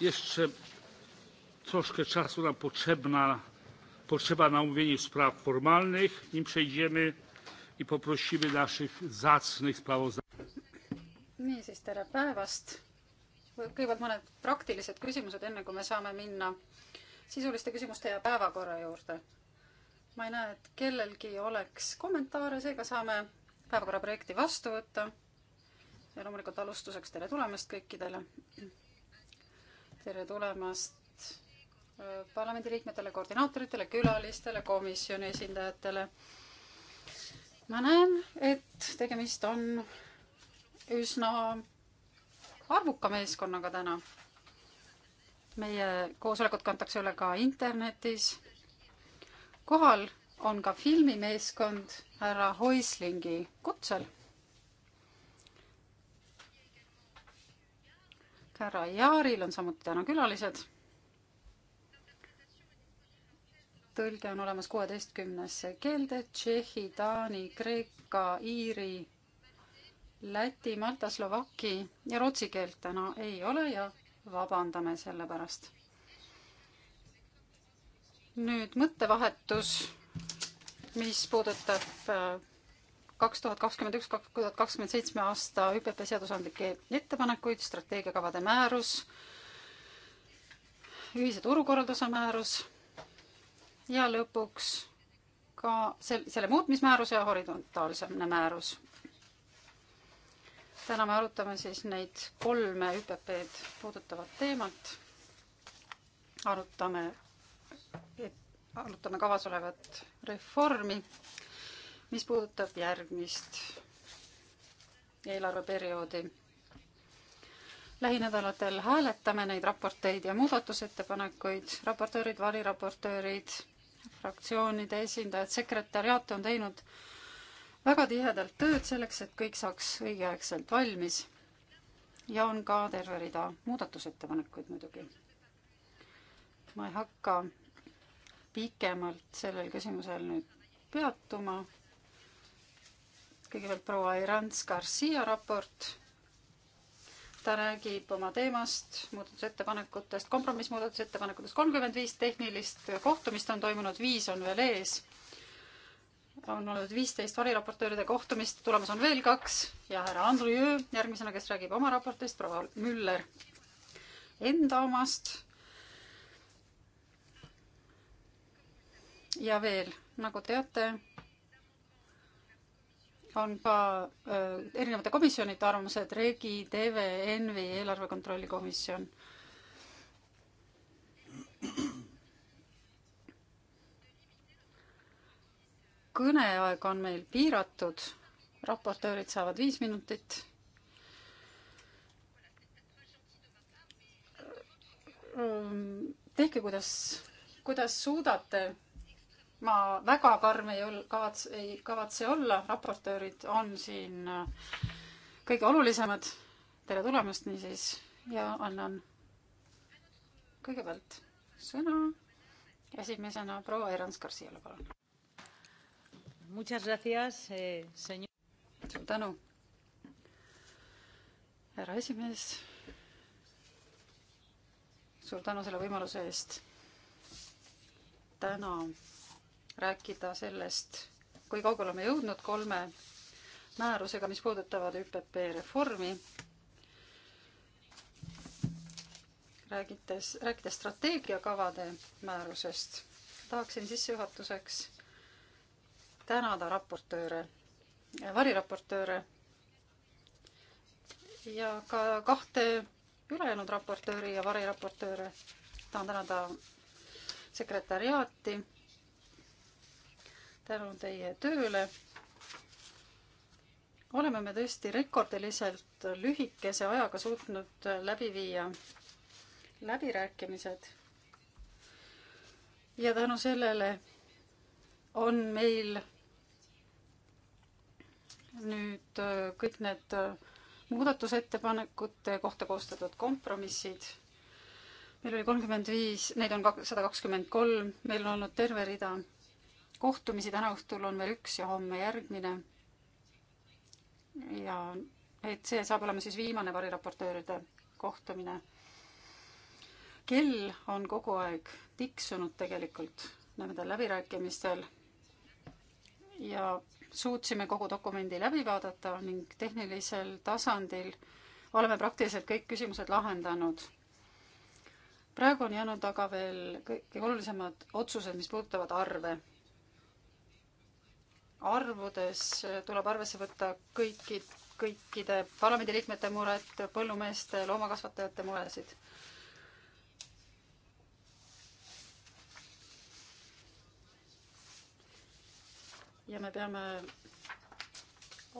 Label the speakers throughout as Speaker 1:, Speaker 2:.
Speaker 1: jeszcze troszkę czasu nam potrzeba na omówienie spraw formalnych nim przejdziemy i poprosimy naszych zacnych sprawozdawców.
Speaker 2: niisiis tere päevast! kõigepealt mõned praktilised küsimused, enne kui me saame minna sisuliste küsimuste ja päevakorra juurde. ma ei näe, et kellelgi oleks kommentaare, seega saame päevakorra projekti vastu võtta. ja loomulikult alustuseks tere tulemast kõikidele tere tulemast äh, parlamendiliikmetele, koordinaatoritele, külalistele, komisjoni esindajatele. ma näen, et tegemist on üsna arvuka meeskonnaga täna. meie koosolekut kantakse üle ka internetis. kohal on ka filmimeeskond härra Hoislingi kutsel härra Jaaril on samuti täna külalised. tõlge on olemas kuueteistkümnesse keelde tšehhi, taani, kreeka, iiri, läti, malta, slovaki ja rootsi keelt täna ei ole ja vabandame selle pärast. nüüd mõttevahetus, mis puudutab äh, kaks tuhat kakskümmend üks, kaks tuhat kakskümmend seitsme aasta ÜPP seadusandlikke ettepanekuid, strateegiakavade määrus, ühise turukorralduse määrus ja lõpuks ka sel-, selle muutmismäärus ja horisontaalsemne määrus. täna me arutame siis neid kolme ÜPP-d puudutavat teemat. arutame, arutame kavas olevat reformi mis puudutab järgmist eelarveperioodi. lähinädalatel hääletame neid raporteid ja muudatusettepanekuid, raportöörid, variraportöörid, fraktsioonide esindajad, sekretäriaat on teinud väga tihedalt tööd selleks, et kõik saaks õigeaegselt valmis. ja on ka terve rida muudatusettepanekuid muidugi. ma ei hakka pikemalt sellel küsimusel nüüd peatuma kõigepealt proua Irants Garcia raport. ta räägib oma teemast, muudatusettepanekutest, kompromissmuudatusettepanekutest kolmkümmend viis tehnilist kohtumist on toimunud, viis on veel ees. on olnud viisteist variraportööride kohtumist, tulemas on veel kaks ja härra Andrei Jõe järgmisena, kes räägib oma raportist, proua Müller enda omast ja veel, nagu teate, on ka äh, erinevate komisjonide arvamused, Regi, TV, ENVI, eelarve kontrolli komisjon. kõneaeg on meil piiratud, raportöörid saavad viis minutit. tehke, kuidas, kuidas suudate ma väga karm ei ol-, kavats-, ei kavatse olla, raportöörid on siin äh, kõige olulisemad. tere tulemast niisiis ja annan kõigepealt sõna esimesena proua Erans-Garciale, palun. Eh, suur tänu, härra esimees. suur tänu selle võimaluse eest täna rääkida sellest, kui kaugele oleme jõudnud kolme määrusega, mis puudutavad ÜPP reformi. räägites, rääkides strateegiakavade määrusest, tahaksin sissejuhatuseks tänada raportööre, variraportööre ja ka kahte ülejäänud raportööri ja variraportööre. tahan tänada sekretäriaati tänu teie tööle. oleme me tõesti rekordiliselt lühikese ajaga suutnud läbi viia läbirääkimised. ja tänu sellele on meil nüüd kõik need muudatusettepanekute kohta koostatud kompromissid. meil oli kolmkümmend viis, neid on sada kakskümmend kolm, meil on olnud terve rida kohtumisi, täna õhtul on veel üks ja homme järgmine. ja et see saab olema siis viimane variraportööride kohtumine. kell on kogu aeg tiksunud tegelikult nendel läbirääkimistel ja suutsime kogu dokumendi läbi vaadata ning tehnilisel tasandil oleme praktiliselt kõik küsimused lahendanud. praegu on jäänud aga veel kõige olulisemad otsused, mis puudutavad arve arvudes tuleb arvesse võtta kõiki, kõikide parlamendiliikmete muret, põllumeeste, loomakasvatajate muresid. ja me peame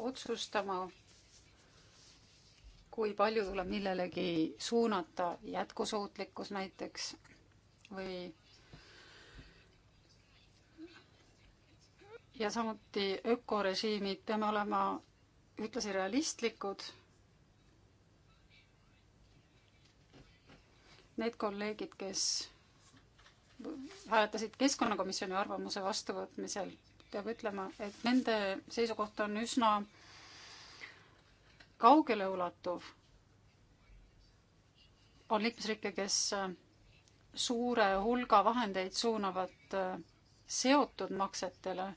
Speaker 2: otsustama, kui palju tuleb millelegi suunata jätkusuutlikkus näiteks või ja samuti ökorežiimid, peame olema ühtlasi realistlikud. Need kolleegid, kes hääletasid Keskkonnakomisjoni arvamuse vastuvõtmisel, peab ütlema, et nende seisukoht on üsna kaugeleulatuv. on liikmesriike, kes suure hulga vahendeid suunavad seotud maksetele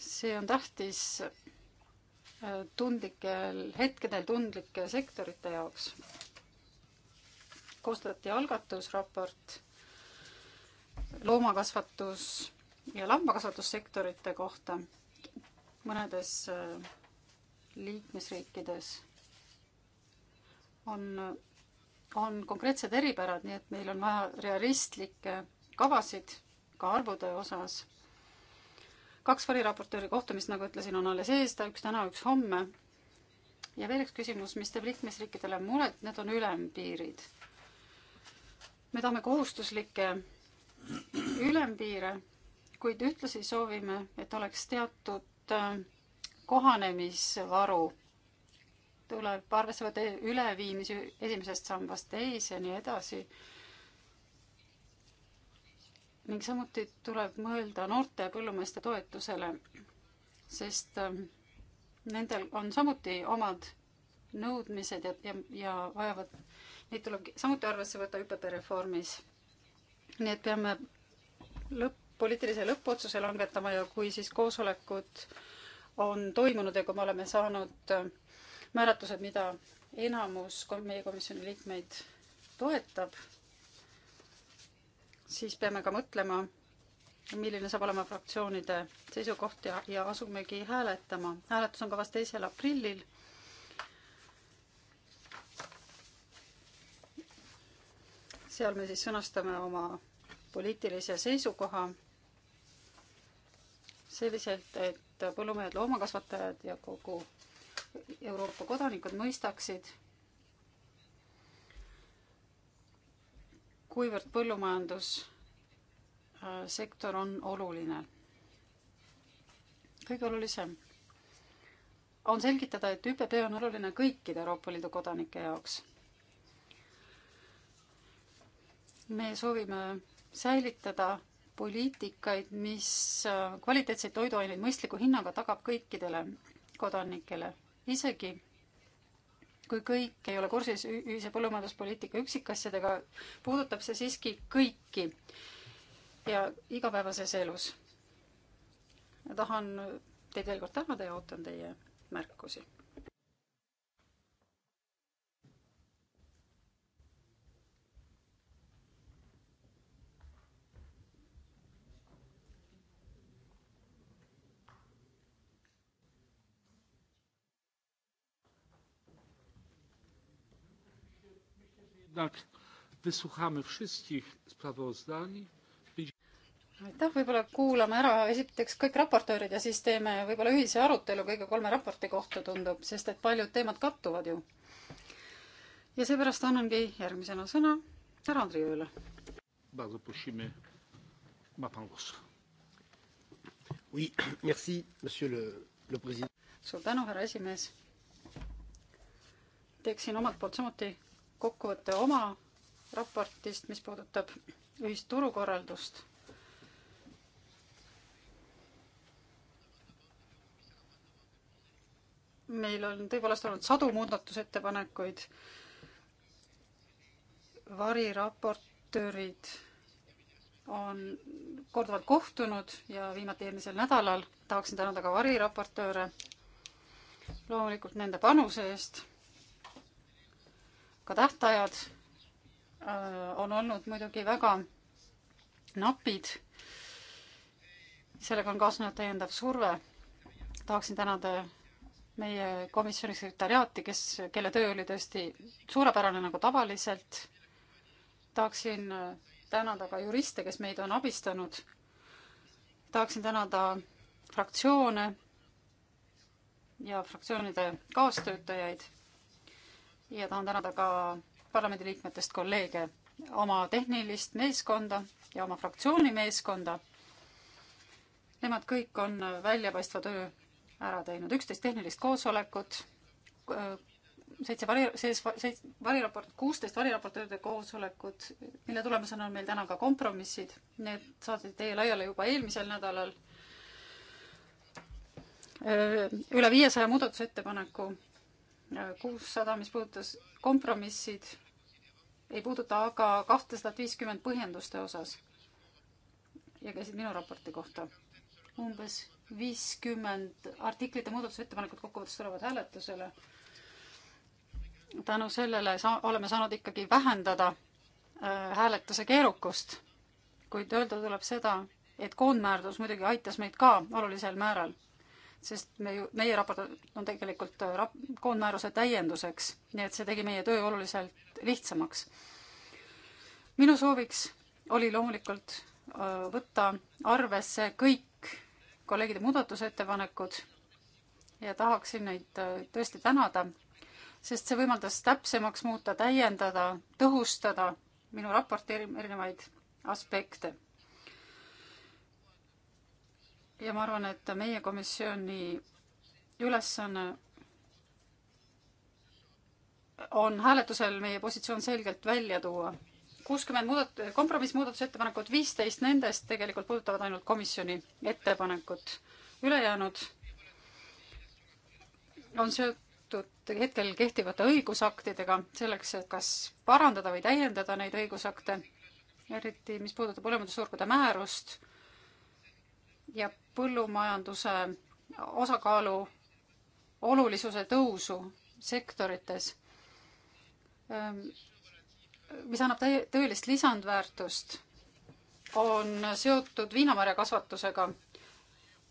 Speaker 2: see on tähtis äh, tundlikel hetkedel tundlike sektorite jaoks. koostati algatusraport loomakasvatus ja lambakasvatussektorite kohta mõnedes äh, liikmesriikides on, on konkreetsed eripärad, nii et meil on vaja realistlikke kavasid ka arvude osas kaks valiraportööri kohtumist, nagu ütlesin, on alles ees, ta üks täna, üks homme. ja veel üks küsimus, mis teeb liikmesriikidele muret, need on ülempiirid. me tahame kohustuslikke ülempiire, kuid ühtlasi soovime, et oleks teatud äh, kohanemisvaru. tuleb arvesse võtta üleviimisi esimesest sambast teise ja nii edasi ning samuti tuleb mõelda noorte põllumeeste toetusele, sest ähm, nendel on samuti omad nõudmised ja, ja, ja vajavad, neid tuleb samuti arvesse võtta ÜPP reformis. nii et peame lõpp, poliitilise lõppotsuse langetama ja kui siis koosolekud on toimunud ja kui me oleme saanud äh, määratlused, mida enamus meie komisjoni liikmeid toetab, siis peame ka mõtlema, milline saab olema fraktsioonide seisukoht ja, ja asumegi hääletama. hääletus on kavas teisel aprillil. seal me siis sõnastame oma poliitilise seisukoha selliselt, et põllumehed, loomakasvatajad ja kogu Euroopa kodanikud mõistaksid kuivõrd põllumajandussektor on oluline. kõige olulisem on selgitada, et ÜPP on oluline kõikide Euroopa Liidu kodanike jaoks. me soovime säilitada poliitikaid, mis kvaliteetseid toiduaineid mõistliku hinnaga tagab kõikidele kodanikele, isegi kui kõik ei ole kursis ühise põllumajanduspoliitika üksikasjadega, puudutab see siiski kõiki ja igapäevases elus. tahan teid veel kord tänada ja ootan teie märkusi
Speaker 1: jednak wysłuchamy wszystkich sprawozdań.
Speaker 2: aitäh, võib-olla kuulame ära esiteks kõik raportöörid ja siis teeme võib-olla ühise arutelu kõigi kolme raporti kohta, tundub, sest et paljud teemad kattuvad ju. ja seepärast annangi järgmisena sõna härra Andriööle. suur tänu, härra esimees. teeksin omalt poolt samuti kokkuvõtte oma raportist, mis puudutab ühist turukorraldust. meil on tõepoolest olnud sadu muudatusettepanekuid. variraportöörid on korduvalt kohtunud ja viimati eelmisel nädalal tahaksin tänada ka variraportööre loomulikult nende panuse eest ka tähtajad äh, on olnud muidugi väga napid. sellega on kaasnenud täiendav surve. tahaksin tänada meie komisjoni sekretariaati, kes, kelle töö oli tõesti suurepärane nagu tavaliselt. tahaksin äh, tänada ka juriste, kes meid on abistanud. tahaksin tänada fraktsioone ja fraktsioonide kaastöötajaid ja tahan tänada ka parlamendiliikmetest kolleege, oma tehnilist meeskonda ja oma fraktsiooni meeskonda. Nemad kõik on väljapaistva töö ära teinud, üksteist tehnilist koosolekut, äh, seitse vari, sees, seitse variraport, kuusteist variraportööride koosolekut, mille tulemusena on meil täna ka kompromissid. Need saadeti teie laiali juba eelmisel nädalal. Äh, üle viiesaja muudatusettepaneku kuussada, mis puudutas kompromissid, ei puuduta aga kahtesadat viiskümmend põhjenduste osas ja käisid minu raporti kohta. umbes viiskümmend artiklite muudatusettepanekut kokkuvõttes tulevad hääletusele. tänu sellele saa-, oleme saanud ikkagi vähendada äh, hääletuse keerukust, kuid öelda tuleb seda, et koondmäärdus muidugi aitas meid ka olulisel määral sest me ju, meie raport on tegelikult äh, rap-, koondmääruse täienduseks, nii et see tegi meie töö oluliselt lihtsamaks. minu sooviks oli loomulikult äh, võtta arvesse kõik kolleegide muudatusettepanekud ja tahaksin neid äh, tõesti tänada, sest see võimaldas täpsemaks muuta, täiendada, tõhustada minu raporti erinevaid aspekte ja ma arvan, et meie komisjoni ülesanne on hääletusel meie positsioon selgelt välja tuua. kuuskümmend muudat-, kompromissmuudatusettepanekut, viisteist nendest tegelikult puudutavad ainult komisjoni ettepanekut. ülejäänud on seotud hetkel kehtivate õigusaktidega selleks, et kas parandada või täiendada neid õigusakte, eriti mis puudutab ülemõõdusurgude määrust ja põllumajanduse osakaalu olulisuse tõusu sektorites, ähm, mis annab tõelist lisandväärtust, on seotud viinamarjakasvatusega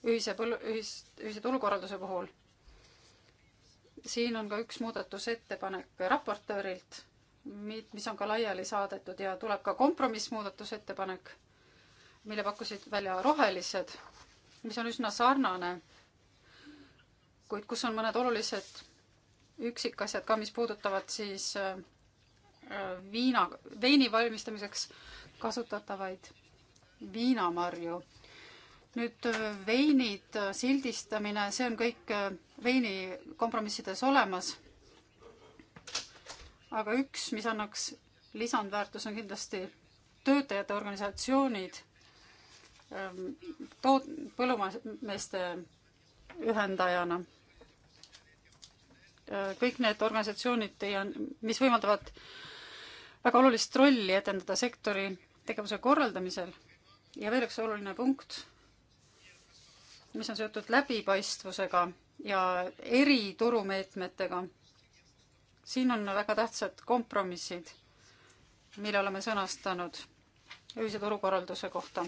Speaker 2: ühise põllu, ühis, ühise turukorralduse puhul. siin on ka üks muudatusettepanek raportöörilt, mis on ka laiali saadetud ja tuleb ka kompromissmuudatusettepanek, mille pakkusid välja rohelised mis on üsna sarnane, kuid kus on mõned olulised üksikasjad ka, mis puudutavad siis äh, äh, viina, veini valmistamiseks kasutatavaid viinamarju. nüüd äh, veinid, sildistamine, see on kõik veini kompromissides olemas. aga üks, mis annaks lisandväärtus, on kindlasti töötajate organisatsioonid Ähm, toot-, põllumeeste ühendajana. Äh, kõik need organisatsioonid teie, mis võimaldavad väga olulist rolli etendada sektori tegevuse korraldamisel ja veel üks oluline punkt, mis on seotud läbipaistvusega ja eriturumeetmetega. siin on väga tähtsad kompromissid, mille oleme sõnastanud ühise turukorralduse kohta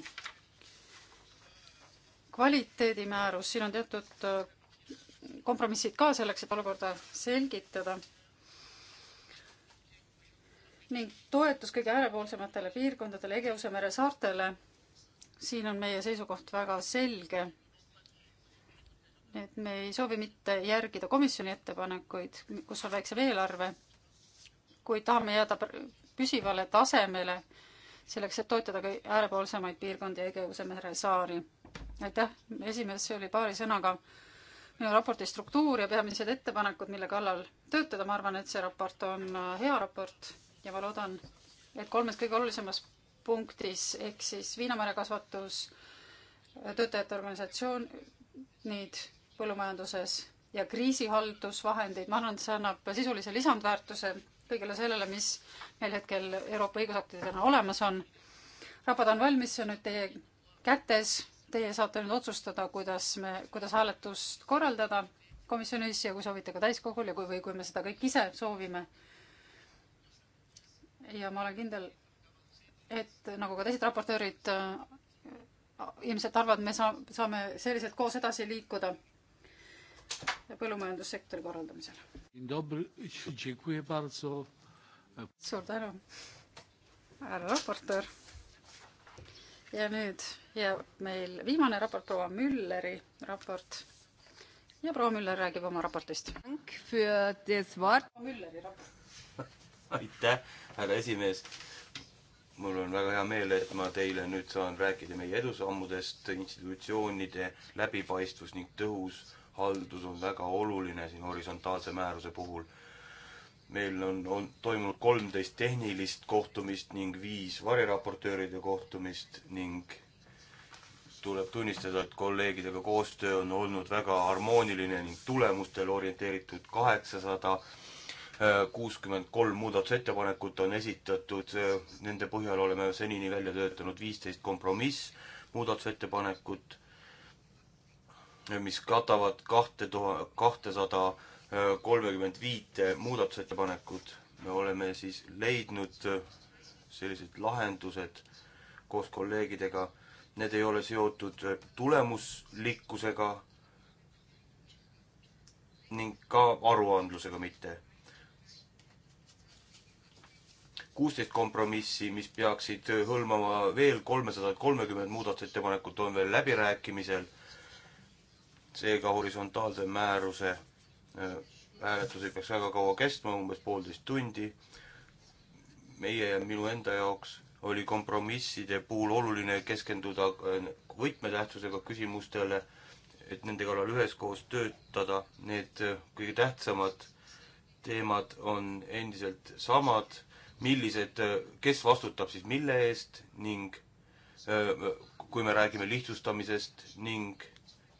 Speaker 2: kvaliteedimäärus, siin on teatud äh, kompromissid ka selleks, et olukorda selgitada. ning toetus kõige äärepoolsematele piirkondadele, Egeuse mere saartele. siin on meie seisukoht väga selge. et me ei soovi mitte järgida komisjoni ettepanekuid, kus on väiksem eelarve, kuid tahame jääda püsivale tasemele selleks, et toetada äärepoolsemaid piirkondi Egeuse mere saari aitäh, esimees, see oli paari sõnaga minu raporti struktuur ja peamised ettepanekud, mille kallal töötada, ma arvan, et see raport on äh, hea raport ja ma loodan, et kolmes kõige olulisemas punktis ehk siis viinamarjakasvatus, äh, töötajate organisatsioonid põllumajanduses ja kriisihaldusvahendid, ma arvan, et see annab sisulise lisandväärtuse kõigele sellele, mis meil hetkel Euroopa õigusaktidena olemas on. rapad on valmis, see on nüüd teie kätes Teie saate nüüd otsustada, kuidas me, kuidas hääletust korraldada komisjonis ja kui soovite ka täiskogul ja kui, või kui me seda kõik ise soovime. ja ma olen kindel, et nagu ka teised raportöörid äh, ilmselt arvavad, me saa-, saame selliselt koos edasi liikuda põllumajandussektori korraldamisel. suur tänu, härra raportöör. ja nüüd ja meil viimane raport, proua Mülleri raport. ja proua Müller räägib oma raportist.
Speaker 3: aitäh, härra esimees. mul on väga hea meel, et ma teile nüüd saan rääkida meie edusammudest, institutsioonide läbipaistvus ning tõhus haldus on väga oluline siin horisontaalse määruse puhul. meil on, on toimunud kolmteist tehnilist kohtumist ning viis variraportööride kohtumist ning tuleb tunnistada, et kolleegidega koostöö on olnud väga harmooniline ning tulemustele orienteeritud kaheksasada äh, kuuskümmend kolm muudatusettepanekut on esitatud, äh, nende põhjal oleme senini välja töötanud viisteist kompromiss muudatusettepanekut, äh, mis katavad kahte tuha-, kahtesada kolmekümmend viite muudatusettepanekut. me oleme siis leidnud sellised lahendused koos kolleegidega need ei ole seotud tulemuslikkusega ning ka aruandlusega mitte. kuusteist kompromissi, mis peaksid hõlmama veel kolmesadat kolmekümmet muudatusettepanekut, on veel läbirääkimisel. seega horisontaalse määruse äh, hääletus ei peaks väga kaua kestma, umbes poolteist tundi. meie ja minu enda jaoks oli kompromisside puhul oluline keskenduda äh, võtmetähtsusega küsimustele, et nende kallal üheskoos töötada. Need äh, kõige tähtsamad teemad on endiselt samad, millised, äh, kes vastutab siis mille eest ning kui me räägime lihtsustamisest ning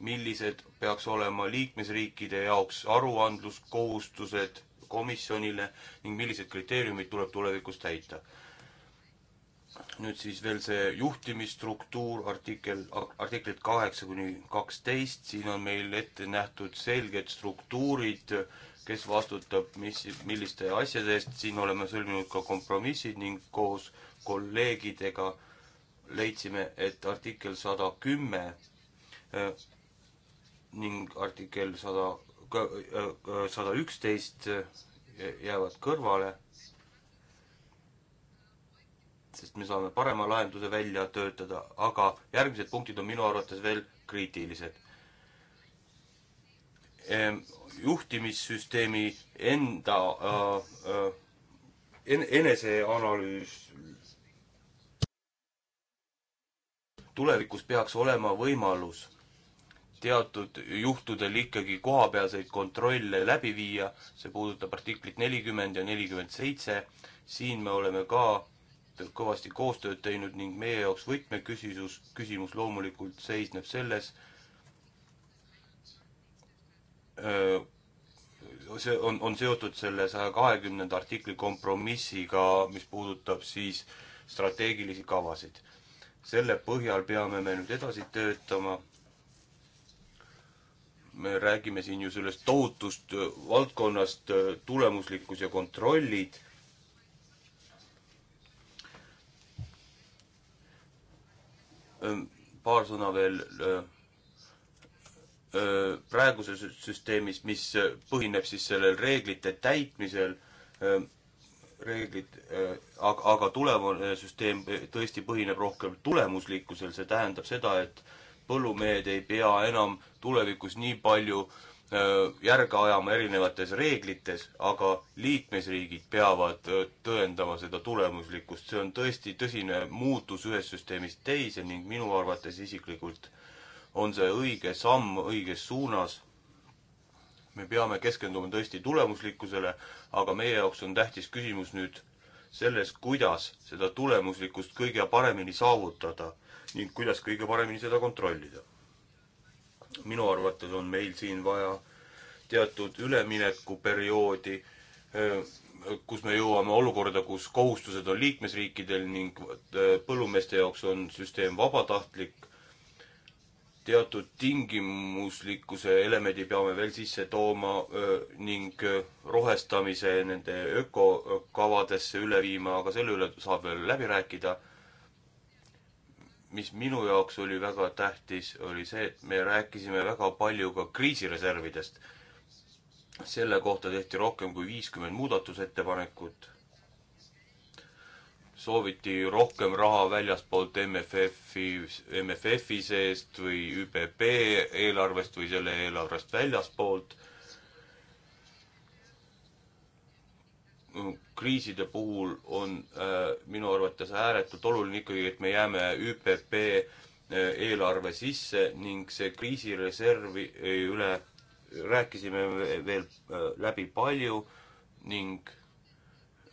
Speaker 3: millised peaks olema liikmesriikide jaoks aruandluskohustused komisjonile ning millised kriteeriumid tuleb tulevikus täita nüüd siis veel see juhtimisstruktuur, artikkel, artiklid kaheksa kuni kaksteist, siin on meil ette nähtud selged struktuurid, kes vastutab mis, milliste asjade eest, siin oleme sõlminud ka kompromissid ning koos kolleegidega leidsime, et artikkel sada kümme äh, ning artikkel sada, äh, äh, sada üksteist jäävad kõrvale sest me saame parema lahenduse välja töötada, aga järgmised punktid on minu arvates veel kriitilised. Ehm, juhtimissüsteemi enda äh, äh, en-, eneseanalüüs tulevikus peaks olema võimalus teatud juhtudel ikkagi kohapealseid kontrolle läbi viia, see puudutab artiklit nelikümmend ja nelikümmend seitse, siin me oleme ka kõvasti koostööd teinud ning meie jaoks võtmeküsimus, küsimus loomulikult seisneb selles, see on, on seotud selle saja kahekümnenda artikli kompromissiga, mis puudutab siis strateegilisi kavasid. selle põhjal peame me nüüd edasi töötama. me räägime siin ju sellest tohutust valdkonnast tulemuslikkus ja kontrollid paar sõna veel praeguses süsteemis, mis põhineb siis sellel reeglite täitmisel, reeglid, aga, aga tulevane süsteem tõesti põhineb rohkem tulemuslikkusel, see tähendab seda, et põllumehed ei pea enam tulevikus nii palju äh, järge ajama erinevates reeglites, aga liikmesriigid peavad tõendama seda tulemuslikkust, see on tõesti tõsine muutus ühest süsteemist teise ning minu arvates isiklikult on see õige samm õiges suunas. me peame keskenduma tõesti tulemuslikkusele, aga meie jaoks on tähtis küsimus nüüd selles, kuidas seda tulemuslikkust kõige paremini saavutada ning kuidas kõige paremini seda kontrollida minu arvates on meil siin vaja teatud üleminekuperioodi, eh, kus me jõuame olukorda, kus kohustused on liikmesriikidel ning eh, põllumeeste jaoks on süsteem vabatahtlik. teatud tingimuslikkuse elemendi peame veel sisse tooma eh, ning rohestamise nende ökokavadesse üle viima, aga selle üle saab veel läbi rääkida mis minu jaoks oli väga tähtis, oli see, et me rääkisime väga palju ka kriisireservidest. selle kohta tehti rohkem kui viiskümmend muudatusettepanekut. sooviti rohkem raha väljaspoolt MFF-i, MFF-i seest või ÜPP eelarvest või selle eelarvest väljaspoolt kriiside puhul on äh, minu arvates ääretult oluline ikkagi, et me jääme ÜPP äh, eelarve sisse ning see kriisireservi äh, üle rääkisime veel äh, läbi palju ning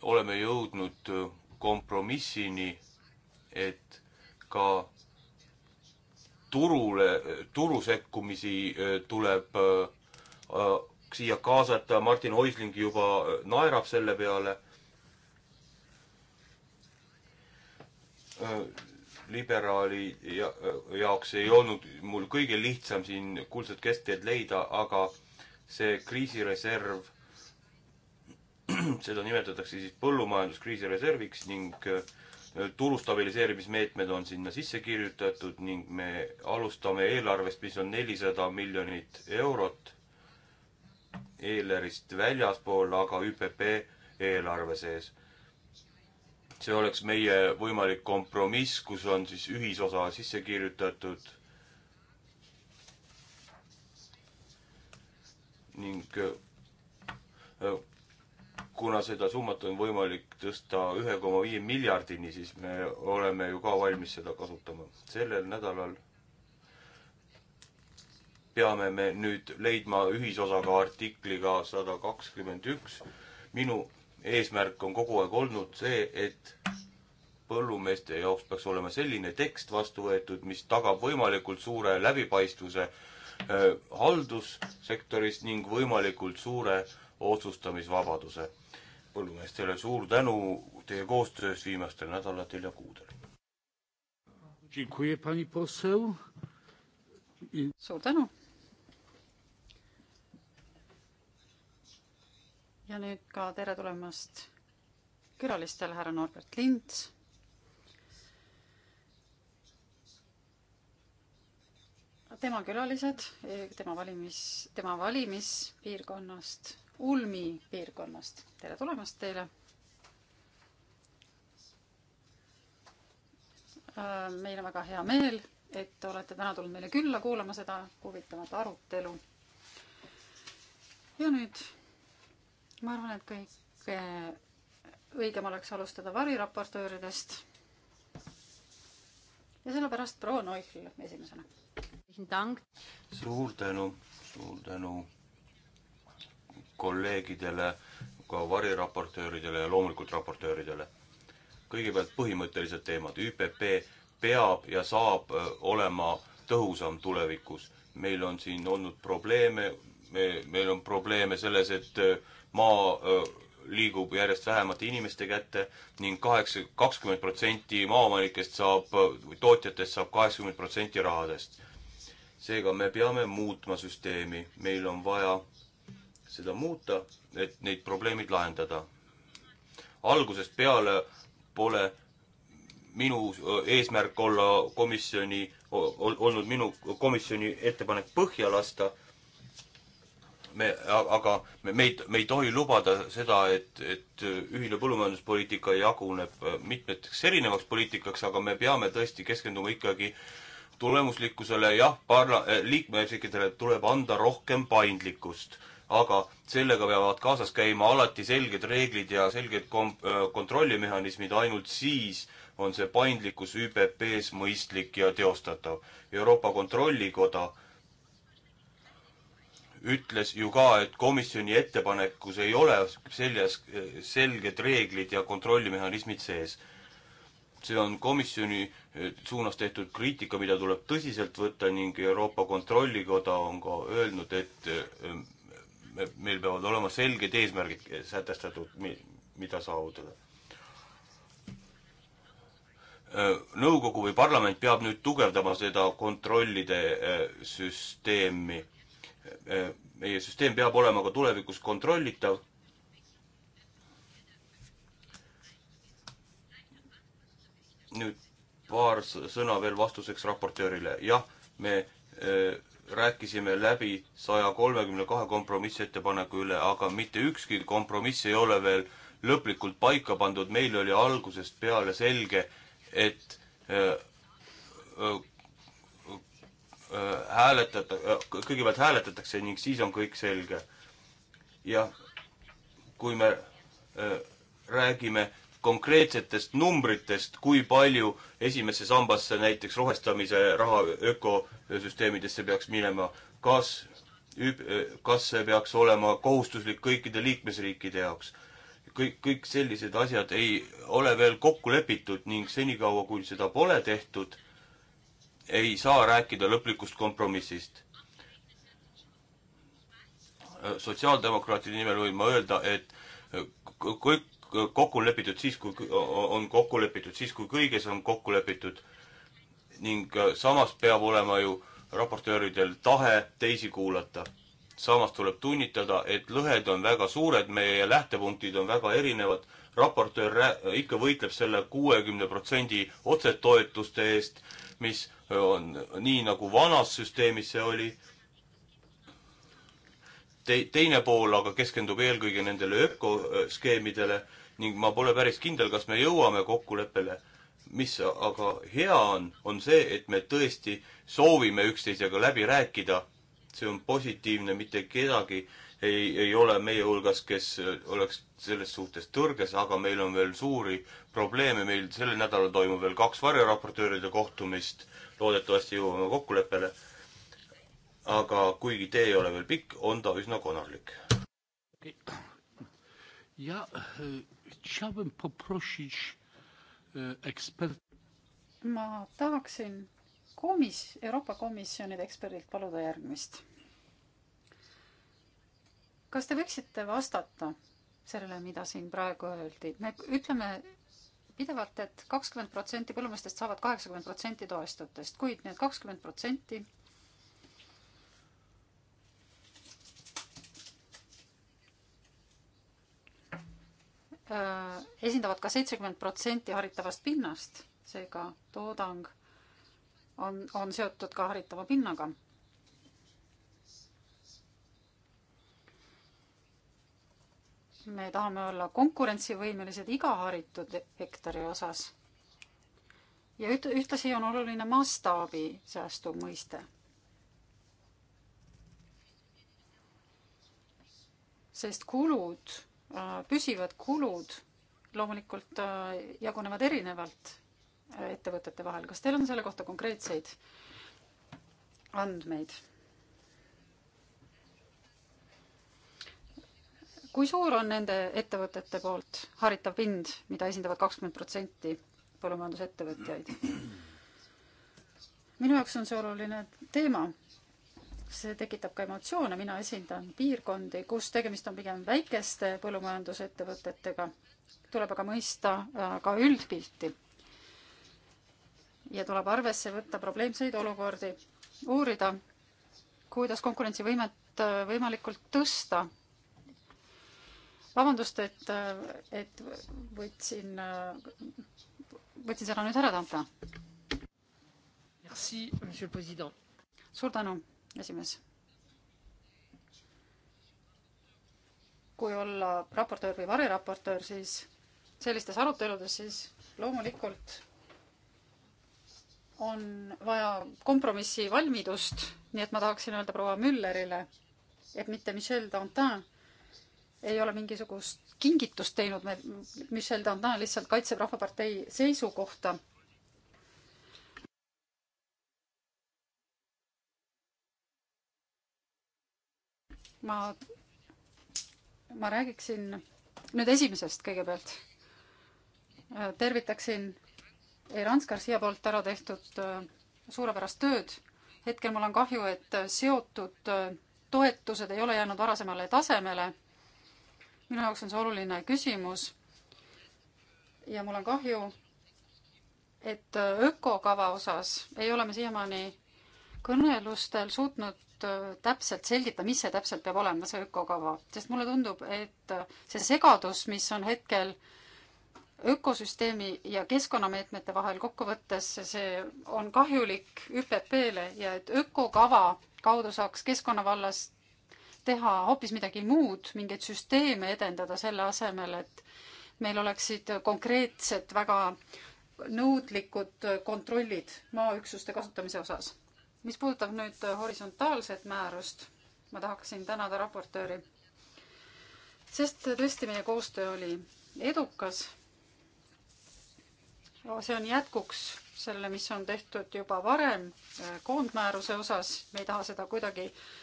Speaker 3: oleme jõudnud kompromissini, et ka turule, turu sekkumisi tuleb siia kaasata, Martin Oisling juba äh, naerab selle peale. Äh, liberaali ja, äh, jaoks ei olnud mul kõige lihtsam siin kuldset keskteed leida, aga see kriisireserv, seda nimetatakse siis põllumajanduskriisi reserviks ning turu stabiliseerimismeetmed on sinna sisse kirjutatud ning me alustame eelarvest, mis on nelisada miljonit eurot eelarist väljaspool, aga ÜPP eelarve sees. see oleks meie võimalik kompromiss, kus on siis ühisosa sisse kirjutatud ning äh, kuna seda summat on võimalik tõsta ühe koma viie miljardini, siis me oleme ju ka valmis seda kasutama. sellel nädalal peame me nüüd leidma ühisosa ka artikliga sada kakskümmend üks. minu eesmärk on kogu aeg olnud see, et põllumeeste jaoks peaks olema selline tekst vastu võetud, mis tagab võimalikult suure läbipaistvuse äh, haldussektoris ning võimalikult suure otsustamisvabaduse põllumeestele. suur tänu teie koostöös viimastel nädalatel ja kuudel.
Speaker 1: suur tänu
Speaker 2: ja nüüd ka tere tulemast külalistele, härra Norbert Lints. tema külalised, tema valimis, tema valimispiirkonnast, Ulmi piirkonnast. tere tulemast teile. meil on väga hea meel, et olete täna tulnud meile külla kuulama seda huvitavat arutelu. ja nüüd ma arvan, et kõige õigem oleks alustada variraportööridest. ja sellepärast proua Neuchl esimesena.
Speaker 3: suur tänu, suur tänu kolleegidele, ka variraportööridele ja loomulikult raportööridele. kõigepealt põhimõttelised teemad. ÜPP peab ja saab äh, olema tõhusam tulevikus. meil on siin olnud probleeme, me, meil on probleeme selles, et äh, maa liigub järjest vähemate inimeste kätte ning kaheksa, kakskümmend protsenti maaomanikest saab, tootjatest saab kaheksakümmend protsenti rahadest. seega me peame muutma süsteemi, meil on vaja seda muuta, et neid probleemid lahendada. algusest peale pole minu eesmärk olla komisjoni, olnud minu komisjoni ettepanek põhja lasta me, aga me, me ei, me ei tohi lubada seda, et, et ühine põllumajanduspoliitika jaguneb äh, mitmeteks erinevaks poliitikaks, aga me peame tõesti keskenduma ikkagi tulemuslikkusele, jah, parla-, äh, liikmesekretäril tuleb anda rohkem paindlikkust, aga sellega peavad kaasas käima alati selged reeglid ja selged kom-, äh, kontrollimehhanismid, ainult siis on see paindlikkus ÜPP-s mõistlik ja teostatav. Euroopa Kontrollikoda äh, ütles ju ka, et komisjoni ettepanekus ei ole seljas, selged reeglid ja kontrollimehhanismid sees. see on komisjoni eh, suunas tehtud kriitika, mida tuleb tõsiselt võtta ning Euroopa Kontrollikoda on ka öelnud, et eh, meil peavad olema selged eesmärgid sätestatud, mida saavutada. Eh, nõukogu või parlament peab nüüd tugevdama seda kontrollide süsteemi meie süsteem peab olema ka tulevikus kontrollitav. nüüd paar sõna veel vastuseks raportöörile. jah, me e, rääkisime läbi saja kolmekümne kahe kompromissettepaneku üle, aga mitte ükski kompromiss ei ole veel lõplikult paika pandud, meil oli algusest peale selge, et e, e, Äh, hääletada, äh, kõigepealt hääletatakse ning siis on kõik selge. jah, kui me äh, räägime konkreetsetest numbritest, kui palju esimesse sambasse näiteks rohestamise raha ökosüsteemidesse peaks minema, kas, kas see peaks olema kohustuslik kõikide liikmesriikide jaoks? kõik, kõik sellised asjad ei ole veel kokku lepitud ning senikaua, kui seda pole tehtud ei saa rääkida lõplikust kompromissist. sotsiaaldemokraatide nimel võin ma öelda, et kõik kokku lepitud siis, kui on kokku lepitud, siis kui kõiges on kokku lepitud ning äh, samas peab olema ju raportööridel tahe teisi kuulata. samas tuleb tunnitada, et lõhed on väga suured, meie lähtepunktid on väga erinevad, raportöör ikka võitleb selle kuuekümne protsendi otsetoetuste eest, mis on nii, nagu vanas süsteemis see oli. Te-, teine pool aga keskendub eelkõige nendele ökoskeemidele ning ma pole päris kindel, kas me jõuame kokkuleppele. mis aga hea on, on see, et me tõesti soovime üksteisega läbi rääkida. see on positiivne, mitte kedagi ei, ei ole meie hulgas, kes oleks selles suhtes tõrges, aga meil on veel suuri probleeme, meil sellel nädalal toimub veel kaks varjeraportööride kohtumist loodetavasti jõuame kokkuleppele. aga kuigi tee ei ole veel pikk, on ta üsna konarlik.
Speaker 1: ja e, chciałbym poprosić e, ekspert.
Speaker 2: ma tahaksin komis-, Euroopa Komisjonide eksperdilt paluda järgmist. kas te võiksite vastata sellele, mida siin praegu öeldi? me ütleme pidavat et, et kakskümmend protsenti põllumeestest saavad kaheksakümmend protsenti toestutest, kuid need kakskümmend protsenti äh, esindavad ka seitsekümmend protsenti haritavast pinnast, seega toodang on, on seotud ka haritava pinnaga me tahame olla konkurentsivõimelised iga haritud hektari osas. ja üt-, ühtlasi on oluline mastaabisäästu mõiste. sest kulud, äh, püsivad kulud loomulikult äh, jagunevad erinevalt äh, ettevõtete vahel. kas teil on selle kohta konkreetseid andmeid? kui suur on nende ettevõtete poolt haritav pind, mida esindavad kakskümmend protsenti põllumajandusettevõtjaid? minu jaoks on see oluline teema. see tekitab ka emotsioone, mina esindan piirkondi, kus tegemist on pigem väikeste põllumajandusettevõtetega. tuleb aga mõista äh, ka üldpilti. ja tuleb arvesse võtta probleemseid olukordi, uurida, kuidas konkurentsivõimet äh, võimalikult tõsta vabandust, et, et võtsin, võtsin sõna nüüd ära, Tanta. suur tänu, esimees. kui olla raportöör või variraportöör, siis sellistes aruteludes, siis loomulikult on vaja kompromissi valmidust, nii et ma tahaksin öelda proua Müllerile, et mitte Michel Dantin ei ole mingisugust kingitust teinud, me, Michel Dantin lihtsalt kaitseb Rahvapartei seisukohta. ma, ma räägiksin nüüd esimesest kõigepealt. tervitaksin Erans Garcia poolt ära tehtud äh, suurepärast tööd. hetkel mul on kahju, et seotud äh, toetused ei ole jäänud varasemale tasemele minu jaoks on see oluline küsimus. ja mul on kahju, et ökokava osas ei ole me siiamaani kõnelustel suutnud äh, täpselt selgitada, mis see täpselt peab olema, see ökokava, sest mulle tundub, et äh, see segadus, mis on hetkel ökosüsteemi ja keskkonnameetmete vahel kokkuvõttes, see on kahjulik ÜPP-le ja et ökokava kaudu saaks keskkonnavallas teha hoopis midagi muud, mingeid süsteeme edendada selle asemel, et meil oleksid konkreetsed väga nõudlikud kontrollid maaüksuste kasutamise osas. mis puudutab nüüd horisontaalset määrust, ma tahaksin tänada raportööri, sest tõesti meie koostöö oli edukas. see on jätkuks sellele, mis on tehtud juba varem koondmääruse osas, me ei taha seda kuidagi äh,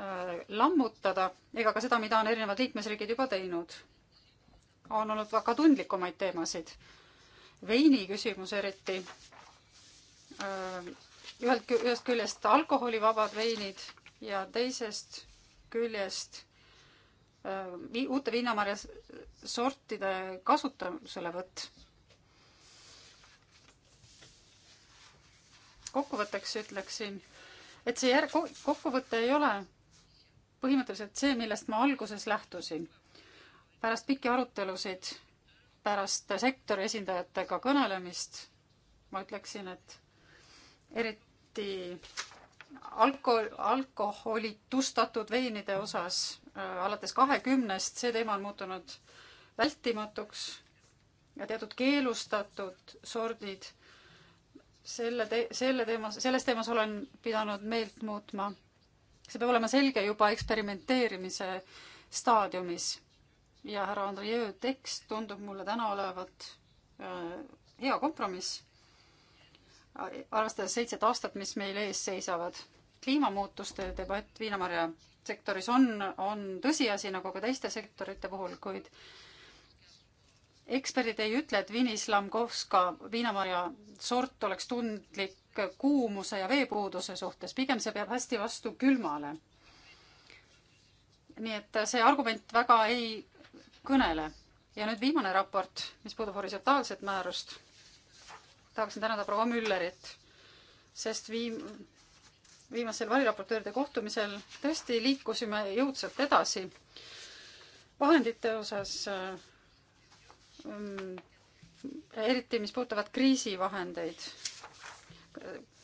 Speaker 2: Äh, lammutada ega ka seda, mida on erinevad liikmesriigid juba teinud. on olnud väga tundlikumaid teemasid. veini küsimus eriti. Äh, ühelt, ühest küljest alkoholivabad veinid ja teisest küljest äh, vi-, uute viinamarja sortide kasutuselevõtt. kokkuvõtteks ütleksin, et see järg-, kokkuvõte ei ole põhimõtteliselt see, millest ma alguses lähtusin. pärast pikki arutelusid, pärast sektori esindajatega kõnelemist ma ütleksin, et eriti alko-, alkoholitustatud veinide osas äh, alates kahekümnest, see teema on muutunud vältimatuks ja teatud keelustatud sordid, selle te-, selle teemas, selles teemas olen pidanud meelt muutma see peab olema selge juba eksperimenteerimise staadiumis. ja härra Andrejeu tekst tundub mulle täna olevat äh, hea kompromiss, arvestades seitset aastat, mis meil ees seisavad. kliimamuutuste debatt viinamarja sektoris on, on tõsiasi, nagu ka teiste sektorite puhul, kuid eksperdid ei ütle, et viinislamkovska viinamarja sort oleks tundlik hoiak kuumuse ja veepuuduse suhtes, pigem see peab hästi vastu külmale. nii et see argument väga ei kõnele. ja nüüd viimane raport, mis puudub horisontaalset määrust. tahaksin tänada proua Müllerit, sest viim-, viimasel variraportööride kohtumisel tõesti liikusime jõudsalt edasi. vahendite osas mm, eriti, mis puudutavad kriisivahendeid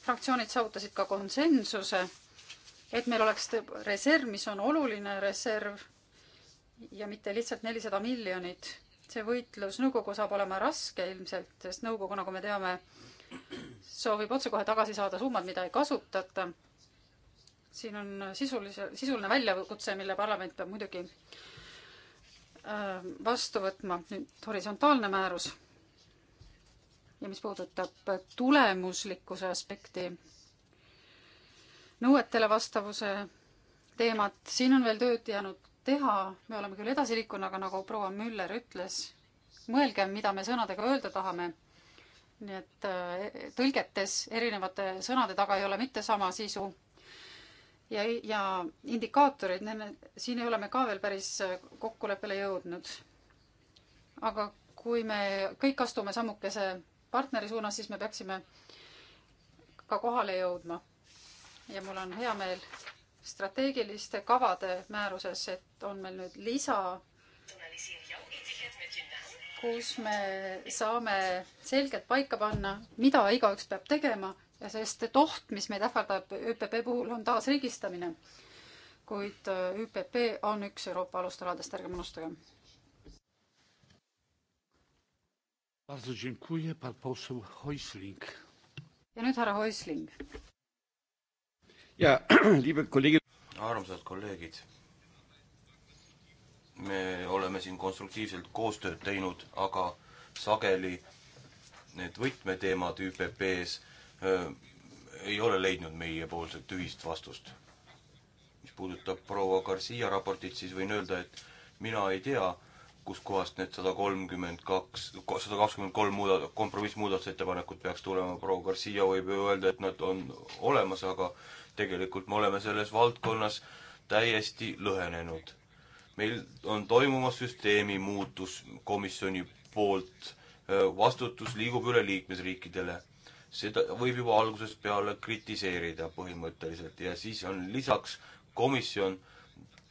Speaker 2: fraktsioonid saavutasid ka konsensuse, et meil oleks reserv, mis on oluline reserv ja mitte lihtsalt nelisada miljonit. see võitlus nõukogu saab olema raske ilmselt, sest nõukogu, nagu me teame, soovib otsekohe tagasi saada summad, mida ei kasutata. siin on sisulise, sisuline väljakutse, mille parlament peab muidugi äh, vastu võtma. nüüd horisontaalne määrus ja mis puudutab tulemuslikkuse aspekti, nõuetele vastavuse teemat, siin on veel tööd jäänud teha, me oleme küll edasi liikunud, aga nagu proua Müller ütles, mõelgem, mida me sõnadega öelda tahame. nii et eh, tõlgetes erinevate sõnade taga ei ole mitte sama sisu ja, ja indikaatorid, siin ei ole me ka veel päris eh, kokkuleppele jõudnud. aga kui me kõik astume sammukese partneri suunas, siis me peaksime ka kohale jõudma. ja mul on hea meel strateegiliste kavade määruses, et on meil nüüd lisa, kus me saame selgelt paika panna, mida igaüks peab tegema ja sest, et oht, mis meid ähvardab ÜPP puhul, on taasriigistamine. kuid ÜPP on üks Euroopa alustaladest, ärgem unustagem ja nüüd härra Häusling.
Speaker 3: ja, armsad kolleegid, me oleme siin konstruktiivselt koostööd teinud, aga sageli need võtmeteemad ÜPP-s öö, äh, ei ole leidnud meiepoolset ühist vastust. mis puudutab proua Garcia raportit, siis võin öelda, et mina ei tea, kuskohast need sada kolmkümmend kaks, sada kakskümmend kolm muuda-, kompromissmuudatusettepanekut peaks tulema, proua Garcia võib ju öelda, et nad on olemas, aga tegelikult me oleme selles valdkonnas täiesti lõhenenud. meil on toimumas süsteemi muutus komisjoni poolt, vastutus liigub üle liikmesriikidele. seda võib juba algusest peale kritiseerida põhimõtteliselt ja siis on lisaks komisjon äh,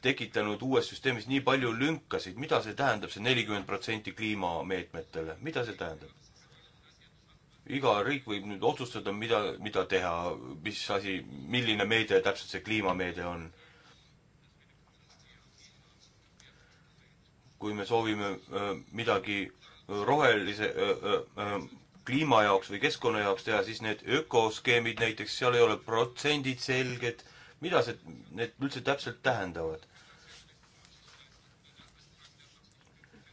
Speaker 3: tekitanud uues süsteemis nii palju lünkasid, mida see tähendab see, see nelikümmend protsenti kliimameetmetele, mida see tähendab? iga riik võib nüüd otsustada, mida, mida teha, mis asi, milline meede täpselt see kliimameede on. kui me soovime öö, äh, midagi äh, rohelise öö, äh, öö, kliima jaoks või keskkonna jaoks teha, siis need ökoskeemid näiteks, seal ei ole protsendid selged mida see, need üldse täpselt tähendavad?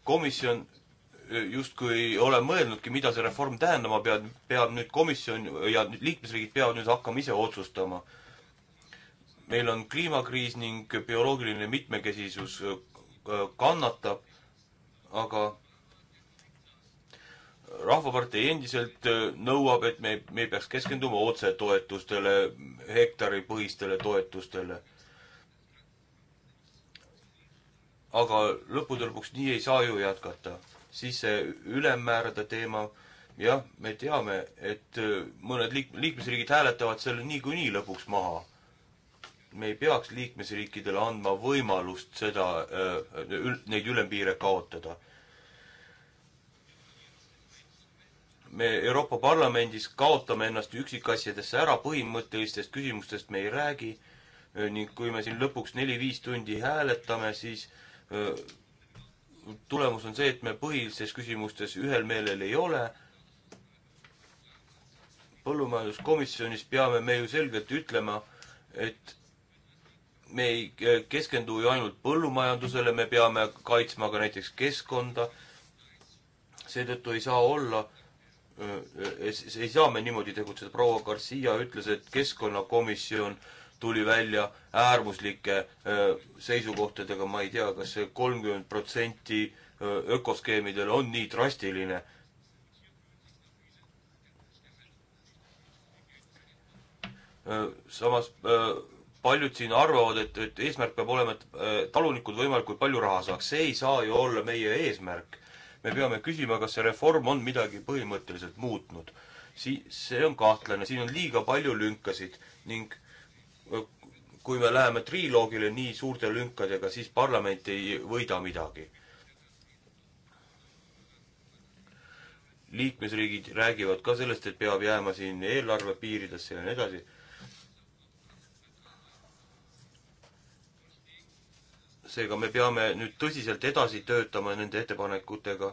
Speaker 3: komisjon justkui ei ole mõelnudki, mida see reform tähendama peab, peab nüüd komisjon ja liikmesriigid peavad nüüd hakkama ise otsustama. meil on kliimakriis ning bioloogiline mitmekesisus kannatab, aga rahvapartei endiselt nõuab, et me, me ei peaks keskenduma otsetoetustele, hektaripõhistele toetustele aga lõppude lõpuks nii ei saa ju jätkata. siis see ülemmäärade teema, jah, me teame, et äh, mõned liik-, liikmesriigid hääletavad selle niikuinii lõpuks maha. me ei peaks liikmesriikidele andma võimalust seda, äh, neid ülempiire kaotada. me Euroopa Parlamendis kaotame ennast üksikasjadesse ära, põhimõttelistest küsimustest me ei räägi äh, ning kui me siin lõpuks neli-viis tundi hääletame, siis äh, tulemus on see, et me põhilistes küsimustes ühel meelel ei ole. põllumajanduskomisjonis peame me ju selgelt ütlema, et me ei keskendu ju ainult põllumajandusele, me peame kaitsma ka näiteks keskkonda. seetõttu ei saa olla, ei saa me niimoodi tegutseda. proua Garcia ütles, et keskkonnakomisjon äh, tuli välja äärmuslike äh, seisukohtadega, ma ei tea kas, kas see kolmkümmend protsenti äh, ökoskeemidel on nii drastiline. Äh, samas paljud siin arvavad, et, et eesmärk peab olema, et talunikud võimalikult palju raha saaks, see ei saa ju olla meie eesmärk. me peame küsima, kas see reform on midagi põhimõtteliselt muutnud. Sii-, see on kahtlane, siin on liiga palju lünkasid ning Äh, kui me läheme triloogile nii suurte lünkadega, siis parlament ei võida midagi. liikmesriigid räägivad ka sellest, et peab jääma siin eelarve piiridesse ja nii edasi seega me peame nüüd tõsiselt edasi töötama nende ettepanekutega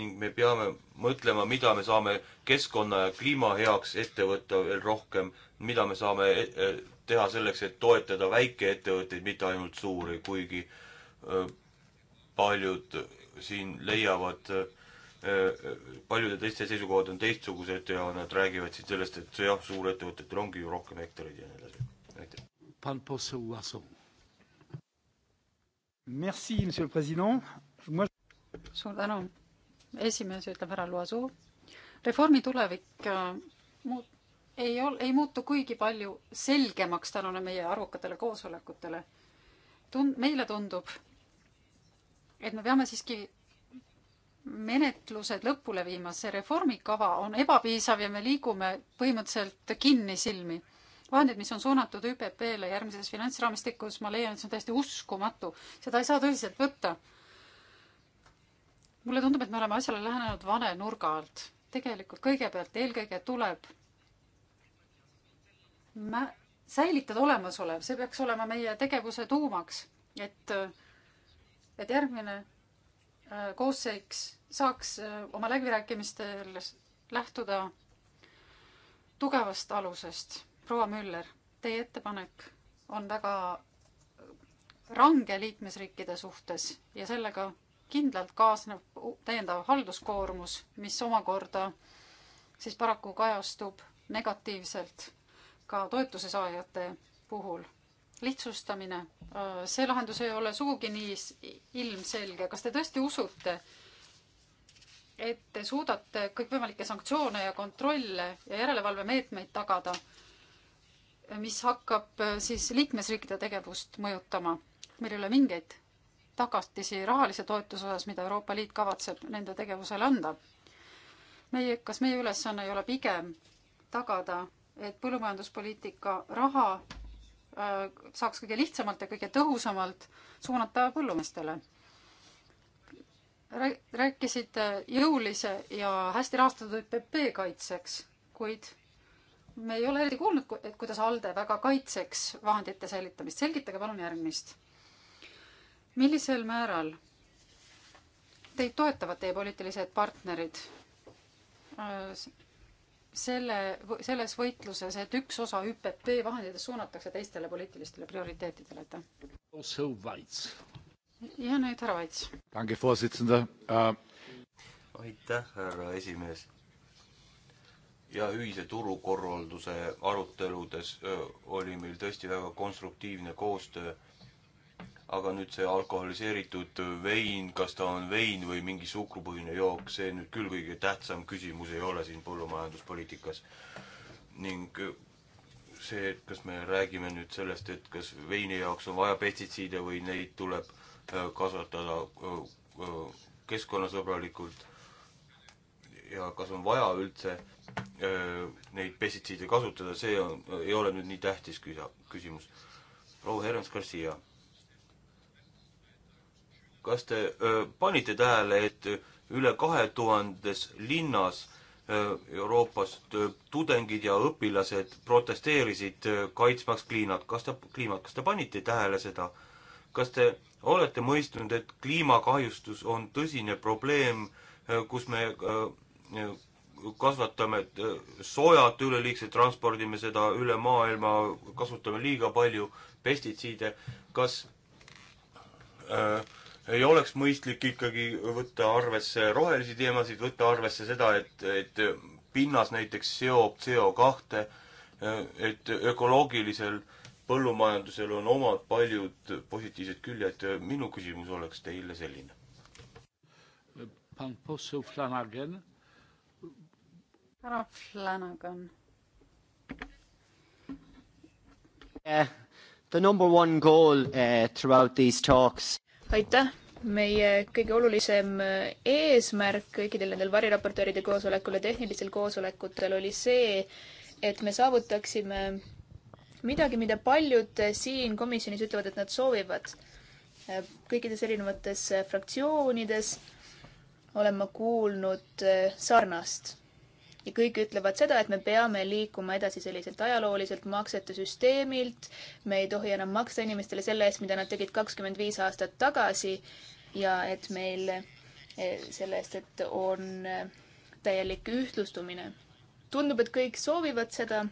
Speaker 3: ning me peame mõtlema, mida me saame keskkonna ja kliima heaks ette võtta veel rohkem mida me saame e, e, teha selleks, et toetada väikeettevõtteid, mitte ainult suuri, kuigi paljud siin leiavad, paljude teiste seisukohad on teistsugused ja nad räägivad siin sellest, et jah, suurettevõtetel ongi ju rohkem hektareid ja nii edasi. aitäh. Pan
Speaker 1: Posse Uaso. Merci, monsieur president
Speaker 2: Moi.... suur tänu. esimees ütleb härra Loasoo. reformi tulevik äh, muut-, ei ol-, ei muutu kuigi palju selgemaks tänune meie arvukatele koosolekutele. Tund-, meile tundub, et me peame siiski menetlused lõpule viima, see reformikava on ebapiisav ja me liigume põhimõtteliselt kinnisilmi. vahendid, mis on suunatud ÜPP-le järgmises finantsraamistikus, ma leian, et see on täiesti uskumatu, seda ei saa tõsiselt võtta. mulle tundub, et me oleme asjale lähenenud vane nurga alt. tegelikult kõigepealt eelkõige tuleb säilitada olemasolev, see peaks olema meie tegevuse tuumaks, et, et järgmine äh, koosseis saaks äh, oma läbirääkimistel lähtuda tugevast alusest. proua Müller, teie ettepanek on väga range liikmesriikide suhtes ja sellega kindlalt kaasneb täiendav halduskoormus, mis omakorda siis paraku kajastub negatiivselt ka toetuse saajate puhul. lihtsustamine, äh, see lahendus ei ole sugugi nii ilmselge. kas te tõesti usute, et te suudate kõikvõimalikke sanktsioone ja kontrolle ja järelevalvemeetmeid tagada, mis hakkab äh, siis liikmesriikide tegevust mõjutama? meil ei ole mingeid tagatisi rahalise toetuse osas, mida Euroopa Liit kavatseb nende tegevusele anda. meie, kas meie ülesanne ei ole pigem tagada et põllumajanduspoliitika raha äh, saaks kõige lihtsamalt ja kõige tõhusamalt suunata põllumeestele. rääkisite jõulise ja hästi rahastatud ÜPP kaitseks, kuid me ei ole eriti kuulnud, et kuidas ALDE väga kaitseks vahendite säilitamist. selgitage palun järgmist. millisel määral teid toetavad teie poliitilised partnerid äh, selle, selles võitluses, et üks osa ÜPP vahenditest suunatakse teistele poliitilistele prioriteetidele,
Speaker 1: aitäh.
Speaker 2: ja nüüd härra Vaits.
Speaker 4: Äh,
Speaker 3: aitäh, härra esimees. ja ühise turukorralduse aruteludes öö, äh, oli meil tõesti väga konstruktiivne koostöö aga nüüd see alkoholiseeritud vein, kas ta on vein või mingi suhkrupõhine jook, see nüüd küll kõige tähtsam küsimus ei ole siin põllumajanduspoliitikas. ning äh, see, et kas me räägime nüüd sellest, et kas veini jaoks on vaja pestitsiide või neid tuleb äh, kasvatada äh, keskkonnasõbralikult ja kas on vaja üldse neid pestitsiide kasutada, see on, ei ole nüüd nii tähtis küsa-, küsimus. proua Herens Garcia kas te öö, panite tähele, et üle kahe tuhandes linnas öö, Euroopas öö, tudengid ja õpilased protesteerisid öö, kaitsmaks kliimat, kas te, kliimat, kas te panite tähele seda? kas te olete mõistnud, et kliimakahjustus on tõsine probleem, kus me öö, kasvatame soojat üleliigselt, transpordime seda üle maailma, kasutame liiga palju pestitsiide, kas äh, ei oleks mõistlik ikkagi võtta arvesse rohelisi teemasid, võtta arvesse seda, et, et pinnas näiteks seob CO kahte, et ökoloogilisel põllumajandusel on omad paljud positiivsed küljed. minu küsimus oleks teile selline.
Speaker 1: härra
Speaker 4: Flanagan.
Speaker 2: The number one goal uh, throughout these talks
Speaker 4: aitäh! meie kõige olulisem äh, eesmärk kõikidel nendel variraportööride koosolekul ja tehnilistel koosolekutel oli see, et me saavutaksime midagi, mida paljud siin komisjonis ütlevad, et nad soovivad. Äh, kõikides erinevates äh, fraktsioonides olen ma kuulnud sarnast ja kõik ütlevad seda, et me peame liikuma edasi selliselt ajalooliselt maksete süsteemilt. me ei tohi enam maksta inimestele selle eest, mida nad tegid kakskümmend viis aastat tagasi ja et meil eh, selle eest, et on eh, täielik ühtlustumine. tundub, et kõik soovivad seda.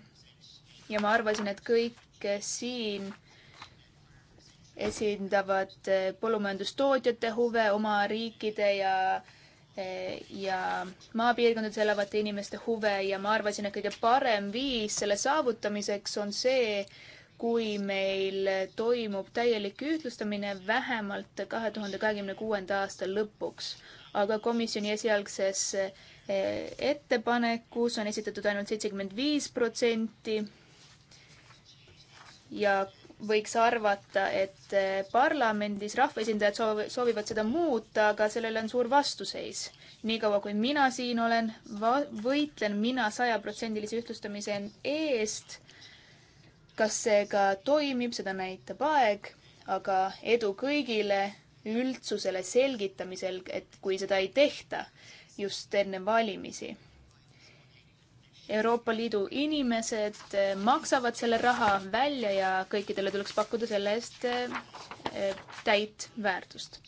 Speaker 4: ja ma arvasin, et kõik eh, siin esindavad põllumajandustootjate huve, oma riikide ja ja maapiirkondades elavate inimeste huve ja ma arvasin, et kõige parem viis selle saavutamiseks on see, kui meil toimub täielik ühtlustamine vähemalt kahe tuhande kahekümne kuuenda aasta lõpuks. aga komisjoni esialgses eh, ettepanekus on esitatud ainult seitsekümmend viis protsenti ja võiks arvata, et eh, parlamendis rahvaesindajad soovi, soovivad seda muuta, aga sellele on suur vastuseis. niikaua kui mina siin olen, võitlen mina sajaprotsendilise ühtlustamise eest. kas see ka toimib, seda näitab aeg, aga edu kõigile üldsusele selgitamisel, et kui seda ei tehta just enne valimisi Euroopa Liidu inimesed eh, maksavad selle raha välja ja kõikidele tuleks pakkuda selle eest eh, eh, täit väärtust.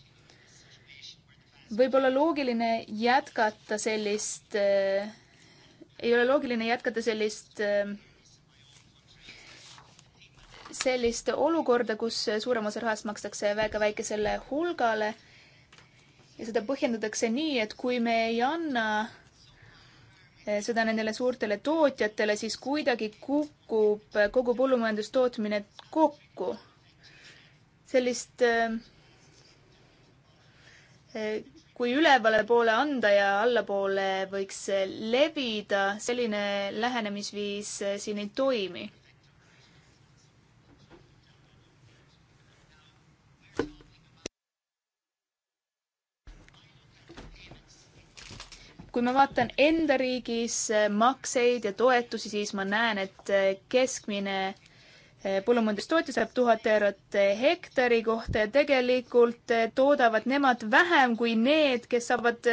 Speaker 4: võib-olla loogiline jätkata sellist, ei ole loogiline jätkata sellist, sellist olukorda, kus suurem osa rahast makstakse väga väikesele hulgale ja seda põhjendatakse nii, et kui me ei anna Eh, seda nendele suurtele tootjatele, siis kuidagi kukub eh, kogu põllumajandustootmine kokku. sellist eh, kui ülevale poole anda ja allapoole võiks levida, selline lähenemisviis siin ei toimi kui ma vaatan enda riigis eh, makseid ja toetusi, siis ma näen, et eh, keskmine eh, põllumajandustootja saab tuhat eurot hektari kohta ja tegelikult toodavad nemad vähem kui need, kes saavad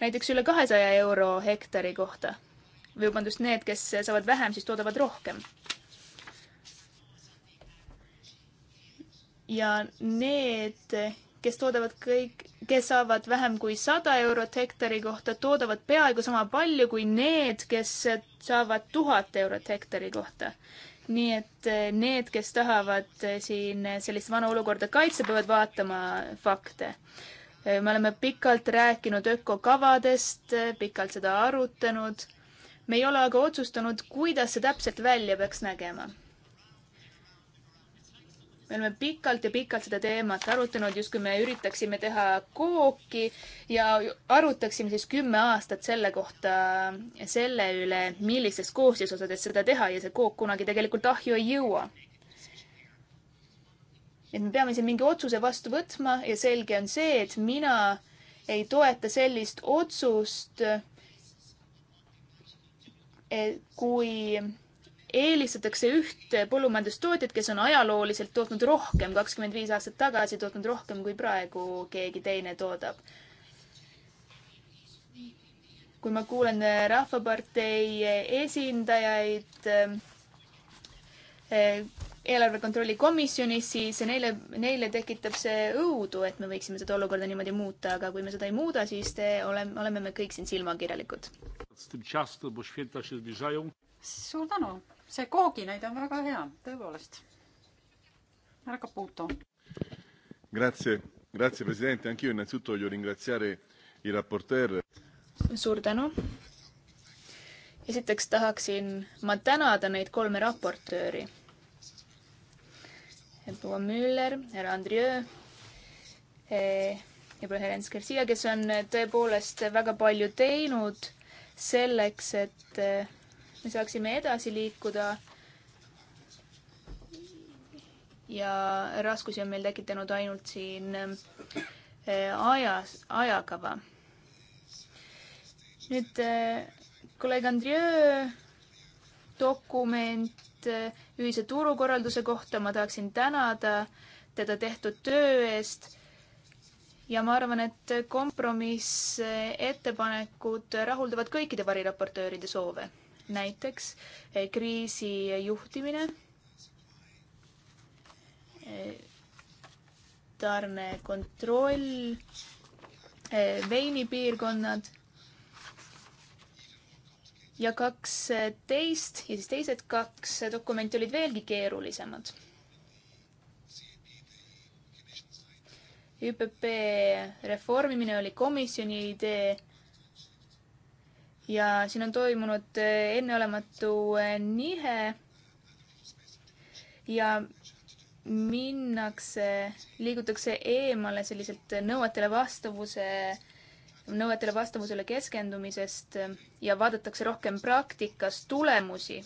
Speaker 4: näiteks üle kahesaja euro hektari kohta. või vabandust, need, kes saavad vähem, siis toodavad rohkem. ja need kes toodavad kõik, kes saavad vähem kui sada eurot hektari kohta, toodavad peaaegu sama palju kui need, kes saavad tuhat eurot hektari kohta. nii et eh, need, kes tahavad eh, siin sellist vana olukorda kaitsta, peavad vaatama fakte. Eh, me oleme pikalt rääkinud ökokavadest, pikalt seda arutanud. me ei ole aga otsustanud, kuidas see täpselt välja peaks nägema me oleme pikalt ja pikalt seda teemat arutanud, justkui me üritaksime teha kooki ja arutaksime siis kümme aastat selle kohta, selle üle, millistes koostisosades seda teha ja see kook kunagi tegelikult ahju ei jõua. et me peame siin mingi otsuse vastu võtma ja selge on see, et mina ei toeta sellist otsust, kui eelistatakse ühte põllumajandustootjat, kes on ajalooliselt tootnud rohkem, kakskümmend viis aastat tagasi tootnud rohkem, kui praegu keegi teine toodab. kui ma kuulen äh, Rahvapartei äh, esindajaid äh, eelarve kontrolli komisjonis, siis neile, neile tekitab see õudu, et me võiksime seda olukorda niimoodi muuta, aga kui me seda ei muuda, siis te oleme, oleme me kõik siin silmakirjalikud. suur tänu see kooginaid on väga hea, tõepoolest. härra Caputo.
Speaker 1: Grazie, grazie presidente, anch'io innanzitutto voglio ringraziare il raporteur.
Speaker 4: suur tänu. esiteks tahaksin ma tänada neid kolme raportööri. proua Müller, härra Andrieu eh, ja proua Helen Skersia, kes on eh, tõepoolest väga palju teinud selleks, et eh, me saaksime edasi liikuda. ja raskusi on meil tekitanud ainult siin äh, ajas, ajakava. nüüd äh, kolleeg Andrei dokument äh, ühise turukorralduse kohta, ma tahaksin tänada teda tehtud töö eest ja ma arvan, et kompromissettepanekud rahuldavad kõikide variraportööride soove näiteks eh, kriisi juhtimine, eh, tarnekontroll, eh, veinipiirkonnad ja kaks teist ja siis teised kaks dokumenti olid veelgi keerulisemad. ÜPP reformimine oli komisjoni idee ja siin on toimunud eh, enneolematu eh, nihe ja minnakse, liigutakse eemale selliselt nõuetele vastavuse, nõuetele vastavusele keskendumisest ja vaadatakse rohkem praktikas tulemusi.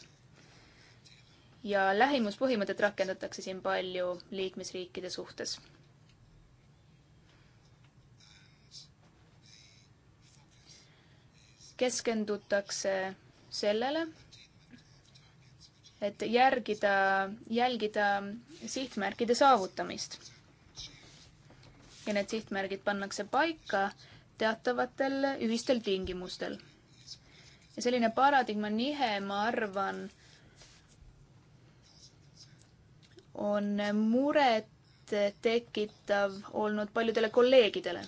Speaker 4: ja lähimuspõhimõtet rakendatakse siin palju liikmesriikide suhtes keskendutakse sellele, et järgida, jälgida sihtmärkide saavutamist. ja need sihtmärgid pannakse paika teatavatel ühistel tingimustel. ja selline paradigma nihe, ma arvan, on muret tekitav olnud paljudele kolleegidele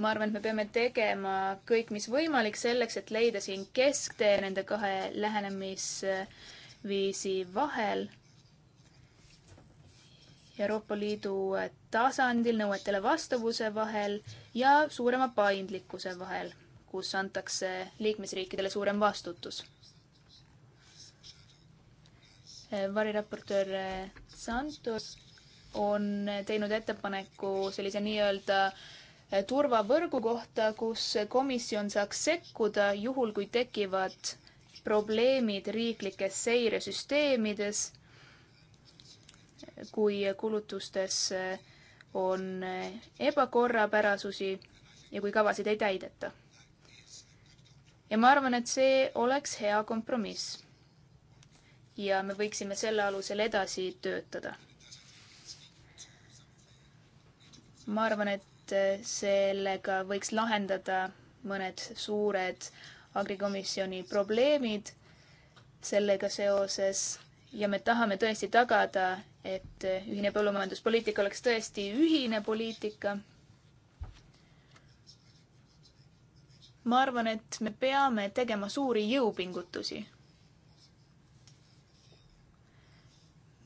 Speaker 4: ma arvan, et me peame tegema kõik, mis võimalik selleks, et leida siin kesktee nende kahe lähenemisviisi vahel. Euroopa Liidu tasandil nõuetele vastavuse vahel ja suurema paindlikkuse vahel, kus antakse liikmesriikidele suurem vastutus. variraportöör Santos on teinud ettepaneku sellise nii-öelda äh, turvavõrgu kohta, kus komisjon saaks sekkuda juhul, kui tekivad probleemid riiklikes seiresüsteemides, kui kulutustes on ebakorrapärasusi ja kui kavasid ei täideta. ja ma arvan, et see oleks hea kompromiss. ja me võiksime selle alusel edasi töötada. ma arvan, et et eh, sellega võiks lahendada mõned suured agrikomisjoni probleemid sellega seoses ja me tahame tõesti tagada, et eh, ühine põllumajanduspoliitika oleks tõesti ühine poliitika. ma arvan, et me peame tegema suuri jõupingutusi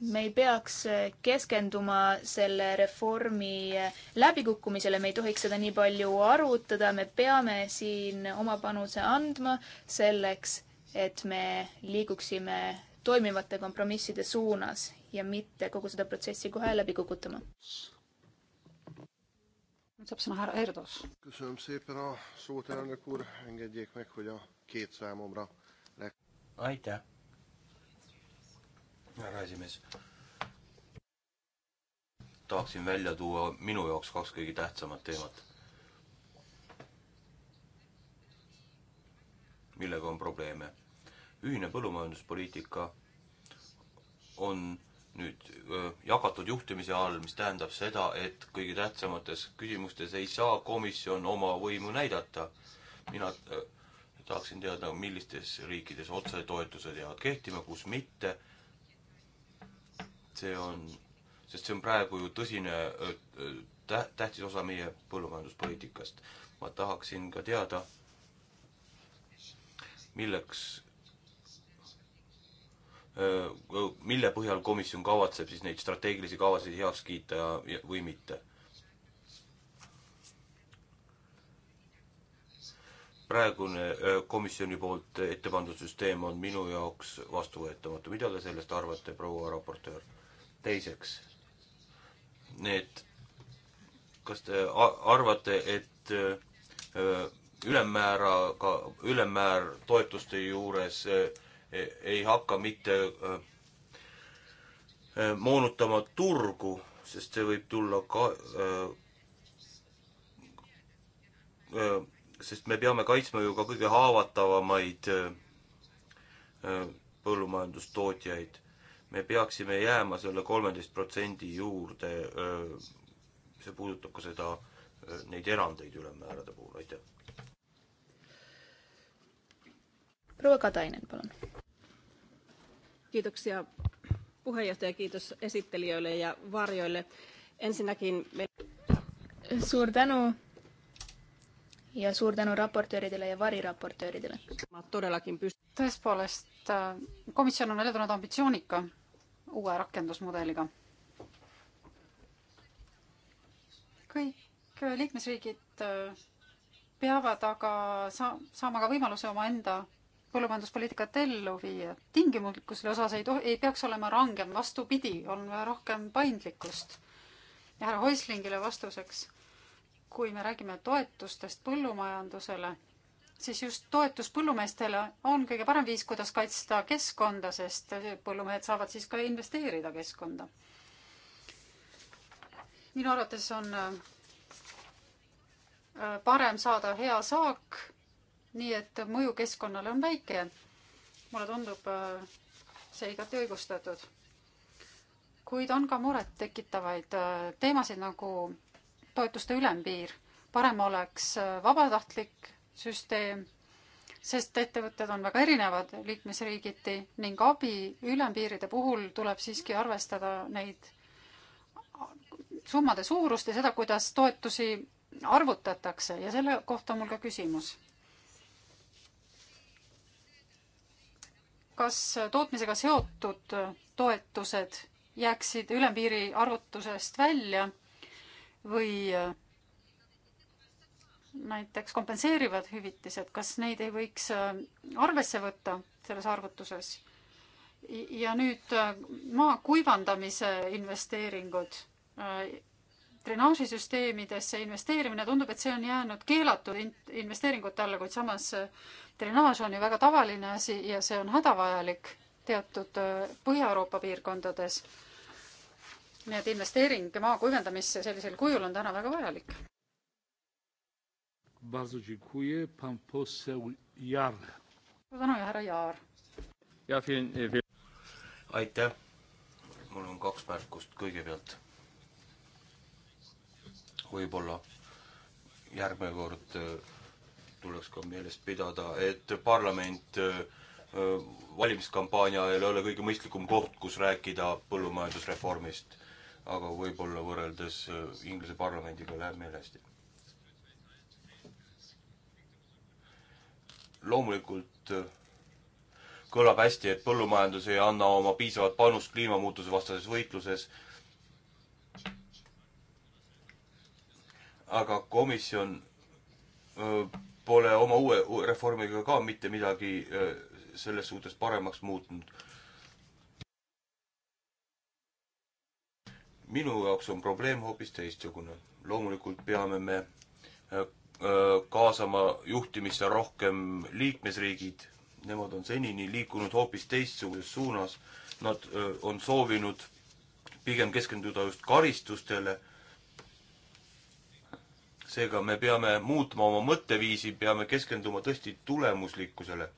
Speaker 4: me ei peaks keskenduma selle reformi läbikukkumisele, me ei tohiks seda nii palju arutada, me peame siin oma panuse andma selleks, et me liiguksime toimivate kompromisside suunas ja mitte kogu seda protsessi kohe läbi kukutama. nüüd saab sõna härra Erdos.
Speaker 3: aitäh härra esimees. tahaksin välja tuua minu jaoks kaks kõige tähtsamat teemat, millega on probleeme. ühine põllumajanduspoliitika on nüüd öö, jagatud juhtimise all, mis tähendab seda, et kõige tähtsamates küsimustes ei saa komisjon oma võimu näidata. mina öö, tahaksin teada, millistes riikides otsetoetused jäävad kehtima, kus mitte see on, sest see on praegu ju tõsine täht-, tähtis osa meie põllumajanduspoliitikast. ma tahaksin ka teada, milleks, mille põhjal komisjon kavatseb siis neid strateegilisi kavasid heaks kiita ja, või mitte? praegune komisjoni poolt ette pandud süsteem on minu jaoks vastuvõetamatu. mida te sellest arvate, proua raportöör? teiseks, need, kas te arvate, et ülemmääraga, ülemmäär toetuste juures e-, ei hakka mitte moonutama turgu, sest see võib tulla ka sest me peame kaitsma ju ka kõige haavatavamaid põllumajandustootjaid me peaksime jääma selle kolmeteist protsendi juurde, see puudutab ka seda, neid erandeid ülemmäärade puhul, aitäh.
Speaker 4: proua Katainen, palun. Kiitoksia puheenjohtaja, kiitos esittelijöille ja varjoille. Ensinnäkin me... suur tänu ja suur tänu raportööridele ja variraportööridele.
Speaker 2: ma todellakin püst-. tõepoolest, äh, komisjon on välja tulnud ambitsioonika uue rakendusmudeliga. kõik liikmesriigid äh, peavad aga saa-, saama ka võimaluse omaenda põllumajanduspoliitikat ellu viia. tingimuslikkus selle osas ei tohi, ei peaks olema rangem, vastupidi, on vaja rohkem paindlikkust. ja härra Häuslingile vastuseks, kui me räägime toetustest põllumajandusele siis just toetus põllumeestele on kõige parem viis, kuidas kaitsta keskkonda, sest põllumehed saavad siis ka investeerida keskkonda. minu arvates on äh, parem saada hea saak, nii et mõju keskkonnale on väike. mulle tundub äh, see igati õigustatud. kuid on ka murettekitavaid äh, teemasid nagu toetuste ülempiir. parem oleks vabatahtlik süsteem, sest ettevõtted on väga erinevad liikmesriigiti ning abi ülempiiride puhul tuleb siiski arvestada neid summade suurust ja seda, kuidas toetusi arvutatakse ja selle kohta on mul ka küsimus kas tootmisega seotud toetused jääksid ülempiiri arvutusest välja või näiteks kompenseerivad hüvitised, kas neid ei võiks äh, arvesse võtta selles arvutuses? ja nüüd äh, maa kuivandamise investeeringud, äh, drenaažisüsteemidesse investeerimine, tundub, et see on jäänud keelatud investeeringute alla, kuid samas drenaaž on ju väga tavaline asi ja see on hädavajalik teatud Põhja-Euroopa piirkondades. nii et investeering maa kuivendamisse sellisel kujul on täna väga vajalik.
Speaker 1: Bardzo dziękuję. Pan poseł Jaar.
Speaker 2: suur tänu ja härra Jaar.
Speaker 3: ja, aitäh. mul on kaks märkust kõigepealt. võib-olla järgmine kord äh, tuleks ka meeles pidada, et parlament äh, äh, valimiskampaania ei ole kõige mõistlikum koht, kus rääkida põllumajandusreformist. aga võib-olla võrreldes Inglise parlamendiga läheb meil hästi loomulikult äh, kõlab hästi, et põllumajandus ei anna oma piisavat panust kliimamuutuse vastases võitluses. aga komisjon äh, pole oma uue reformiga ka mitte midagi äh, selles suhtes paremaks muutnud. minu jaoks on probleem hoopis teistsugune. loomulikult peame me kaasama juhtimisse rohkem liikmesriigid, nemad on senini liikunud hoopis teistsuguses suunas, nad on soovinud pigem keskenduda just karistustele, seega me peame muutma oma mõtteviisi, peame keskenduma tõesti tulemuslikkusele.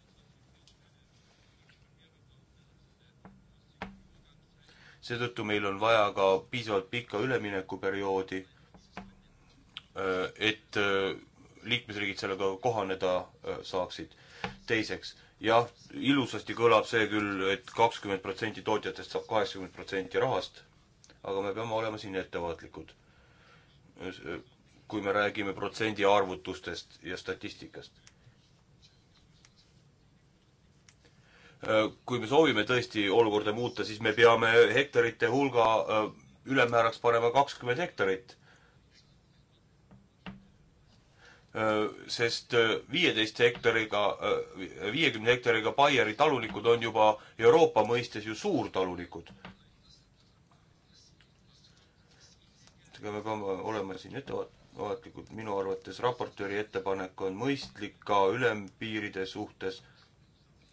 Speaker 3: seetõttu meil on vaja ka piisavalt pikka üleminekuperioodi, et liikmesriigid sellega kohaneda äh, saaksid. teiseks, jah, ilusasti kõlab see küll et, et kakskümmend protsenti tootjatest saab kaheksakümmend protsenti rahast, aga me peame olema siin ettevaatlikud. Äh, äh, kui me räägime protsendi arvutustest ja statistikast. kui me soovime tõesti olukorda muuta, siis me peame hektarite hulga ülemmääraks panema kakskümmend hektarit sest viieteist hektariga, viiekümne hektariga Baieri talunikud on juba Euroopa mõistes ju suurtalunikud. ega me peame olema siin ettevaatlikud, minu arvates raportööri ettepanek on mõistlik ka ülempiiride suhtes,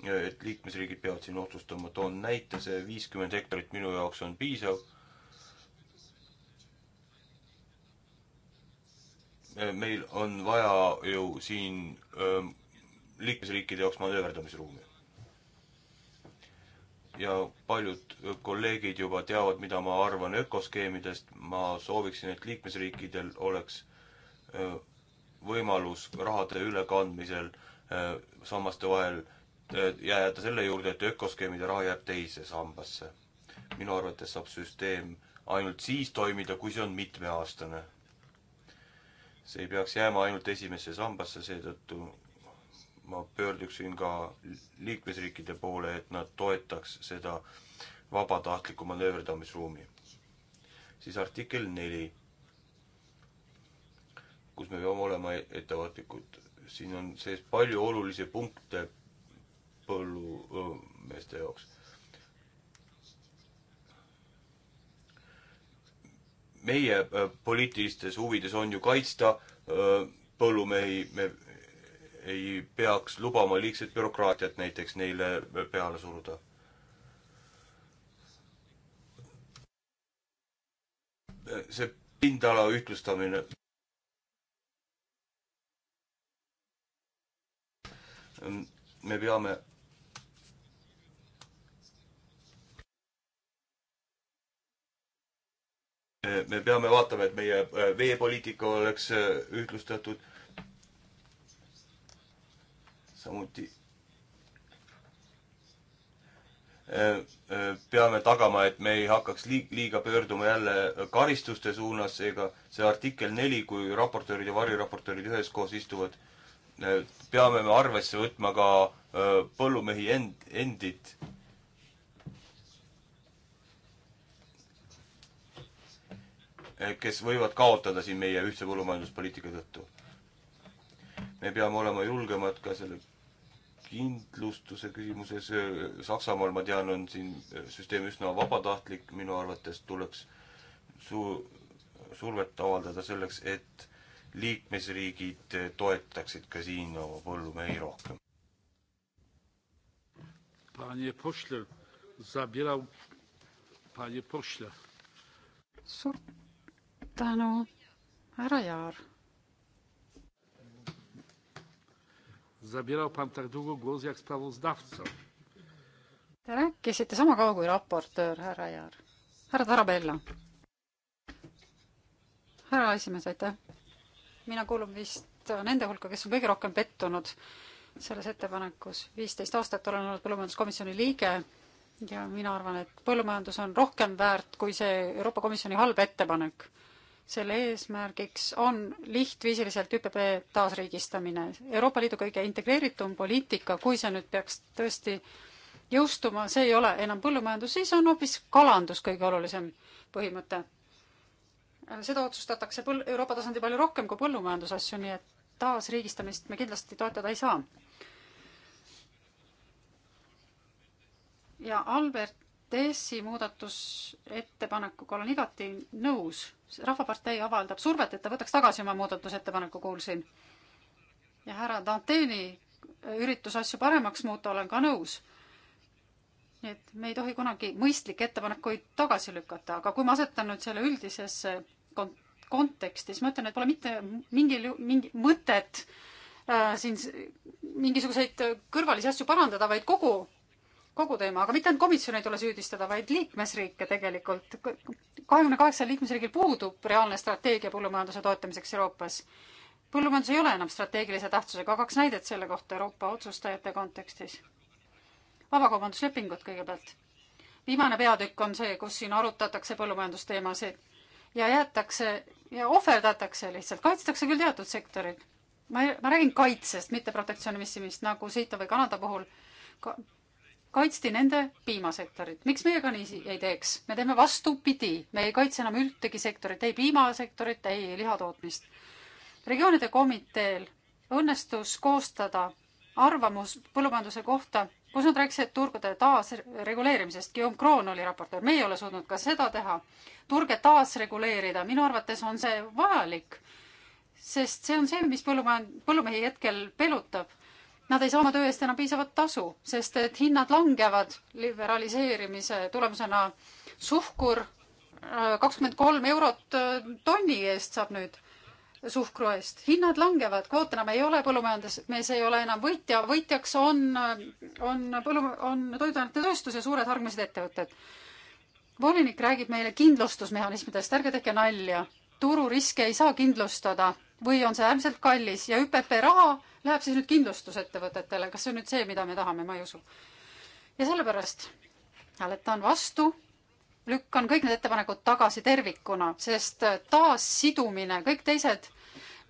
Speaker 3: et liikmesriigid peavad siin otsustama, toon näite, see viiskümmend hektarit minu jaoks on piisav Eh, meil on vaja ju siin liikmesriikide jaoks manööverdamisruumi. ja paljud kolleegid juba teavad, mida ma arvan ökoskeemidest, ma sooviksin, et liikmesriikidel oleks võimalus rahade ülekandmisel sammaste vahel jääda selle juurde, et ökoskeemide raha jääb teise sambasse. minu arvates saab süsteem ainult siis toimida, kui see on mitmeaastane see ei peaks jääma ainult esimesse sambasse, seetõttu ma pöörduksin ka liikmesriikide poole, et nad toetaks seda vabatahtlikku manööverdamisruumi. siis artikkel neli, kus me peame olema ettevaatlikud. siin on sees palju olulisi punkte põllumeeste jaoks meie äh, poliitilistes huvides on ju kaitsta äh, põllumehi, me ei peaks lubama liigset bürokraatiat näiteks neile äh, peale suruda. see pindala ühtlustamine. me peame me peame vaatama, et meie äh, veepoliitika oleks äh, ühtlustatud. samuti äh, peame tagama, et me ei hakkaks liig-, liiga pöörduma jälle karistuste suunas, seega see artikkel neli, kui raportöörid ja variraportöörid üheskoos istuvad, peame me arvesse võtma ka põllumehi end-, endid. Eh, kes võivad kaotada siin meie ühtse põllumajanduspoliitika tõttu. me peame olema julgemad ka selle kindlustuse küsimuses. Saksamaal, ma tean, on siin eh, süsteem üsna vabatahtlik, minu arvates tuleks su-, survet avaldada selleks, et liikmesriigid eh, toetaksid ka siin oma põllumehi rohkem.
Speaker 1: Panie pośle, zabierał panie pośle.
Speaker 2: suur tänu, härra Jaar. Te rääkisite sama kaua kui raportöör, härra Jaar. härra Tarabella. härra esimees, aitäh. mina kuulun vist nende hulka, kes on kõige rohkem pettunud selles ettepanekus. viisteist aastat olen olnud põllumajanduskomisjoni liige ja mina arvan, et põllumajandus on rohkem väärt kui see Euroopa Komisjoni halb ettepanek selle eesmärgiks on lihtviisiliselt ÜPP taasriigistamine. Euroopa Liidu kõige integreeritum poliitika, kui see nüüd peaks tõesti jõustuma, see ei ole enam põllumajandus, siis on hoopis kalandus kõige olulisem põhimõte. seda otsustatakse põl-, Euroopa tasandil palju rohkem kui põllumajandusasju, nii et taasriigistamist me kindlasti toetada ei saa. ja Albert DES-i muudatusettepanekuga olen igati nõus. rahvapartei avaldab survet, et ta võtaks tagasi oma muudatusettepaneku, kuulsin. ja härra Danteni üritus asju paremaks muuta, olen ka nõus. nii et me ei tohi kunagi mõistlikke ettepanekuid tagasi lükata, aga kui ma asetan nüüd selle üldisesse kont-, konteksti, siis ma ütlen, et pole mitte mingil, mingi mõtet äh, siin mingisuguseid kõrvalisi asju parandada, vaid kogu kogu teema, aga mitte ainult komisjoni ei tule süüdistada, vaid liikmesriike tegelikult. kahekümne kaheksal liikmesriigil puudub reaalne strateegia põllumajanduse toetamiseks Euroopas. põllumajandus ei ole enam strateegilise tähtsusega, kaks näidet selle kohta Euroopa otsustajate kontekstis. vabakaubanduslepingud kõigepealt. viimane peatükk on see, kus siin arutatakse põllumajandusteemasid ja jäetakse ja ohverdatakse lihtsalt, kaitstakse küll teatud sektorid. ma, ma räägin kaitsest, mitte protektsionismist, nagu Seita või Kanada puhul ka kaitsti nende piimasektorit. miks meie ka nii ei teeks? me teeme vastupidi, me ei kaitse enam ühtegi sektorit, ei piimasektorit, ei lihatootmist. regioonide komiteel õnnestus koostada arvamus põllumajanduse kohta, kus nad rääkisid turgude taasreguleerimisest. Guillaume Kroon oli raportöör, me ei ole suutnud ka seda teha. turge taasreguleerida, minu arvates on see vajalik, sest see on see, mis põllumajand-, põllumehi hetkel pelutab nad ei saa oma töö eest enam piisavat tasu, sest et hinnad langevad liberaliseerimise tulemusena. suhkur äh, kakskümmend kolm eurot äh, tonni eest saab nüüd suhkru eest, hinnad langevad, kvoot enam ei ole, põllumajandusmees ei ole enam võitja, võitjaks on, on põllu, on toiduainete tööstus ja suured hargmaised ettevõtted. volinik räägib meile kindlustusmehhanismidest, ärge tehke nalja, tururiske ei saa kindlustada või on see äärmiselt kallis ja ÜPP raha läheb siis nüüd kindlustusettevõtetele, kas see on nüüd see, mida me tahame, ma ei usu. ja sellepärast hääletan vastu, lükkan kõik need ettepanekud tagasi tervikuna, sest äh, taassidumine, kõik teised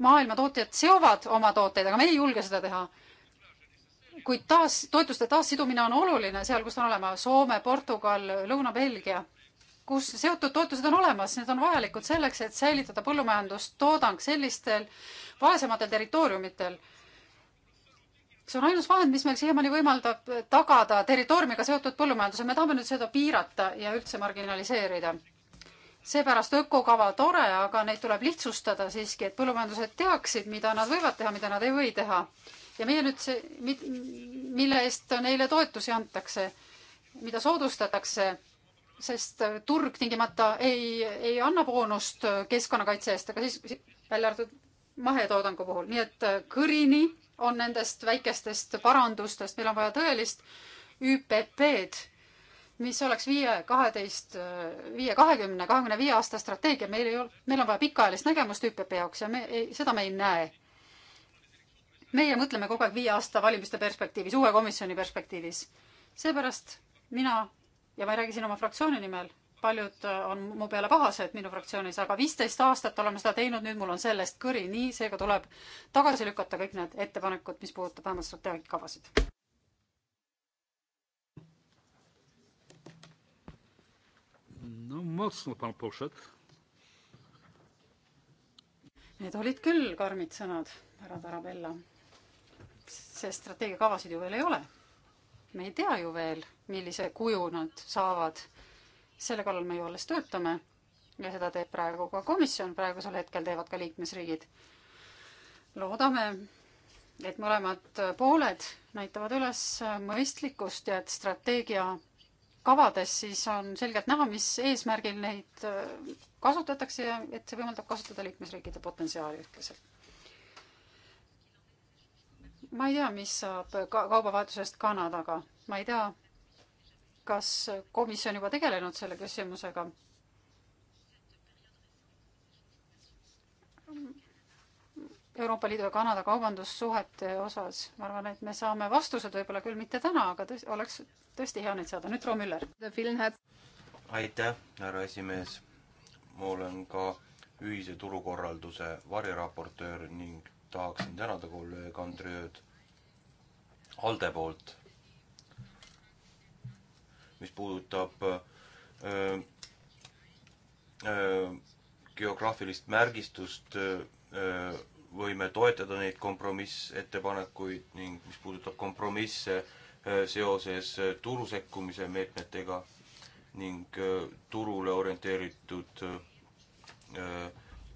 Speaker 2: maailma tootjad seovad oma tooteid, aga me ei julge seda teha. kuid taas, toetuste taassidumine on oluline seal, kus on olema Soome, Portugal, Lõuna-Belgia kus seotud toetused on olemas, need on vajalikud selleks, et säilitada põllumajandustoodang sellistel vaesematel territooriumitel. see on ainus vahend, mis meil siiamaani võimaldab tagada territooriumiga seotud põllumajanduse, me tahame nüüd seda piirata ja üldse marginaliseerida. seepärast ökokava tore, aga neid tuleb lihtsustada siiski, et põllumajandused teaksid, mida nad võivad teha, mida nad ei või teha. ja meie nüüd see, mille eest neile toetusi antakse, mida soodustatakse sest äh, turg tingimata ei, ei anna boonust äh, keskkonnakaitse eest, aga siis välja arvatud mahetoodangu puhul, nii et äh, kõrini on nendest väikestest parandustest, meil on vaja tõelist ÜPP-d, mis oleks viie, kaheteist, viie, kahekümne, kahekümne viie aasta strateegia, meil ei ole, meil on vaja pikaajalist nägemust ÜPP jaoks ja me ei, seda me ei näe. meie mõtleme kogu aeg viie aasta valimiste perspektiivis, uue komisjoni perspektiivis. seepärast mina ja ma ei räägi siin oma fraktsiooni nimel, paljud äh, on mu peale pahased minu fraktsioonis, aga viisteist aastat oleme seda teinud, nüüd mul on sellest kõri, nii seega tuleb tagasi lükata kõik need ettepanekud, mis puudutab vähemalt strateegiakavasid.
Speaker 1: no mocno pan poszedł.
Speaker 2: Need olid küll karmid sõnad, härra Tarabella. sest strateegiakavasid ju veel ei ole me ei tea ju veel, millise kuju nad saavad. selle kallal me ju alles töötame ja seda teeb praegu ka komisjon, praegusel hetkel teevad ka liikmesriigid. loodame, et mõlemad pooled näitavad üles mõistlikkust ja et strateegia kavades siis on selgelt näha, mis eesmärgil neid kasutatakse ja et see võimaldab kasutada liikmesriikide potentsiaali ühtlaselt ma ei tea, mis saab ka kaubavahetusest Kanadaga, ma ei tea, kas komisjon juba tegelenud selle küsimusega. Euroopa Liidu ja Kanada kaubandussuhete osas, ma arvan, et me saame vastused võib-olla küll mitte täna, aga tõs-, oleks tõesti hea neid saada. nüüd Roo Müller.
Speaker 3: aitäh, härra esimees. ma olen ka ühise turukorralduse variraportöör ning tahaksin tänada kolleeg Andreööd ALDE poolt, mis puudutab öö, äh, öö, äh, geograafilist märgistust, äh, võime toetada neid kompromissettepanekuid ning mis puudutab kompromisse seoses turu sekkumise meetmetega ning turule orienteeritud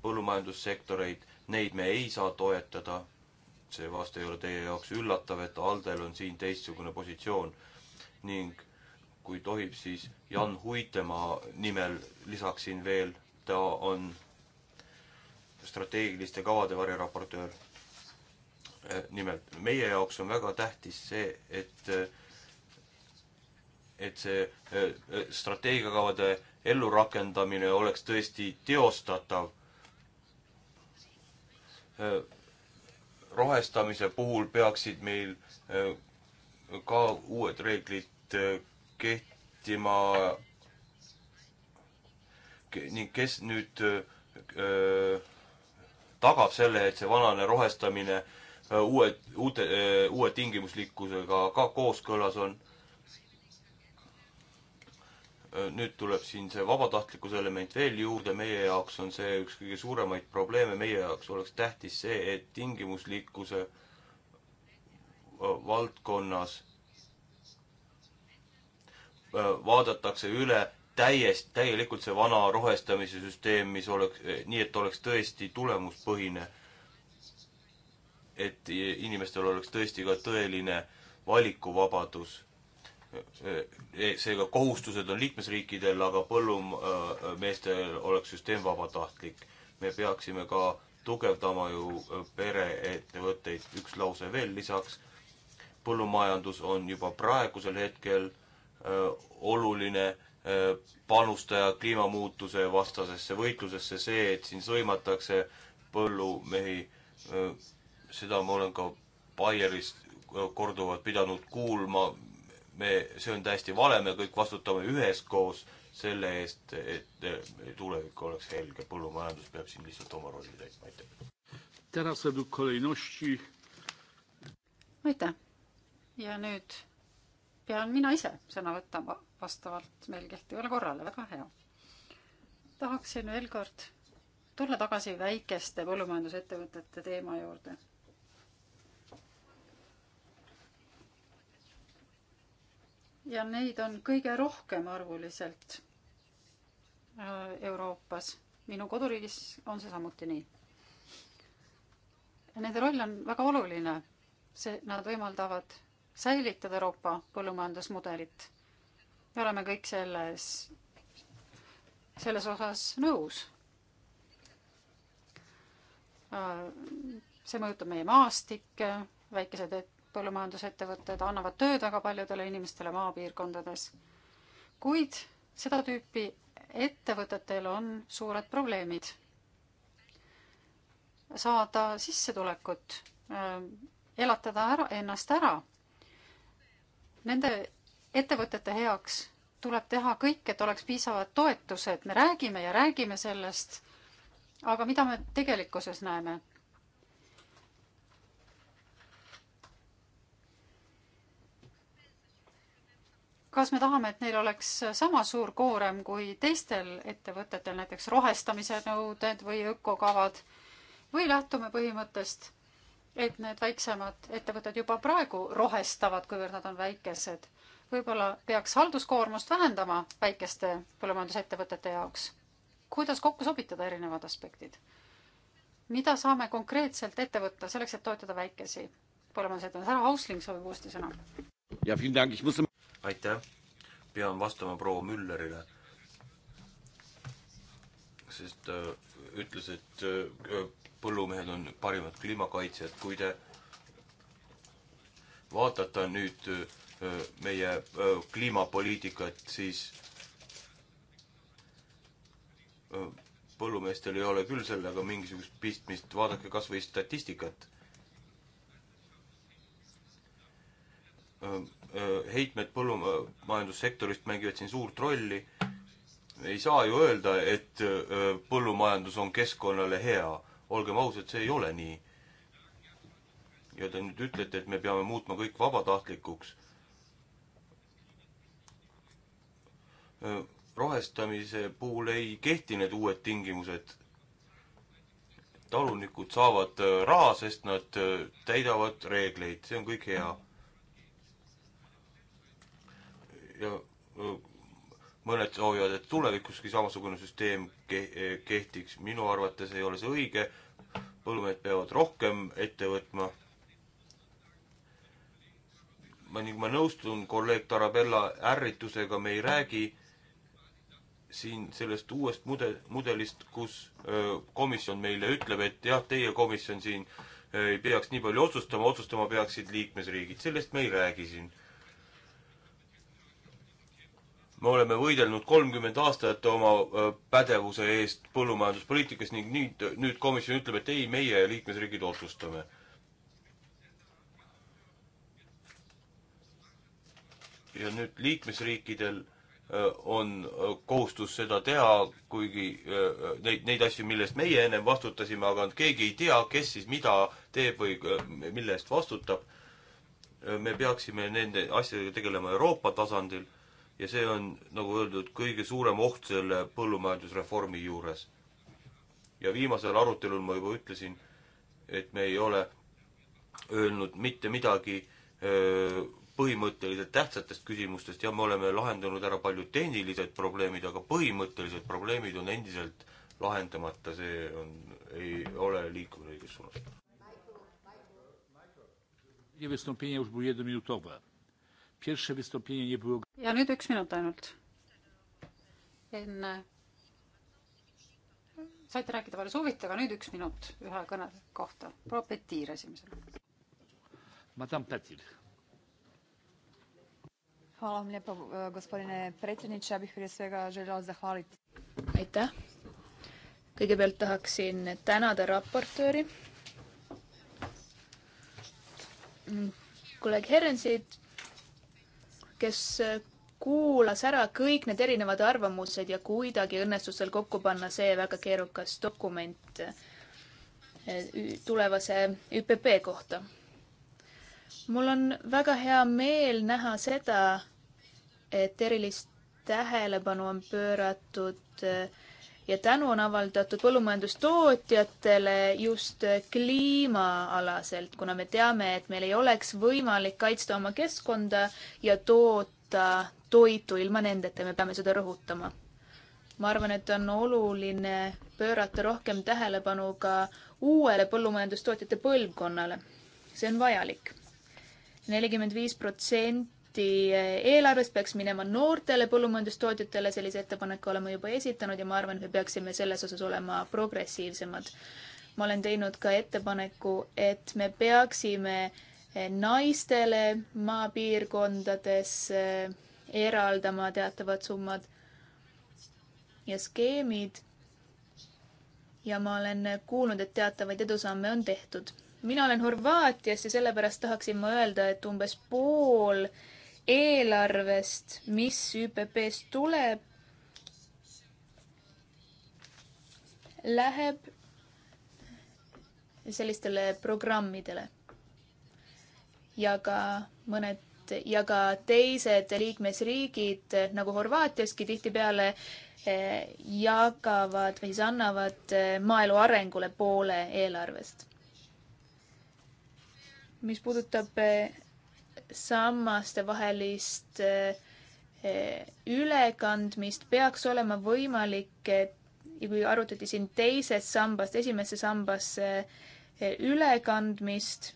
Speaker 3: põllumajandussektoreid, neid me ei saa toetada seevastu ei ole teie jaoks üllatav, et Aldel on siin teistsugune positsioon ning kui tohib, siis Jan Huitemaa nimel lisaksin veel, ta on strateegiliste kavade variraportöör. Eh, nimelt, meie jaoks on väga tähtis see, et eh, et see eh, strateegiakavade ellurakendamine oleks tõesti teostatav rohestamise puhul peaksid meil äh, ka uued reeglid äh, kehtima ning kes nüüd äh, tagab selle, et see vanane rohestamine uue, uute, uue tingimuslikkusega ka kooskõlas on nüüd tuleb siin see vabatahtlikkuse element veel juurde, meie jaoks on see üks kõige suuremaid probleeme, meie jaoks oleks tähtis see, et tingimuslikkuse valdkonnas vaadatakse üle täiest, täielikult see vana rohestamise süsteem, mis oleks, nii et oleks tõesti tulemuspõhine. et inimestel oleks tõesti ka tõeline valikuvabadus Eh, seega kohustused on liikmesriikidel, aga põllumeestel oleks süsteem vabatahtlik. me peaksime ka tugevdama ju eh, pereettevõtteid, üks lause veel lisaks. põllumajandus on juba praegusel hetkel öö, eh, oluline öö, panustaja kliimamuutuse vastasesse võitlusesse, see, et siin sõimatakse põllumehi, seda ma olen ka Baierist korduvalt pidanud kuulma, me, see on täiesti vale, me kõik vastutame üheskoos selle eest, et tulevik oleks helge, põllumajandus peab siin lihtsalt oma rolli täitma, aitäh.
Speaker 1: aitäh.
Speaker 2: ja nüüd pean mina ise sõna võtma vastavalt meil kehtivale korrale, väga hea. tahaksin veel kord tulla tagasi väikeste põllumajandusettevõtete teema juurde ja neid on kõige rohkem arvuliselt äh, Euroopas. minu koduriigis on see samuti nii. Nende roll on väga oluline, see, nad võimaldavad säilitada Euroopa põllumajandusmudelit. me oleme kõik selles, selles osas nõus. Äh, see mõjutab meie maastikke, väikesed et-, põllumajandusettevõtted annavad tööd väga paljudele inimestele maapiirkondades. kuid seda tüüpi ettevõtetel on suured probleemid saada sissetulekut, äh, elatada ära, ennast ära. Nende ettevõtete heaks tuleb teha kõik, et oleks piisavad toetused, me räägime ja räägime sellest, aga mida me tegelikkuses näeme kas me tahame, et neil oleks sama suur koorem kui teistel ettevõtetel, näiteks rohestamise nõuded või ökokavad või lähtume põhimõttest, et need väiksemad ettevõtted juba praegu rohestavad, kuivõrd nad on väikesed. võib-olla peaks halduskoormust vähendama väikeste põllumajandusettevõtete jaoks. kuidas kokku sobitada erinevad aspektid? mida saame konkreetselt ette võtta selleks, et toetada väikesi põllumajandusettevõtteid? härra Hausling soovib uuesti
Speaker 3: sõna aitäh, pean vastama proua Müllerile, sest öö, äh, ütles, et öö, äh, põllumehed on parimad kliimakaitsjad, kui te vaatate nüüd öö, äh, meie öö, kliimapoliitikat, siis öö, põllumeestel ei ole küll sellega mingisugust pistmist, vaadake kas või statistikat öö, heitmed põllumajandussektorist mängivad siin suurt rolli. ei saa ju öelda, et põllumajandus on keskkonnale hea. olgem ausad, see ei ole nii. ja te nüüd ütlete, et me peame muutma kõik vabatahtlikuks. rohestamise puhul ei kehti need uued tingimused. talunikud saavad raha, sest nad täidavad reegleid, see on kõik hea ja mõned soovivad, et tulevikuski samasugune süsteem e, kehtiks, minu arvates ei ole see õige, põllumehed peavad rohkem ette võtma. ma ning ma nõustun kolleeg Tarabella ärritusega, me ei räägi siin sellest uuest mude-, mudelist, kus komisjon meile ütleb, et jah, teie komisjon siin ei peaks nii palju otsustama, otsustama peaksid liikmesriigid, sellest me ei räägi siin me oleme võidelnud kolmkümmend aastat oma pädevuse eest põllumajanduspoliitikas ning nüüd, nüüd komisjon ütleb, et ei, meie liikmesriigid otsustame. ja nüüd liikmesriikidel on kohustus seda teha, kuigi neid, neid asju, mille eest meie ennem vastutasime, aga keegi ei tea, kes siis mida teeb või mille eest vastutab. me peaksime nende asjadega tegelema Euroopa tasandil ja see on, nagu öeldud, kõige suurem oht selle põllumajandusreformi juures. ja viimasel arutelul ma juba ütlesin, et me ei ole öelnud mitte midagi öö, põhimõtteliselt tähtsatest küsimustest ja me oleme lahendanud ära paljud tehnilised probleemid, aga põhimõttelised probleemid on endiselt lahendamata, see on, ei ole liikumine õiges suunas
Speaker 2: ja nüüd üks minut ainult. enne saite rääkida palju soovite, aga nüüd üks minut ühe kõne kohta. proua Petir esimesena.
Speaker 1: Madame Petir.
Speaker 4: Hvala vam lijepo gospodine predsjedniče, ja bih prije svega željela zahvaliti. aitäh. kõigepealt tahaksin tänada raportööri, kolleeg Herensit kes kuulas ära kõik need erinevad arvamused ja kuidagi õnnestus tal kokku panna see väga keerukas dokument eh, tulevase ÜPP kohta. mul on väga hea meel näha seda, et erilist tähelepanu on pööratud äh, ja tänu on avaldatud põllumajandustootjatele just kliimaalaselt, kuna me teame, et meil ei oleks võimalik kaitsta oma keskkonda ja toota toitu ilma nendeta, me peame seda rõhutama. ma arvan, et on oluline pöörata rohkem tähelepanu ka uuele põllumajandustootjate põlvkonnale. see on vajalik. nelikümmend viis protsenti protsenti eh, eelarvest peaks minema noortele põllumajandustootjatele, sellise ettepaneku oleme juba esitanud ja ma arvan, et me peaksime selles osas olema progressiivsemad. ma olen teinud ka ettepaneku, et me peaksime eh, naistele maapiirkondades eh, eraldama teatavad summad ja skeemid. ja ma olen kuulnud, et teatavaid edusamme on tehtud mina olen Horvaatiast ja sellepärast tahaksin ma öelda, et umbes pool eelarvest, mis ÜPP-st tuleb, läheb sellistele programmidele ja ka mõned ja ka teised liikmesriigid nagu Horvaatiaski tihtipeale eh, jagavad või siis annavad eh, maaelu arengule poole eelarvest. mis puudutab eh, sammaste vahelist eh, ülekandmist peaks olema võimalik, kui eh, arutati siin teisest sambast esimesse sambasse eh, ülekandmist.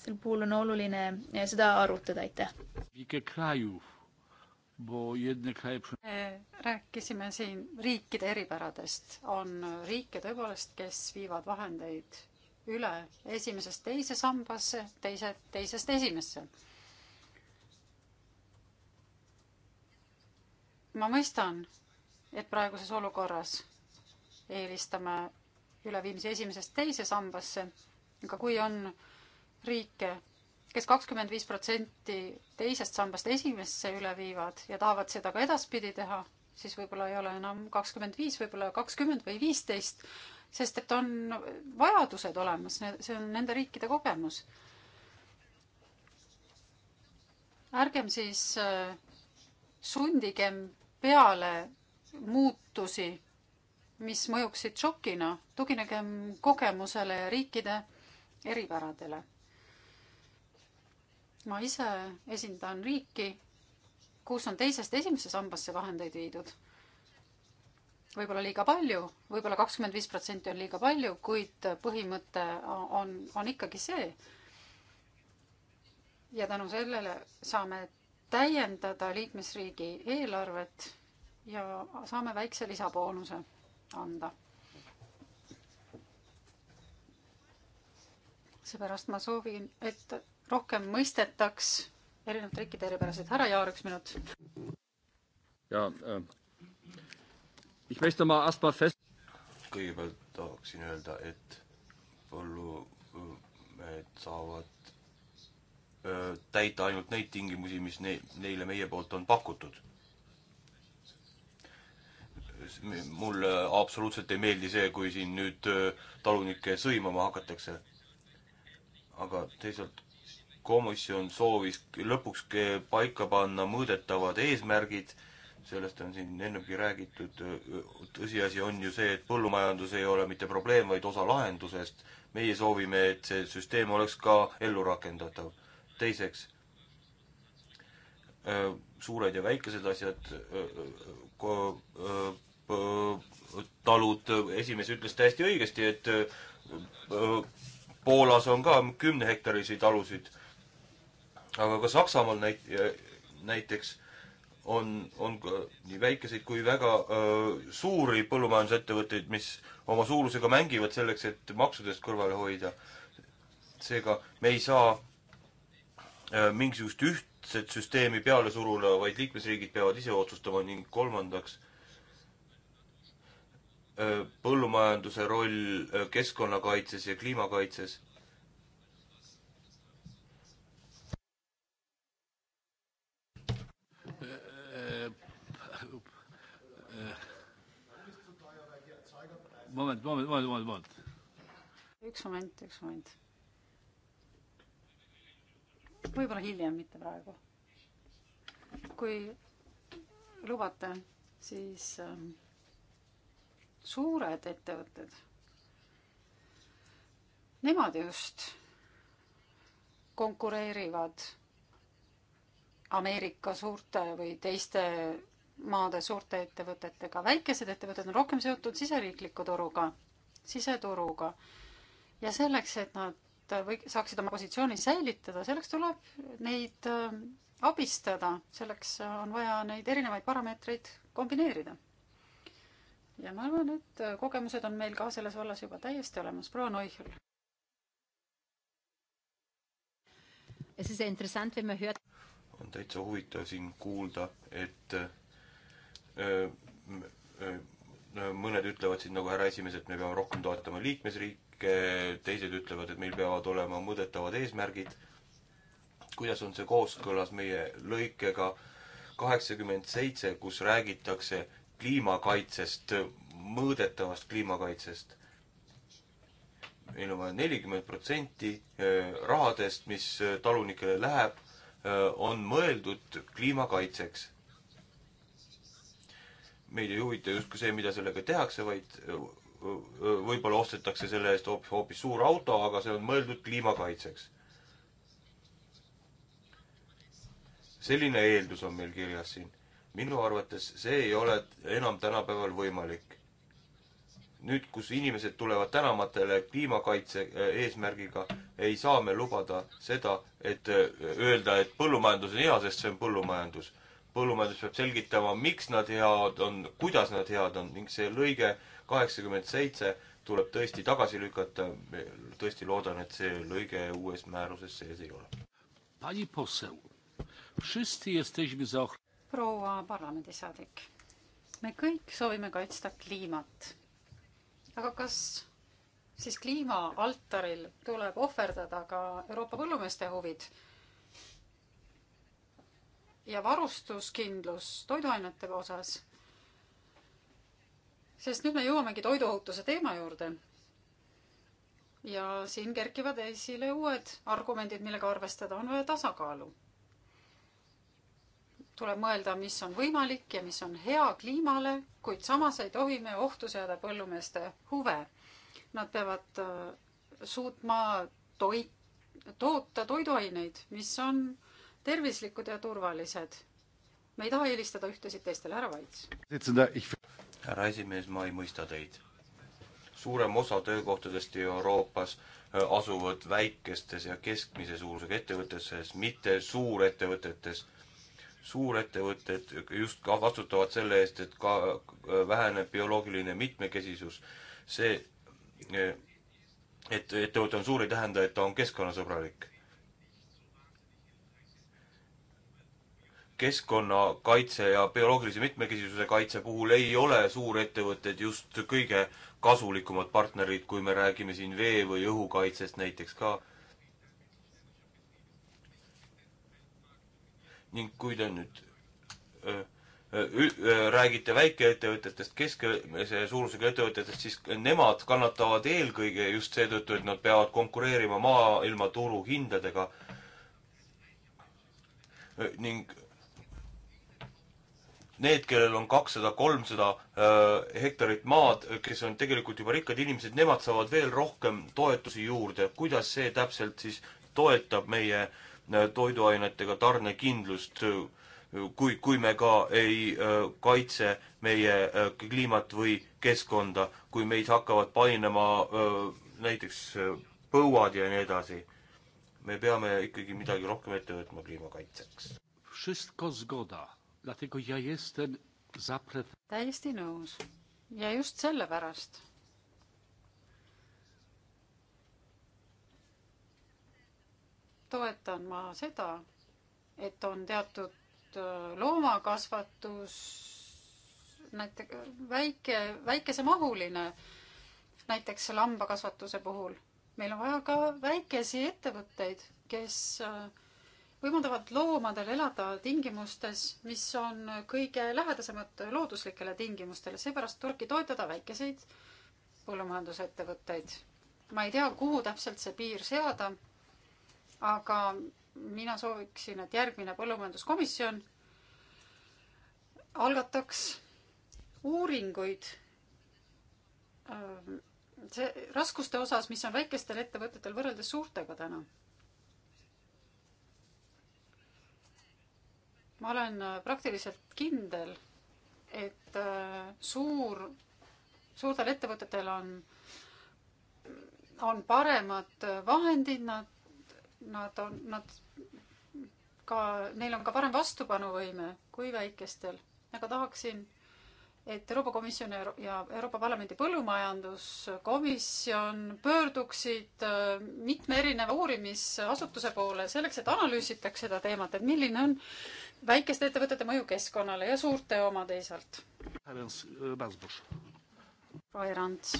Speaker 4: sel puhul on oluline seda arutada, aitäh.
Speaker 2: rääkisime siin riikide eripäradest, on riike tõepoolest, kes viivad vahendeid üle esimesest teise sambasse, teise, teisest esimesse. ma mõistan, et praeguses olukorras eelistame üleviimise esimesest teise sambasse, aga kui on riike kes, kes kakskümmend viis protsenti teisest sambast esimesse üle viivad ja tahavad seda ka edaspidi teha, siis võib-olla ei ole enam kakskümmend viis, võib-olla kakskümmend või viisteist, sest et on vajadused olemas, see on nende riikide kogemus. ärgem siis äh, sundigem peale muutusi, mis mõjuksid šokina, tuginegem kogemusele ja riikide eripäradele. ma ise esindan riiki, kus on teisest esimesse sambasse vahendeid viidud võib-olla liiga palju võib, võib-olla kakskümmend viis protsenti on liiga palju, kuid põhimõte on, on ikkagi see. ja tänu sellele saame täiendada liikmesriigi eelarvet ja saame väikse lisaboonuse anda. seepärast ma soovin, et rohkem mõistetaks erinevate riikide eripärasid. härra Jaar, üks minut.
Speaker 3: ja äh kõigepealt tahaksin öelda, et põllumehed saavad öö, täita ainult neid tingimusi, mis ne-, neile meie poolt on pakutud. mulle absoluutselt ei meeldi see, kui siin nüüd öö, talunikke sõimama hakatakse. aga teisalt komisjon soovis lõpuks paika panna mõõdetavad eesmärgid sellest on siin ennemgi räägitud, tõsiasi on ju see, et põllumajandus ei ole mitte probleem, vaid osa lahendusest. meie soovime, et see süsteem oleks ka ellu rakendatav. teiseks, äh, suured ja väikesed asjad, äh, äh, talud, esimees ütles täiesti õigesti, et Poolas on ka kümnehektarilisi talusid, aga ka Saksamaal näit-, näiteks on, on ka nii väikeseid kui väga öö, suuri põllumajandusettevõtteid, mis oma suurusega mängivad selleks, et maksudest kõrvale hoida. seega me ei saa öö, mingisugust ühtset süsteemi peale suruda, vaid liikmesriigid peavad ise otsustama ning kolmandaks, põllumajanduse roll keskkonnakaitses ja kliimakaitses
Speaker 1: moment, moment, moment, moment, moment.
Speaker 2: üks moment, üks moment. võib-olla hiljem, mitte praegu. kui lubate, siis ähm, suured ettevõtted, nemad just konkureerivad Ameerika suurte või teiste maade suurte ettevõtetega, väikesed ettevõtted on rohkem seotud siseriikliku turuga, siseturuga. ja selleks, et nad või saaksid oma positsiooni säilitada, selleks tuleb neid äh, abistada, selleks on vaja neid erinevaid parameetreid kombineerida. ja ma arvan, et äh, kogemused on meil ka selles vallas juba täiesti olemas, proua Neuchel.
Speaker 3: on täitsa huvitav siin kuulda, et äh, mõned ütlevad siin nagu härra esimees, et me peame rohkem toetama liikmesriike, teised ütlevad, et meil peavad olema mõõdetavad eesmärgid. kuidas on see kooskõlas meie lõikega kaheksakümmend seitse, kus räägitakse kliimakaitsest, mõõdetavast kliimakaitsest? meil on vaja nelikümmend protsenti rahadest, mis talunikele läheb, on mõeldud kliimakaitseks meid ei huvita justkui see, mida sellega tehakse, vaid võib-olla ostetakse selle eest hoopis, hoopis suur auto, aga see on mõeldud kliimakaitseks. selline eeldus on meil kirjas siin. minu arvates see ei ole enam tänapäeval võimalik. nüüd, kus inimesed tulevad tänavatele kliimakaitse e, eesmärgiga, ei saa me lubada seda, et öelda, et põllumajandus on hea, sest see on põllumajandus põllumajandus peab selgitama, miks nad head on, kuidas nad head on ning see lõige kaheksakümmend seitse tuleb tõesti tagasi lükata. tõesti loodan, et see lõige uues määruses sees ei ole.
Speaker 2: proua parlamendisaadik, me kõik soovime kaitsta kliimat. aga kas siis kliima altaril tuleb ohverdada ka Euroopa põllumeeste huvid? ja varustuskindlus toiduainete osas. sest nüüd me jõuamegi toiduohutuse teema juurde. ja siin kerkivad esile uued argumendid, millega arvestada, on vaja tasakaalu. tuleb mõelda, mis on võimalik ja mis on hea kliimale, kuid samas ei tohi me ohtu seada põllumeeste huve. Nad peavad äh, suutma toit, toota toiduaineid, mis on äh, tervislikud ja turvalised. me ei taha eelistada ühtesid teistele, härra
Speaker 3: Vaits. härra esimees, ma ei mõista teid. suurem osa töökohtadest Euroopas äh, asuvad väikestes ja keskmise suurusega ettevõtetes, mitte suurettevõtetes. suurettevõtted just ka vastutavad selle eest, et ka äh, väheneb bioloogiline mitmekesisus. see, äh, et ettevõte on suur, ei tähenda, et ta on keskkonnasõbralik keskkonnakaitse ja bioloogilise mitmekesisuse kaitse puhul ei ole suurettevõtted just kõige kasulikumad partnerid, kui me räägime siin vee- või õhukaitsest näiteks ka. ning kui te nüüd öö, räägite väikeettevõtetest, keskmise suurusega ettevõtetest, siis nemad kannatavad eelkõige just seetõttu, et nad peavad konkureerima maailmaturu hindadega. ning need, kellel on kakssada, kolmsada äh, hektarit maad, kes on tegelikult juba rikkad inimesed, nemad saavad veel rohkem toetusi juurde. kuidas see täpselt siis toetab meie äh, toiduainetega tarnekindlust, äh, kui, kui me ka ei kaitse meie kliimat või keskkonda, kui meid hakkavad painama näiteks põuad ja nii edasi. me peame ikkagi midagi rohkem ette võtma kliima kaitseks.
Speaker 1: Wszystko zgoda Dlatego ja jestem za pre-.
Speaker 2: täiesti nõus ja just sellepärast. toetan ma seda, et on teatud äh, loomakasvatus, näiteks väike, väikesemahuline, näiteks lambakasvatuse puhul. meil on vaja ka väikesi ettevõtteid, kes äh, võimaldavad loomadel elada tingimustes, mis on kõige lähedasemad looduslikele tingimustele, seepärast tulebki toetada väikeseid põllumajandusettevõtteid. ma ei tea, kuhu täpselt see piir seada, aga mina sooviksin, et järgmine põllumajanduskomisjon algataks uuringuid äh, see raskuste osas, mis on väikestel ettevõtetel võrreldes suurtega täna ma olen äh, praktiliselt kindel, et äh, suur, suurtel ettevõtetel on, on paremad äh, vahendid, nad, nad on, nad ka, neil on ka parem vastupanuvõime kui väikestel. aga tahaksin, et Euroopa Komisjon ja Euroopa Parlamendi põllumajanduskomisjon pöörduksid mitme erineva uurimisasutuse poole selleks, et analüüsitaks seda teemat, et milline on väikeste ettevõtete mõju keskkonnale ja suurte oma teisalt. Roy Rants.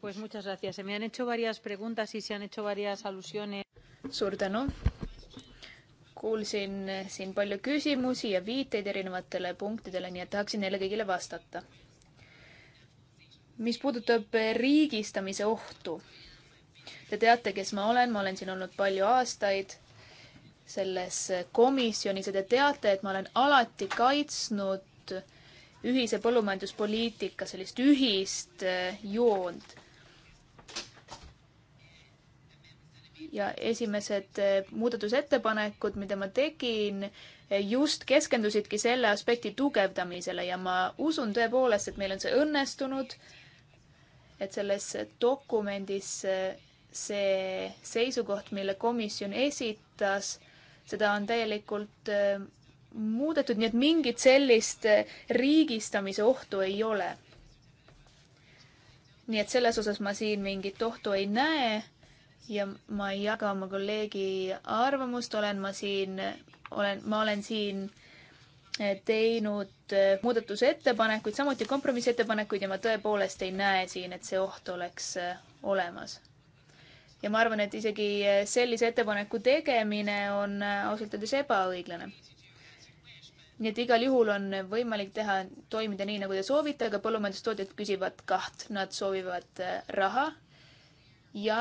Speaker 4: Pues muchas gracias. Se me han hecho varias preguntas y se han hecho varias alusiones. suur tänu. kuulsin siin palju küsimusi ja viiteid erinevatele punktidele, nii et tahaksin neile kõigile vastata. mis puudutab riigistamise ohtu. Te teate, kes ma olen, ma olen siin olnud palju aastaid selles komisjonis ja te teate, et ma olen alati kaitsnud ühise põllumajanduspoliitika sellist ühist eh, joont. ja esimesed eh, muudatusettepanekud, mida ma tegin, eh, just keskendusidki selle aspekti tugevdamisele ja ma usun tõepoolest, et meil on see õnnestunud, et selles dokumendis see seisukoht, mille komisjon esitas, seda on täielikult äh, muudetud, nii et mingit sellist äh, riigistamise ohtu ei ole. nii et selles osas ma siin mingit ohtu ei näe ja ma ei jaga oma kolleegi arvamust, olen ma siin, olen, ma olen siin äh, teinud muudatusettepanekuid, samuti kompromissettepanekuid ja ma tõepoolest ei näe siin, et see oht oleks olemas ja ma arvan, et isegi eh, sellise ettepaneku tegemine on eh, ausalt öeldes ebaõiglane. nii et igal juhul on võimalik teha, toimida nii, nagu te soovite, aga põllumajandustootjad küsivad kaht, nad soovivad eh, raha ja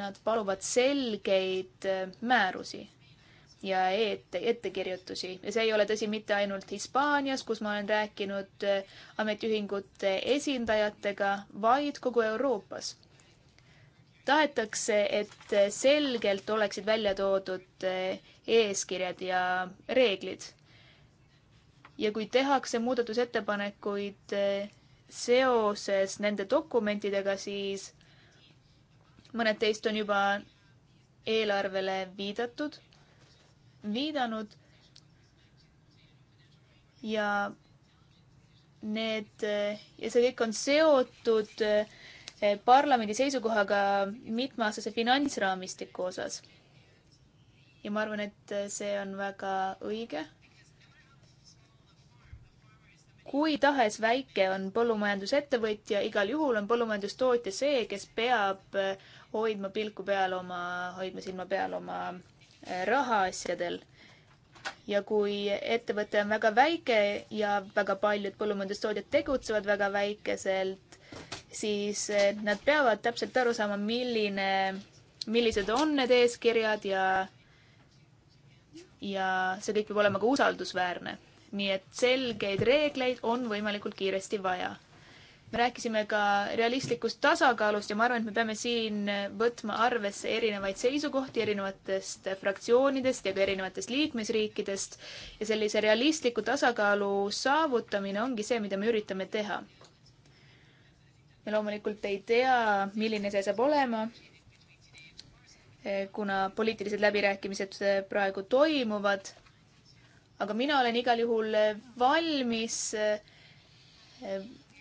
Speaker 4: nad paluvad selgeid määrusi ja ette, ettekirjutusi ja see ei ole tõsi mitte ainult Hispaanias, kus ma olen rääkinud ametiühingute esindajatega, vaid kogu Euroopas tahetakse, et selgelt oleksid välja toodud eh, eeskirjad ja reeglid. ja kui tehakse muudatusettepanekuid eh, seoses nende dokumentidega, siis mõned teist on juba eelarvele viidatud, viidanud. ja need eh, ja see kõik on seotud äh, Eh, parlamendi seisukohaga mitmeaastase finantsraamistiku osas. ja ma arvan, et eh, see on väga õige. kui tahes väike on põllumajandusettevõtja, igal juhul on põllumajandustootja see, kes peab eh, hoidma pilku peal oma, hoidma silma peal oma rahaasjadel ja kui ettevõte on väga väike ja väga paljud põllumajandustootjad tegutsevad väga väikesel siis eh, nad peavad täpselt aru saama, milline, millised on need eeskirjad ja, ja see kõik peab olema ka usaldusväärne. nii et selgeid reegleid on võimalikult kiiresti vaja. me rääkisime ka realistlikust tasakaalust ja ma arvan, et me peame siin võtma arvesse erinevaid seisukohti erinevatest fraktsioonidest ja ka erinevatest liikmesriikidest ja sellise realistliku tasakaalu saavutamine ongi see, mida me üritame teha me loomulikult ei tea, milline see saab olema, eh, kuna poliitilised läbirääkimised eh, praegu toimuvad. aga mina olen igal juhul eh, valmis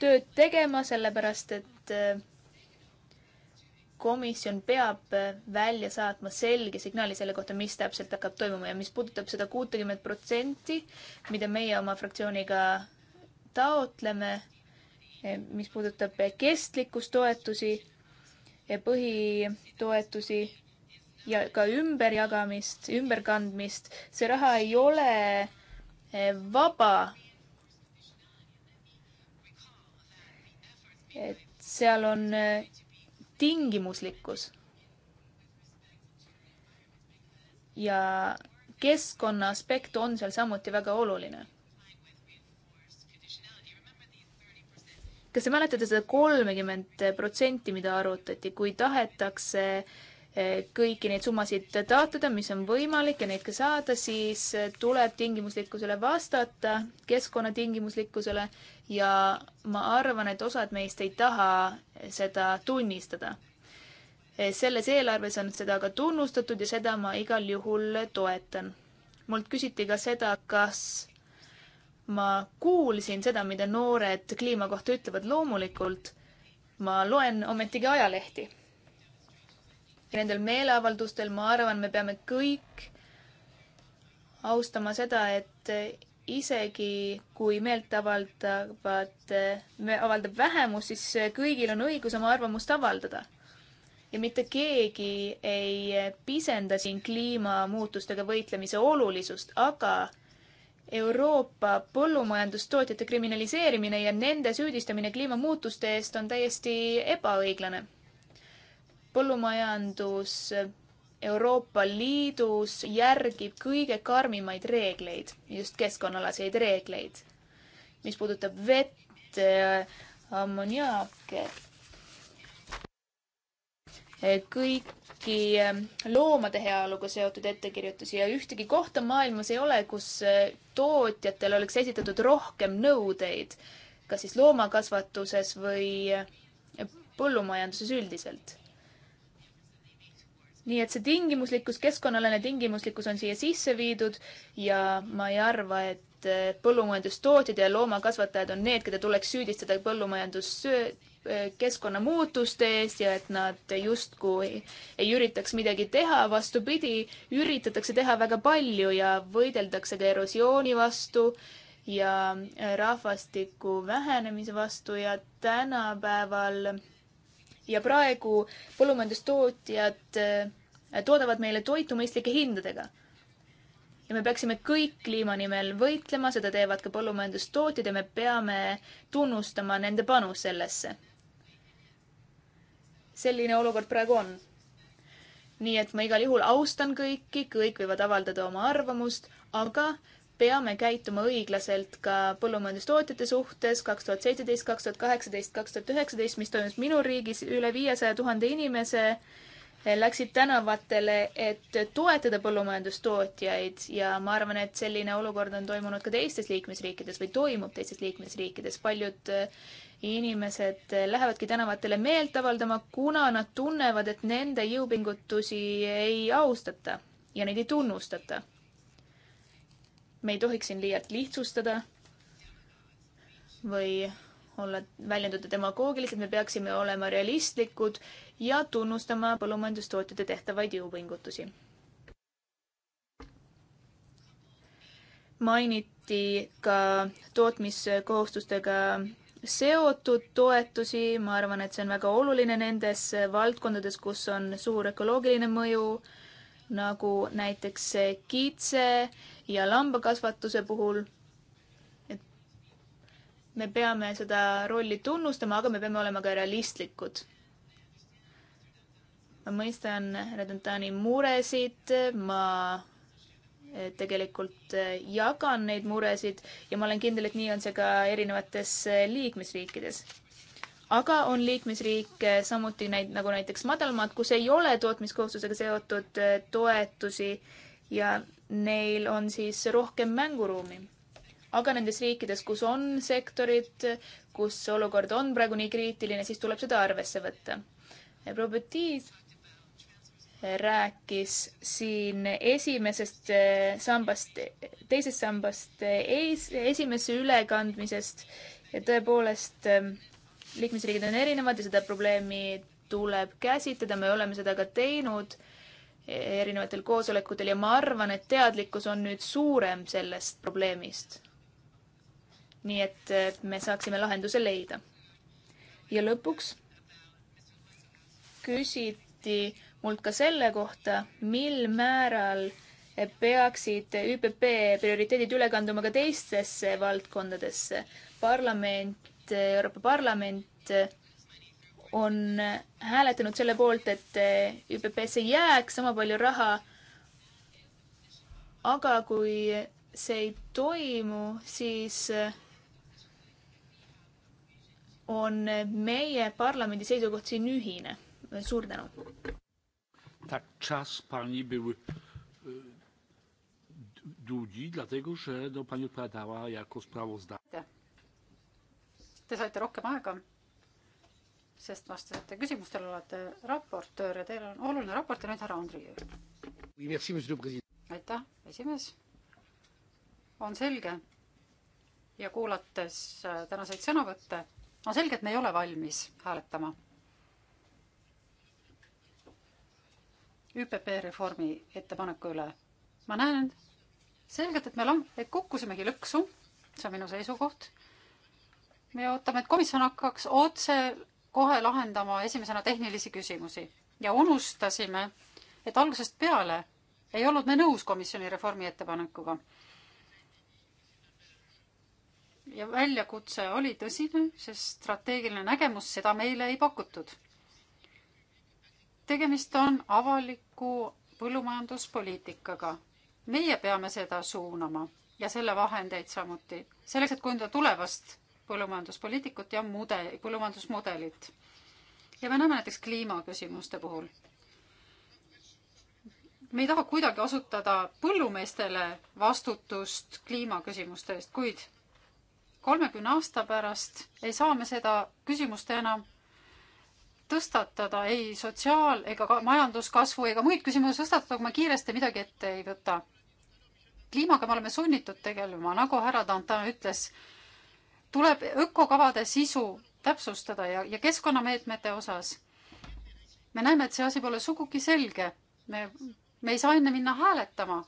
Speaker 4: tööd tegema, sellepärast et komisjon peab välja saatma selge signaali selle kohta, mis täpselt hakkab toimuma ja mis puudutab seda kuutekümmet protsenti, mida meie oma fraktsiooniga taotleme Eh, mis puudutab eh, kestlikkustoetusi, eh, põhitoetusi ja ka ümberjagamist, ümberkandmist, see raha ei ole vaba. et seal on tingimuslikkus. ja keskkonna aspekt on seal samuti väga oluline kas te mäletate seda kolmekümmend protsenti, mida arutati, kui tahetakse eh, kõiki neid summasid taotleda, mis on võimalik ja neid ka saada, siis eh, tuleb tingimuslikkusele vastata, keskkonnatingimuslikkusele ja ma arvan, et osad meist ei taha seda tunnistada. Eh, selles eelarves on seda ka tunnustatud ja seda ma igal juhul toetan. mult küsiti ka seda, kas ma kuulsin seda, mida noored kliima kohta ütlevad, loomulikult ma loen ometigi ajalehti. Nendel meeleavaldustel, ma arvan, me peame kõik austama seda, et isegi kui meelt avaldavad, avaldab vähemus, siis kõigil on õigus oma arvamust avaldada. ja mitte keegi ei pisenda siin kliimamuutustega võitlemise olulisust, aga Euroopa põllumajandustootjate kriminaliseerimine ja nende süüdistamine kliimamuutuste eest on täiesti ebaõiglane. põllumajandus Euroopa Liidus järgib kõige karmimaid reegleid, just keskkonnalaseid reegleid, mis puudutab vett, äh, ammoniaake. kõik ühtki ähm, loomade heaoluga seotud ettekirjutusi ja ühtegi kohta maailmas ei ole, kus äh, tootjatel oleks esitatud rohkem nõudeid, kas siis loomakasvatuses või äh, põllumajanduses üldiselt. nii et see tingimuslikkus, keskkonnaalane tingimuslikkus on siia sisse viidud ja ma ei arva, et äh, põllumajandustootjad ja loomakasvatajad on need, keda tuleks süüdistada põllumajandus keskkonnamuutuste eest ja et nad justkui ei üritaks midagi teha, vastupidi, üritatakse teha väga palju ja võideldakse ka erosiooni vastu ja äh, rahvastiku vähenemise vastu ja tänapäeval ja praegu põllumajandustootjad äh, toodavad meile toitu mõistlike hindadega ja me peaksime kõik kliima nimel võitlema, seda teevad ka põllumajandustootjad ja me peame tunnustama nende panus sellesse selline olukord praegu on. nii et ma igal juhul austan kõiki, kõik võivad avaldada oma arvamust, aga peame käituma õiglaselt ka põllumajandustootjate suhtes kaks tuhat seitseteist, kaks tuhat kaheksateist, kaks tuhat üheksateist, mis toimus minu riigis, üle viiesaja tuhande inimese läksid tänavatele, et toetada põllumajandustootjaid ja ma arvan, et selline olukord on toimunud ka teistes liikmesriikides või toimub teistes liikmesriikides. paljud inimesed lähevadki tänavatele meelt avaldama, kuna nad tunnevad, et nende jõupingutusi ei austata ja neid ei tunnustata. me ei tohiks siin liialt lihtsustada või olla väljenduda demagoogiliselt, me peaksime olema realistlikud ja tunnustama põllumajandustootjate tehtavaid jõupingutusi. mainiti ka tootmiskohustustega seotud toetusi, ma arvan, et see on väga oluline nendes valdkondades, kus on suur ökoloogiline mõju, nagu näiteks kitse ja lambakasvatuse puhul. et me peame seda rolli tunnustama, aga me peame olema ka realistlikud. ma mõistan Redentani muresid, ma tegelikult äh, jagan neid muresid ja ma olen kindel, et nii on see ka erinevates äh, liikmesriikides. aga on liikmesriike äh, samuti neid, nagu näiteks madalmaad, kus ei ole tootmiskohustusega seotud toetusi ja neil on siis rohkem mänguruumi. aga nendes riikides, kus on sektorid, kus olukord on praegu nii kriitiline, siis tuleb seda arvesse võtta. Propertiis rääkis siin esimesest eh, sambast, teisest sambast eh, ees, esimesse ülekandmisest ja tõepoolest ehm, liikmesriigid on erinevad ja seda probleemi tuleb käsitleda, me oleme seda ka teinud eh, erinevatel koosolekutel ja ma arvan, et teadlikkus on nüüd suurem sellest probleemist. nii et me saaksime lahenduse leida. ja lõpuks küsiti mult ka selle kohta, mil määral peaksid ÜPP prioriteedid üle kanduma ka teistesse valdkondadesse. parlament, Euroopa Parlament on hääletanud selle poolt, et ÜPP-sse jääks sama palju raha. aga kui see ei toimu, siis on meie parlamendi seisukoht siin ühine. suur tänu!
Speaker 1: tak czas pani był e, długi, dlatego że no, pani odpowiadała jako sprawozdawca.
Speaker 2: Te saite rohkem aega, sest vastasite küsimustele, olete raportöör ja teil on oluline raport ja nüüd härra Andri. aitäh, esimees. on selge ja kuulates äh, tänaseid sõnavõtte, on selge, et me ei ole valmis hääletama ÜPP reformi ettepaneku üle. ma näen selgelt, et me lang-, et kukkusimegi lõksu, see on minu seisukoht. me ootame, et komisjon hakkaks otse kohe lahendama esimesena tehnilisi küsimusi ja unustasime, et algusest peale ei olnud me nõus komisjoni reformi ettepanekuga. ja väljakutse oli tõsine, sest strateegiline nägemus seda meile ei pakutud tegemist on avaliku põllumajanduspoliitikaga. meie peame seda suunama ja selle vahendeid samuti, selleks, et kujundada tulevast põllumajanduspoliitikut ja mude-, põllumajandusmudelit. ja me näeme näiteks kliimaküsimuste puhul. me ei taha kuidagi osutada põllumeestele vastutust kliimaküsimuste eest, kuid kolmekümne aasta pärast ei saa me seda küsimust enam tõstatada ei sotsiaal- ega ka majanduskasvu ega muid küsimusi tõstatada, kui me kiiresti midagi ette ei võta. kliimaga me oleme sunnitud tegelema, nagu härra Dantan ütles, tuleb ökokavade sisu täpsustada ja, ja keskkonnameetmete osas me näeme, et see asi pole sugugi selge. me, me ei saa enne minna hääletama,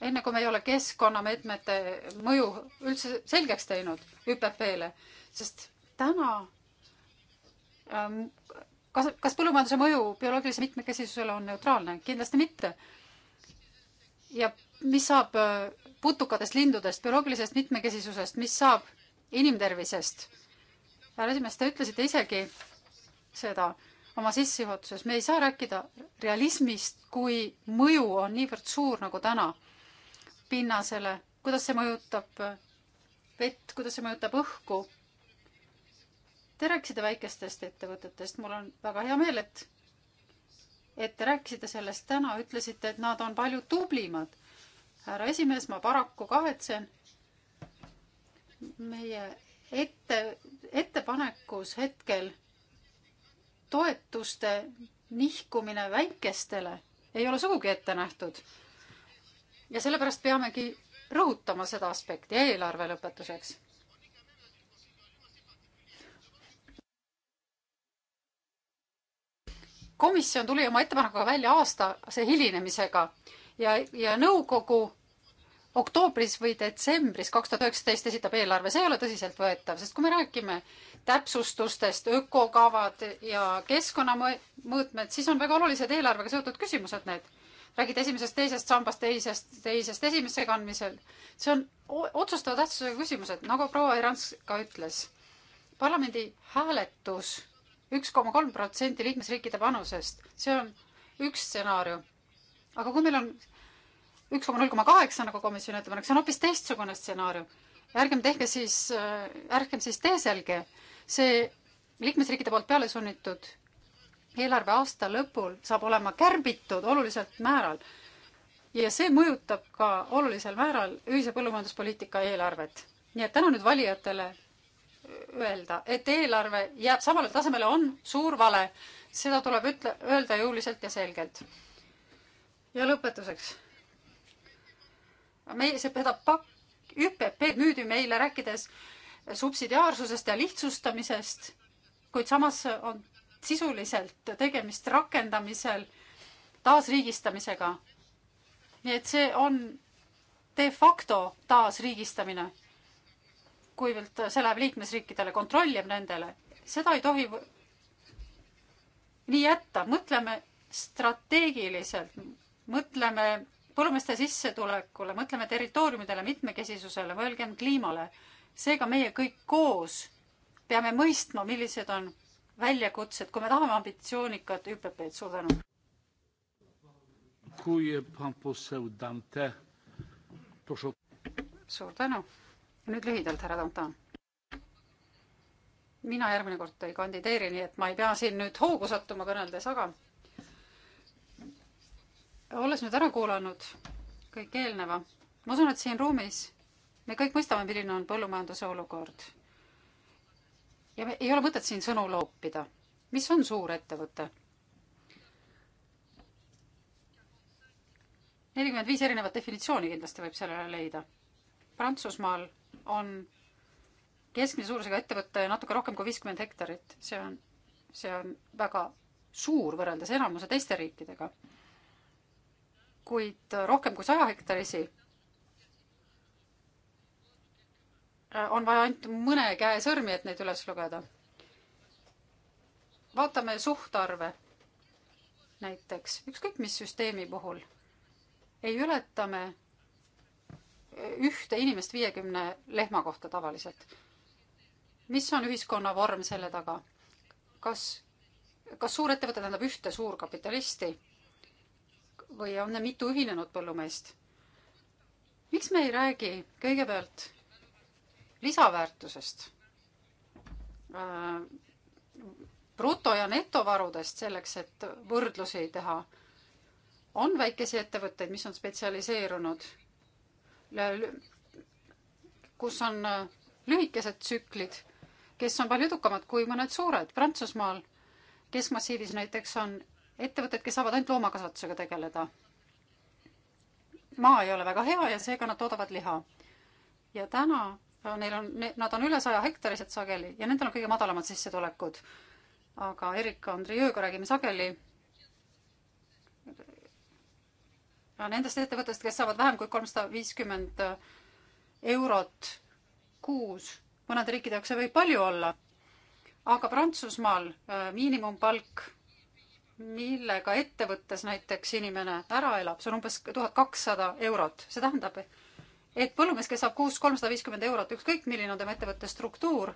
Speaker 2: enne kui me ei ole keskkonnameetmete mõju üldse selgeks teinud ÜPP-le, sest täna Ähm, kas, kas põllumajanduse mõju bioloogilisele mitmekesisusele on neutraalne? kindlasti mitte. ja mis saab äh, putukatest, lindudest, bioloogilisest mitmekesisusest, mis saab inimtervisest? härra esimees, te ütlesite isegi seda oma sissejuhatuses, me ei saa rääkida realismist, kui mõju on niivõrd suur nagu täna pinnasele, kuidas see mõjutab äh, vett, kuidas see mõjutab õhku Te rääkisite väikestest ettevõtetest, mul on väga hea meel, et, et te rääkisite sellest täna, ütlesite, et nad on palju tublimad. härra esimees, ma paraku kahetsen meie ette, ettepanekus hetkel toetuste nihkumine väikestele ei ole sugugi ette nähtud. ja sellepärast peamegi rõhutama seda aspekti eelarve lõpetuseks komisjon tuli oma ettepanekuga välja aastase hilinemisega ja, ja nõukogu oktoobris või detsembris kaks tuhat üheksateist esitab eelarve, see ei ole tõsiseltvõetav, sest kui me räägime täpsustustest, ökokavad ja keskkonnamõõtmed, siis on väga olulised eelarvega seotud küsimused need. räägid esimesest, teisest sambast, teisest, teisest esimesse kandmisel. see on otsustava tähtsusega küsimused, nagu proua Erans ka ütles. parlamendi hääletus üks koma kolm protsenti liikmesriikide panusest, see on üks stsenaarium. aga kui meil on üks koma null koma kaheksa, nagu komisjoni ettepanek, see on hoopis teistsugune stsenaarium. ärgem tehke siis, äh, ärgem siis teeselge, see liikmesriikide poolt peale sunnitud eelarve aasta lõpul saab olema kärbitud oluliselt määral. ja see mõjutab ka olulisel määral ühise põllumajanduspoliitika eelarvet. nii et täna nüüd valijatele öelda, et eelarve jääb samale tasemele, on suur vale. seda tuleb ütle, öelda jõuliselt ja selgelt. ja lõpetuseks. me, seda pakk, ÜPP müüdi meile rääkides subsidiaarsusest ja lihtsustamisest, kuid samas on sisuliselt tegemist rakendamisel taasriigistamisega. nii et see on de facto taasriigistamine kuivõrd see läheb liikmesriikidele, kontroll jääb nendele, seda ei tohi nii jätta, mõtleme strateegiliselt, mõtleme põllumeeste sissetulekule, mõtleme territooriumidele, mitmekesisusele, mõelgem kliimale. seega meie kõik koos peame mõistma, millised on väljakutsed, kui me tahame ambitsioonikat ÜPP-d. suur tänu. suur tänu nüüd lühidalt, härra Danton. mina järgmine kord ei kandideeri, nii et ma ei pea siin nüüd hoogu sattuma kõneldes, aga olles nüüd ära kuulanud kõik eelneva, ma usun, et siin ruumis me kõik mõistame, milline on põllumajanduse olukord. ja me, ei ole mõtet siin sõnu loopida. mis on suurettevõte? nelikümmend viis erinevat definitsiooni kindlasti võib sellele leida. Prantsusmaal on keskmise suurusega ettevõte natuke rohkem kui viiskümmend hektarit, see on, see on väga suur võrreldes enamuse teiste riikidega. kuid rohkem kui saja hektarisi on vaja ainult mõne käe sõrmi, et neid üles lugeda. vaatame suhtarve näiteks, ükskõik mis süsteemi puhul ei ületa me ühte inimest viiekümne lehma kohta tavaliselt. mis on ühiskonna vorm selle taga? kas, kas suurettevõte tähendab ühte suurkapitalisti või on neil mitu ühinenud põllumeest? miks me ei räägi kõigepealt lisaväärtusest, bruto- ja netovarudest selleks, et võrdlusi teha? on väikesi ettevõtteid, mis on spetsialiseerunud kus on äh, lühikesed tsüklid, kes on palju edukamad kui mõned suured. Prantsusmaal keskmassiivis näiteks on ettevõtted, kes saavad ainult loomakasvatusega tegeleda. maa ei ole väga hea ja seega nad toodavad liha. ja täna äh, neil on, nad on üle saja hektarised sageli ja nendel on kõige madalamad sissetulekud. aga Erika Andriööga räägime sageli nendest ettevõttest, kes saavad vähem kui kolmsada viiskümmend äh, eurot kuus. mõnede riikide jaoks see võib palju olla. aga Prantsusmaal äh, miinimumpalk, millega ettevõttes näiteks inimene ära elab, see on umbes tuhat kakssada eurot, see tähendab, et põllumees, kes saab kuus kolmsada viiskümmend eurot, ükskõik milline on tema ettevõtte struktuur,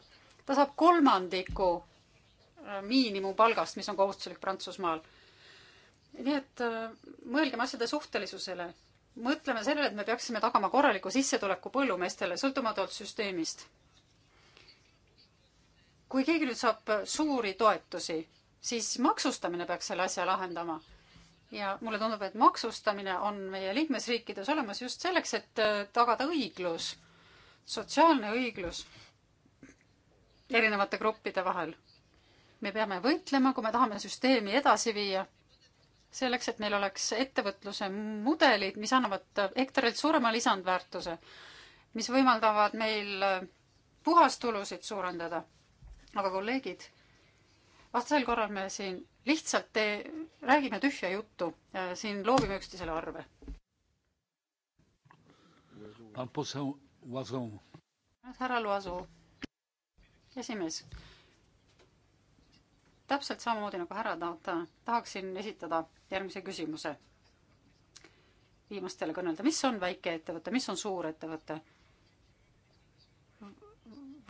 Speaker 2: ta saab kolmandiku äh, miinimumpalgast, mis on kohustuslik Prantsusmaal nii et äh, mõelgem asjade suhtelisusele. mõtleme sellele, et me peaksime tagama korraliku sissetuleku põllumeestele, sõltumatult süsteemist. kui keegi nüüd saab suuri toetusi, siis maksustamine peaks selle asja lahendama. ja mulle tundub, et maksustamine on meie liikmesriikides olemas just selleks, et äh, tagada õiglus, sotsiaalne õiglus erinevate gruppide vahel. me peame võitlema, kui me tahame süsteemi edasi viia selleks, et meil oleks ettevõtluse mudelid, mis annavad hektarilt suurema lisandväärtuse, mis võimaldavad meil puhastulusid suurendada. aga kolleegid, vastasel korral me siin lihtsalt te, räägime tühja juttu, siin loobime üksteisele arve. härra Loasu, esimees täpselt samamoodi nagu härra Dantin, tahaksin esitada järgmise küsimuse viimastele kõnelda, mis on väikeettevõte, mis on suurettevõte?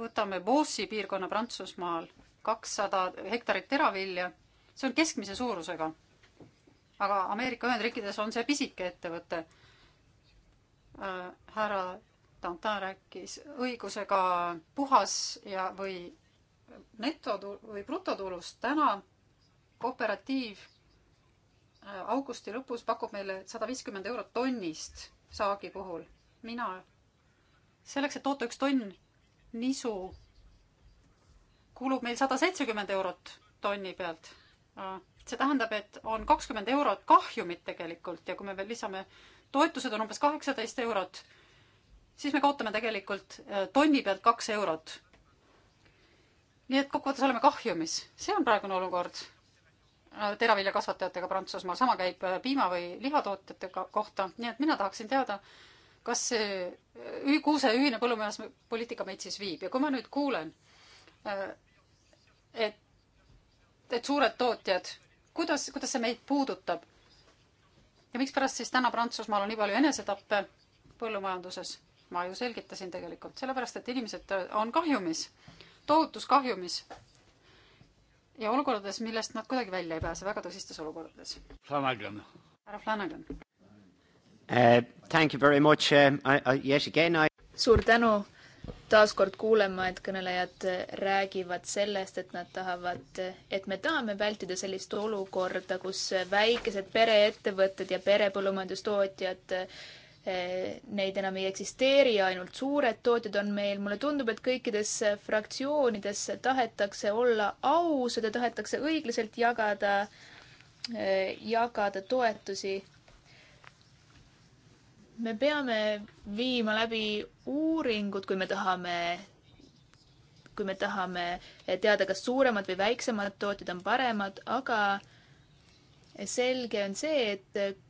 Speaker 2: võtame Boossi piirkonna Prantsusmaal kakssada hektarit teravilja, see on keskmise suurusega. aga Ameerika Ühendriikides on see pisike ettevõte äh,. härra Dantin rääkis õigusega puhas ja, või netotulu või brutotulust. täna kooperatiiv äh, augusti lõpus pakub meile sada viiskümmend eurot tonnist saagi puhul. mina, selleks, et toota üks tonn nisu, kulub meil sada seitsekümmend eurot tonni pealt. Äh, see tähendab, et on kakskümmend eurot kahjumit tegelikult ja kui me veel lisame, toetused on umbes kaheksateist eurot, siis me kaotame tegelikult äh, tonni pealt kaks eurot nii et kokkuvõttes oleme kahjumis, see on praegune olukord äh, teraviljakasvatajatega Prantsusmaal, sama käib äh, piima- või lihatootjate kohta, nii et mina tahaksin teada, kas see äh, kuuse ühine põllumajanduspoliitika meid siis viib ja kui ma nüüd kuulen, et, et suured tootjad, kuidas, kuidas see meid puudutab? ja mikspärast siis täna Prantsusmaal on nii palju enesetappe põllumajanduses? ma ju selgitasin tegelikult, sellepärast et inimesed on kahjumis tohutus kahjumis ja olukordades, millest nad kuidagi välja ei pääse, väga tõsistes olukordades. Flanagan. härra Flanagan uh,. Thank you very much uh,. Eh, uh, yes again I.
Speaker 4: suur tänu taaskord kuulema, et kõnelejad räägivad sellest, et nad tahavad, et me tahame vältida sellist olukorda, kus väikesed pereettevõtted ja perepõllumajandustootjad Eh, neid enam ei eksisteeri, ainult suured tootjad on meil. mulle tundub, et kõikides eh, fraktsioonides tahetakse olla ausad ja tahetakse õiglaselt jagada, eh, jagada toetusi. me peame viima läbi uuringud, kui me tahame kui me tahame teada, kas suuremad või väiksemad tootjad on paremad, aga selge on see, et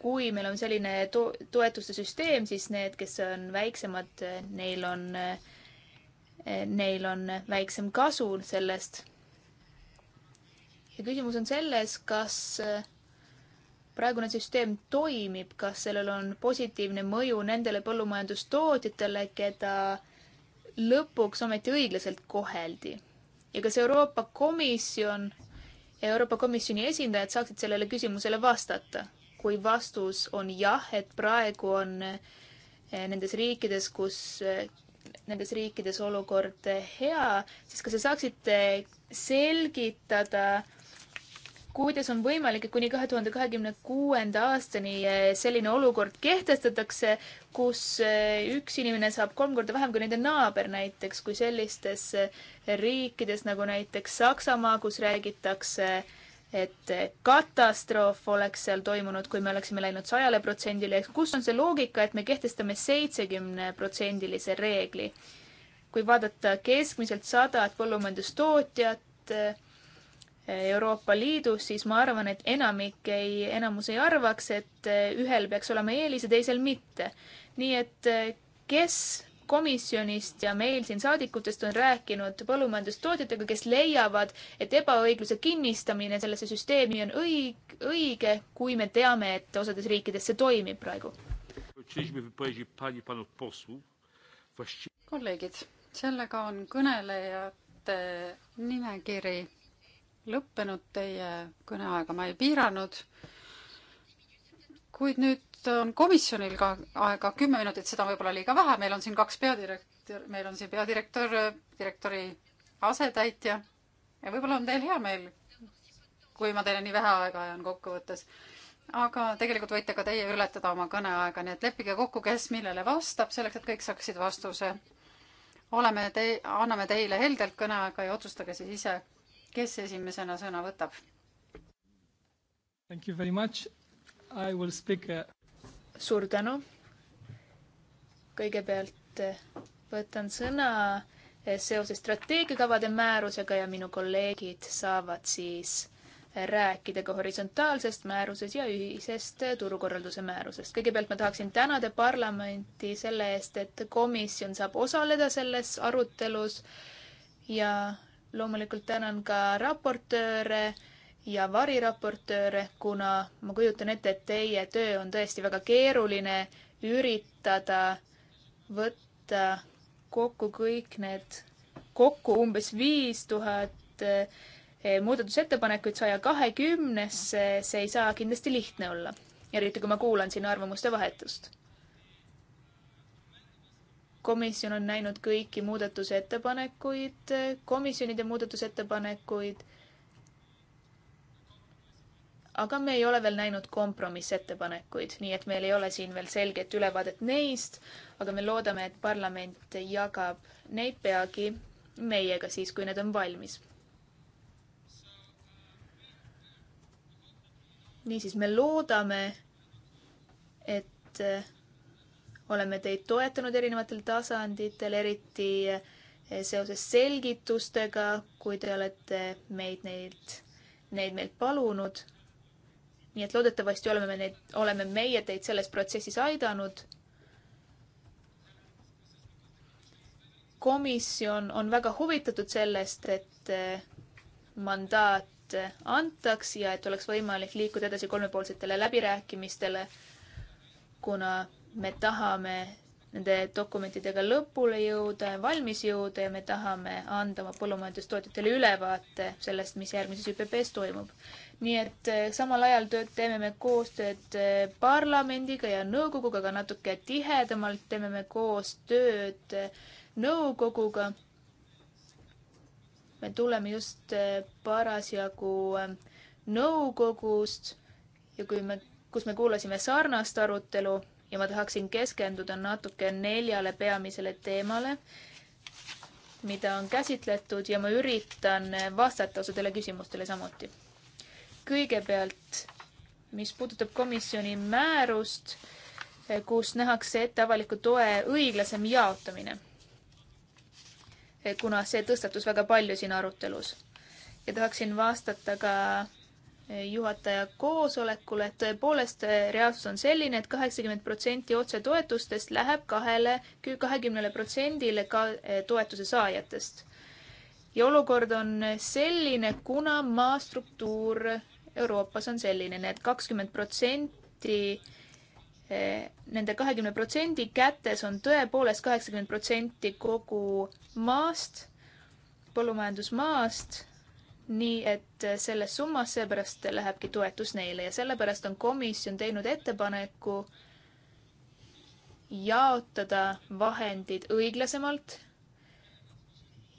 Speaker 4: kui meil on selline to-, toetuste süsteem, siis need, kes on väiksemad, neil on, neil on väiksem kasu sellest. ja küsimus on selles, kas praegune süsteem toimib, kas sellel on positiivne mõju nendele põllumajandustootjatele, keda lõpuks ometi õiglaselt koheldi. ja kas Euroopa Komisjon ja Euroopa Komisjoni esindajad saaksid sellele küsimusele vastata? kui vastus on jah, et praegu on eh, nendes riikides, kus, eh, nendes riikides olukord eh, hea, siis kas te saaksite selgitada, kuidas on võimalik, et kuni kahe tuhande kahekümne kuuenda aastani selline olukord kehtestatakse, kus üks inimene saab kolm korda vähem kui nende naaber näiteks, kui sellistes riikides nagu näiteks Saksamaa, kus räägitakse äh, et katastroof oleks seal toimunud, kui me oleksime läinud sajale protsendile, kus on see loogika, et me kehtestame seitsekümneprotsendilise reegli. kui vaadata keskmiselt sadat põllumajandustootjat eh, Euroopa Liidus, siis ma arvan, et enamik ei, enamus ei arvaks, et eh, ühel peaks olema eelis ja teisel mitte. nii et eh, kes komisjonist ja meil siin saadikutest on rääkinud põllumajandustootjatega, kes leiavad, et ebaõigluse kinnistamine sellesse süsteemi on õig-, õige, kui me teame, et osades riikides see toimib praegu.
Speaker 2: kolleegid, sellega on kõnelejate nimekiri lõppenud, teie kõneaega ma ei piiranud, kuid nüüd nüüd on komisjonil ka aega kümme minutit, seda on võib-olla liiga vähe, meil on siin kaks peadirektor, meil on siin peadirektor, direktori asetäitja ja võib-olla on teil hea meel, kui ma teile nii vähe aega ajan kokkuvõttes. aga tegelikult võite ka teie ületada oma kõneaega, nii et leppige kokku, kes millele vastab, selleks et kõik saaksid vastuse. oleme te-, anname teile heldelt kõneaega ja otsustage siis ise, kes esimesena
Speaker 4: sõna võtab.
Speaker 1: Thank you very much. I will speak.
Speaker 4: Uh, suur tänu. kõigepealt eh, võtan sõna eh, seoses strateegiakavade määrusega ja minu kolleegid saavad siis eh, rääkida ka horisontaalsest määrusest ja ühisest turukorralduse määrusest. kõigepealt ma tahaksin tänada parlamenti selle eest, et komisjon saab osaleda selles arutelus ja loomulikult tänan ka raportööre ja variraportööre, kuna ma kujutan ette, et teie töö on tõesti väga keeruline, üritada võtta kokku kõik need, kokku umbes viis tuhat eh, muudatusettepanekuid saja kahekümnesse, see ei saa kindlasti lihtne olla. eriti, kui ma kuulan siin arvamuste vahetust. komisjon on näinud kõiki muudatusettepanekuid, komisjonide muudatusettepanekuid aga me ei ole veel näinud kompromissettepanekuid, nii et meil ei ole siin veel selget ülevaadet neist, aga me loodame, et parlament jagab neid peagi meiega siis, kui need on valmis. niisiis, me loodame, et äh, oleme teid toetanud erinevatel tasanditel, eriti äh, seoses selgitustega, kui te olete meid, neid, neid meilt palunud nii et loodetavasti oleme me neid, oleme meie teid selles protsessis aidanud. komisjon on väga huvitatud sellest, et eh, mandaat antaks ja et oleks võimalik liikuda edasi kolmepoolsetele läbirääkimistele, kuna me tahame nende dokumentidega lõpule jõuda ja valmis jõuda ja me tahame anda oma põllumajandustootjatele ülevaate sellest, mis järgmises ÜPP-s toimub nii et eh, samal ajal tööd teeme me koostööd eh, parlamendiga ja nõukoguga, aga natuke tihedamalt teeme me koostööd eh, nõukoguga. me tuleme just parasjagu nõukogust ja kui me, kus me kuulasime sarnast arutelu ja ma tahaksin keskenduda natuke neljale peamisele teemale, mida on käsitletud ja ma üritan vastata osadele küsimustele samuti kõigepealt, mis puudutab komisjoni määrust, kus nähakse ette avaliku toe õiglasem jaotamine. kuna see tõstatus väga palju siin arutelus ja tahaksin vastata ka juhataja koosolekule, et tõepoolest reaalsus on selline et, et kaheksakümmend protsenti otsetoetustest läheb kahele, kahekümnele protsendile ka eh, toetuse saajatest. ja olukord on selline, kuna maa struktuur Euroopas on selline, need kakskümmend protsenti, eh, nende kahekümne protsendi kätes on tõepoolest kaheksakümmend protsenti kogu maast, põllumajandusmaast, nii et selles summas seepärast lähebki toetus neile ja sellepärast on komisjon teinud ettepaneku jaotada vahendid õiglasemalt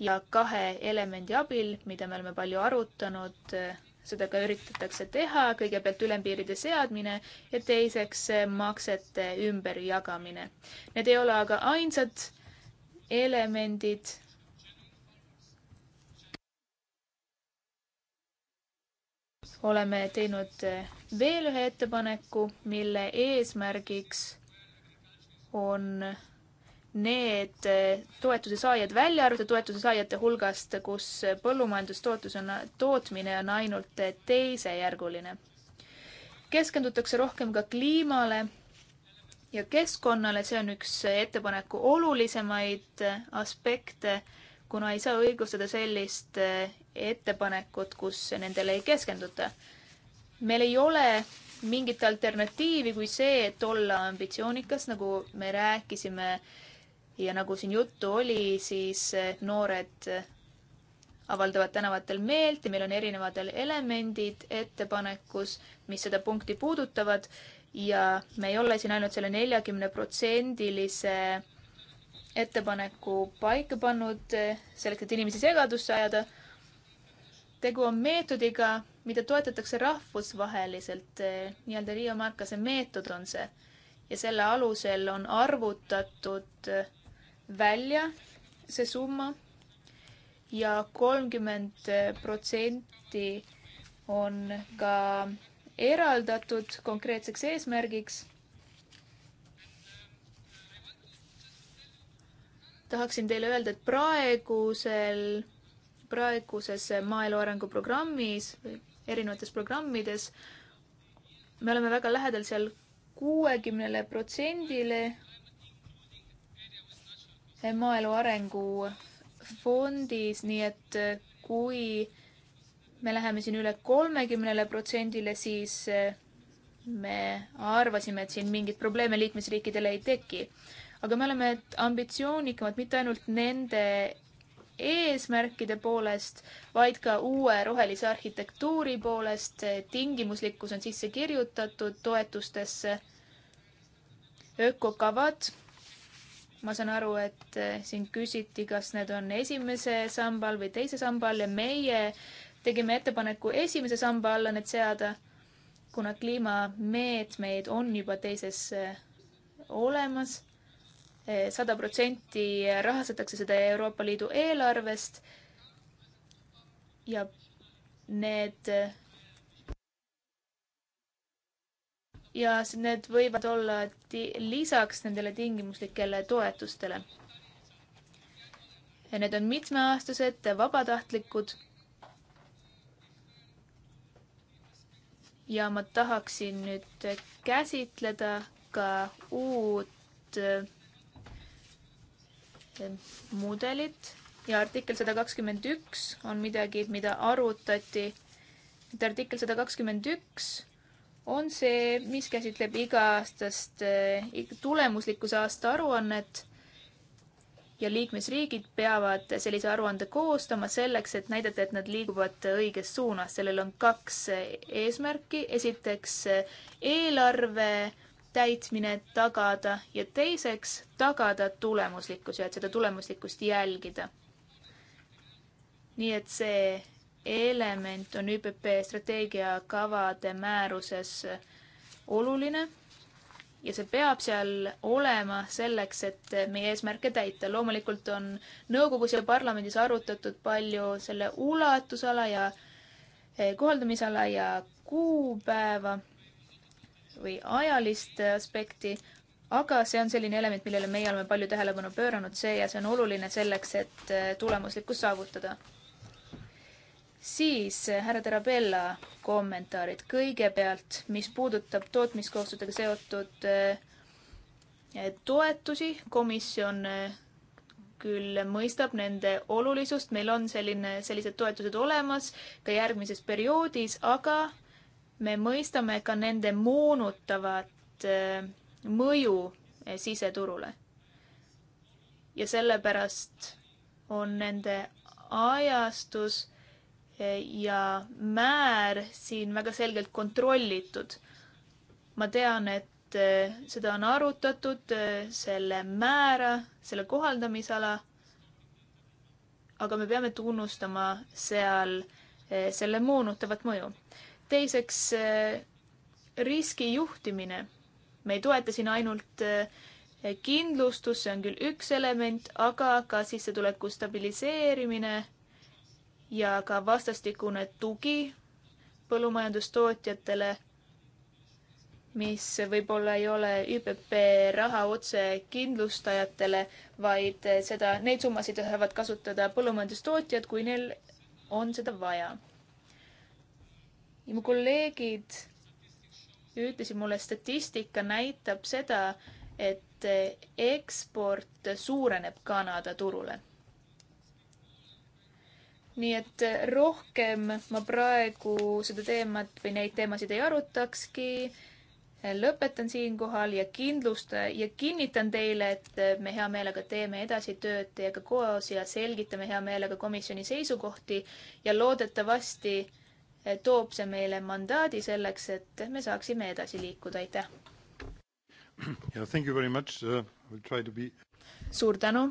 Speaker 4: ja kahe elemendi abil, mida me oleme palju arutanud eh, seda ka üritatakse teha, kõigepealt ülempiiride seadmine ja teiseks eh, maksete ümberjagamine. Need ei ole aga ainsad elemendid, oleme teinud eh, veel ühe ettepaneku, mille eesmärgiks on need eh, toetuse saajad välja arvata toetuse saajate hulgast, kus põllumajandustootlus on, tootmine on ainult teisejärguline. keskendutakse rohkem ka kliimale ja keskkonnale, see on üks ettepaneku olulisemaid aspekte, kuna ei saa õigustada sellist eh, ettepanekut, kus nendele ei keskenduta. meil ei ole mingit alternatiivi kui see, et olla ambitsioonikas, nagu me rääkisime äh, ja nagu siin juttu oli, siis eh, noored avaldavad tänavatel meelt ja meil on erinevad elemendid ettepanekus, mis seda punkti puudutavad ja me ei ole siin ainult selle neljakümne protsendilise ettepaneku paika pannud eh, selleks, et inimesi segadusse ajada. tegu on meetodiga, mida toetatakse rahvusvaheliselt, eh, nii-öelda Riia Markase meetod on see ja selle alusel on arvutatud välja see summa ja kolmkümmend protsenti on ka eraldatud konkreetseks eesmärgiks. tahaksin teile öelda, et praegusel, praeguses maaelu arenguprogrammis või erinevates programmides me oleme väga lähedal seal kuuekümnele protsendile maaelu arengufondis, nii et äh, kui me läheme siin üle kolmekümnele protsendile, siis äh, me arvasime, et siin mingeid probleeme liikmesriikidele ei teki. aga me oleme ambitsioonikamad mitte ainult nende eesmärkide poolest, vaid ka uue rohelise arhitektuuri poolest. tingimuslikkus on sisse kirjutatud toetustesse. ökokavad ma saan aru, et eh, siin küsiti, kas need on esimese samba all või teise samba all ja meie tegime ettepaneku esimese samba alla need seada, kuna kliimameetmeid on juba teises eh, olemas. Eh, sada protsenti rahastatakse seda Euroopa Liidu eelarvest ja need ja need võivad olla lisaks nendele tingimuslikele toetustele. ja need on mitmeaastased, vabatahtlikud. ja ma tahaksin nüüd käsitleda ka uut eh, mudelit ja artikkel sada kakskümmend üks on midagi, mida arutati. et artikkel sada kakskümmend üks on see, mis käsitleb iga-aastast eh, tulemuslikkuse aasta aruannet ja liikmesriigid peavad sellise aruande koostama selleks, et näidata, et nad liiguvad õiges suunas. sellel on kaks eh, eesmärki. esiteks eh, eelarve täitmine tagada ja teiseks tagada tulemuslikkus ja et seda tulemuslikkust jälgida. nii et see element on ÜPP strateegiakavade määruses oluline ja see peab seal olema selleks, et meie eesmärke täita. loomulikult on nõukogus ja parlamendis arutatud palju selle ulatusala ja eh, kohaldamisala ja kuupäeva või ajalist aspekti, aga see on selline element, millele meie oleme palju tähelepanu pööranud, see ja see on oluline selleks, et eh, tulemuslikkust saavutada siis eh, härra Terabella kommentaarid. kõigepealt, mis puudutab tootmiskohustustega seotud eh, eh, toetusi, komisjon küll mõistab nende olulisust, meil on selline, sellised toetused olemas ka järgmises perioodis, aga me mõistame ka nende moonutavat mõju siseturule. ja sellepärast on nende ajastus ja määr siin väga selgelt kontrollitud. ma tean, et eh, seda on arutatud, eh, selle määra, selle kohaldamisala. aga me peame tunnustama seal eh, selle moonutavat mõju. teiseks, riski juhtimine. me ei toeta siin ainult kindlustus, see on küll üks element, aga ka sissetuleku stabiliseerimine ja ka vastastikune tugi põllumajandustootjatele, mis võib-olla ei ole ÜPP raha otse kindlustajatele, vaid seda, neid summasid saavad kasutada põllumajandustootjad, kui neil on seda vaja. ja mu kolleegid ütlesid mulle, statistika näitab seda, et eksport suureneb Kanada turule nii et eh, rohkem ma praegu seda teemat või neid teemasid ei arutakski. Eh, lõpetan siinkohal ja kindlust- ja kinnitan teile, et eh, me hea meelega teeme edasi tööd teiega koos ja selgitame hea meelega komisjoni seisukohti ja loodetavasti toob see meile mandaadi selleks, et me saaksime edasi liikuda, aitäh!
Speaker 1: Yeah, thank you very much uh,. We'll try to be.
Speaker 4: suur tänu,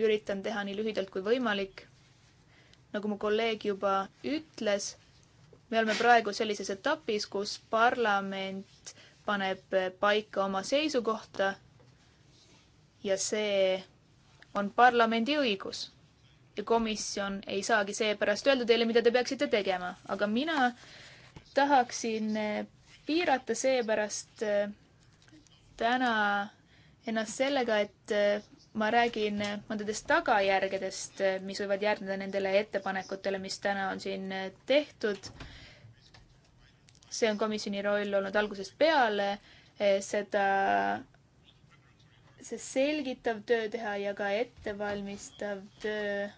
Speaker 4: üritan teha nii lühidalt kui võimalik nagu mu kolleeg juba ütles, me oleme praegu sellises etapis, kus parlament paneb paika oma seisukohta ja see on parlamendi õigus. ja komisjon ei saagi seepärast öelda teile, mida te peaksite tegema, aga mina tahaksin piirata seepärast äh, täna ennast sellega, et äh, ma räägin nendest tagajärgedest, mis võivad järgneda nendele ettepanekutele, mis täna on siin tehtud. see on komisjoni roll olnud algusest peale, eh, seda, see selgitav töö teha ja ka ettevalmistav töö.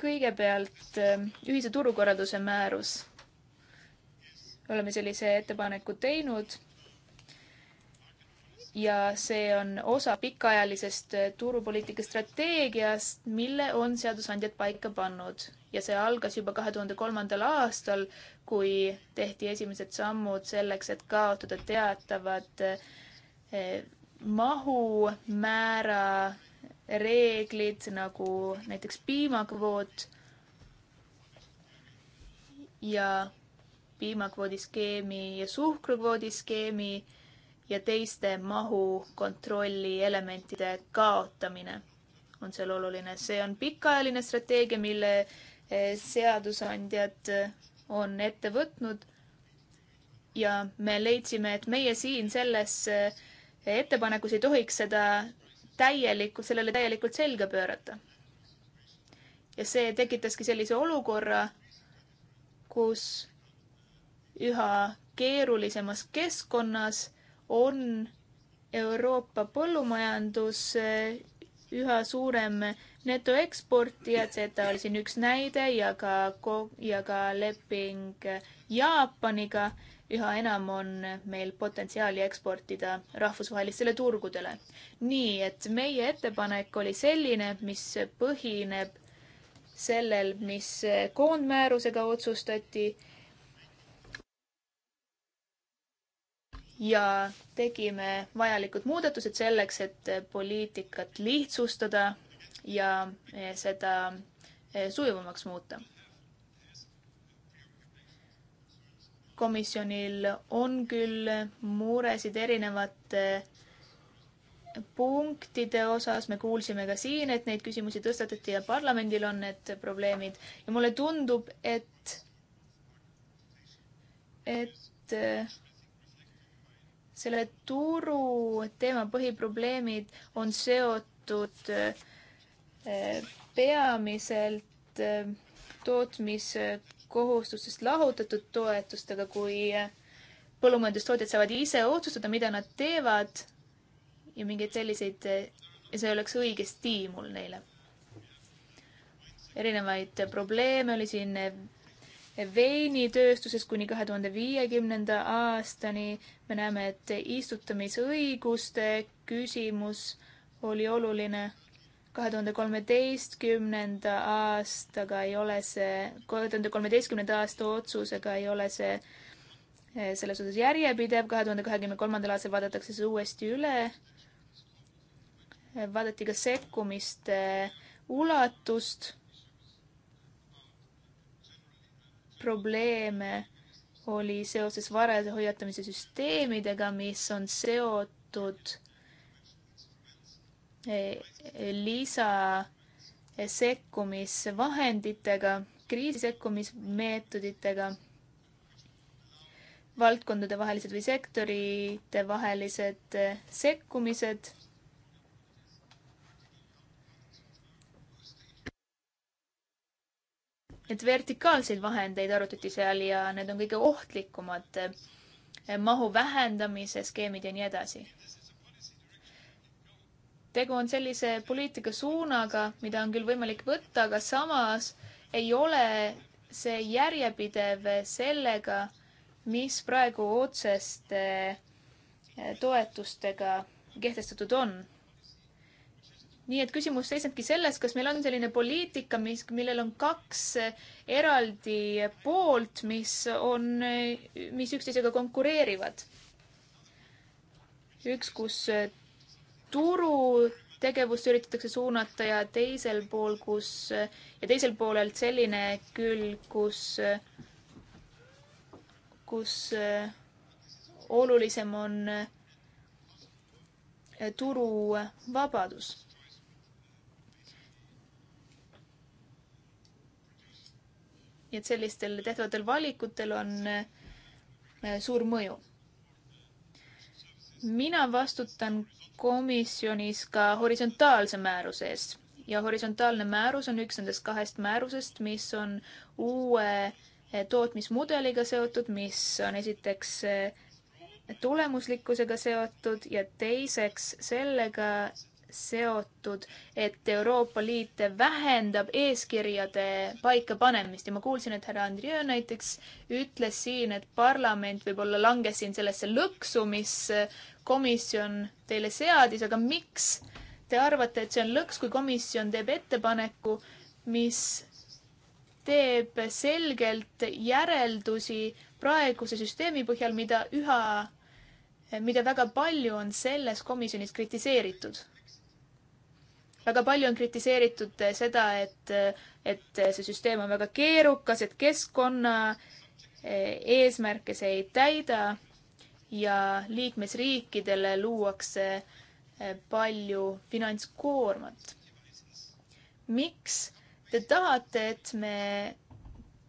Speaker 4: kõigepealt eh, ühise turukorralduse määrus. oleme sellise ettepaneku teinud ja see on osa pikaajalisest äh, turupoliitika strateegiast, mille on seadusandjad paika pannud ja see algas juba kahe tuhande kolmandal aastal, kui tehti esimesed sammud selleks, et kaotada teatavad äh, mahumäära reeglid nagu näiteks piimakvoot ja piimakvoodi skeemi ja suhkrukvoodi skeemi ja teiste mahu kontrolli elementide kaotamine on seal oluline. see on pikaajaline strateegia, mille eh, seadusandjad eh, on ette võtnud. ja me leidsime, et meie siin selles eh, ettepanekus ei tohiks seda täielikult, sellele täielikult selga pöörata. ja see tekitaski sellise olukorra, kus üha keerulisemas keskkonnas on Euroopa põllumajandus eh, üha suurem netoeksportija, Zeta oli siin üks näide ja ka, ja ka leping Jaapaniga. üha enam on meil potentsiaali eksportida rahvusvahelistele turgudele. nii et meie ettepanek oli selline, mis põhineb sellel, mis koondmäärusega otsustati ja tegime vajalikud muudatused selleks, et poliitikat lihtsustada ja eh, seda eh, sujuvamaks muuta. komisjonil on küll muresid erinevate punktide osas, me kuulsime ka siin, et neid küsimusi tõstatati ja parlamendil on need probleemid ja mulle tundub, et, et eh, selle turu teema põhiprobleemid on seotud äh, peamiselt äh, tootmiskohustustest lahutatud toetustega, kui äh, põllumajandustootjad saavad ise otsustada, mida nad teevad ja mingeid selliseid, see oleks õige stiimul neile. erinevaid probleeme oli siin veinitööstuses kuni kahe tuhande viiekümnenda aastani. me näeme, et istutamisõiguste küsimus oli oluline. kahe tuhande kolmeteistkümnenda aastaga ei ole see, kahe tuhande kolmeteistkümnenda aasta otsusega ei ole see eh, selles osas järjepidev. kahe tuhande kahekümne kolmandal aastal vaadatakse see uuesti üle. Eh, vaadati ka sekkumiste ulatust probleeme oli seoses varajase hoiatamise süsteemidega, mis on seotud eh, lisasekkumisvahenditega, kriisisekkumismeetoditega, valdkondade vahelised või sektorite vahelised eh, sekkumised et vertikaalseid vahendeid arutati seal ja need on kõige ohtlikumad, eh, mahu vähendamise skeemid ja nii edasi. tegu on sellise poliitikasuunaga, mida on küll võimalik võtta, aga samas ei ole see järjepidev sellega, mis praegu otseste eh, toetustega kehtestatud on nii et küsimus seisnebki selles, kas meil on selline poliitika, mis, millel on kaks eh, eraldi poolt, mis on, eh, mis üksteisega konkureerivad. üks, kus eh, turutegevust üritatakse suunata ja teisel pool, kus ja teisel poolelt selline külg, kus, kus olulisem on turuvabadus nii et sellistel tehtavatel valikutel on äh, suur mõju. mina vastutan komisjonis ka horisontaalse määruse eest ja horisontaalne määrus on üks nendest kahest määrusest, mis on uue äh, tootmismudeliga seotud, mis on esiteks äh, tulemuslikkusega seotud ja teiseks sellega, seotud, et Euroopa Liit vähendab eeskirjade paikapanemist ja ma kuulsin, et härra Andrieu näiteks ütles siin, et parlament võib-olla langes siin sellesse lõksu, mis komisjon teile seadis, aga miks te arvate, et see on lõks, kui komisjon teeb ettepaneku, mis teeb selgelt järeldusi praeguse süsteemi põhjal, mida üha, mida väga palju on selles komisjonis kritiseeritud? väga palju on kritiseeritud eh, seda, et, eh, et eh, see süsteem on väga keerukas, et keskkonna eesmärke see ei täida ja liikmesriikidele luuakse palju finantskoormat. miks te tahate, et me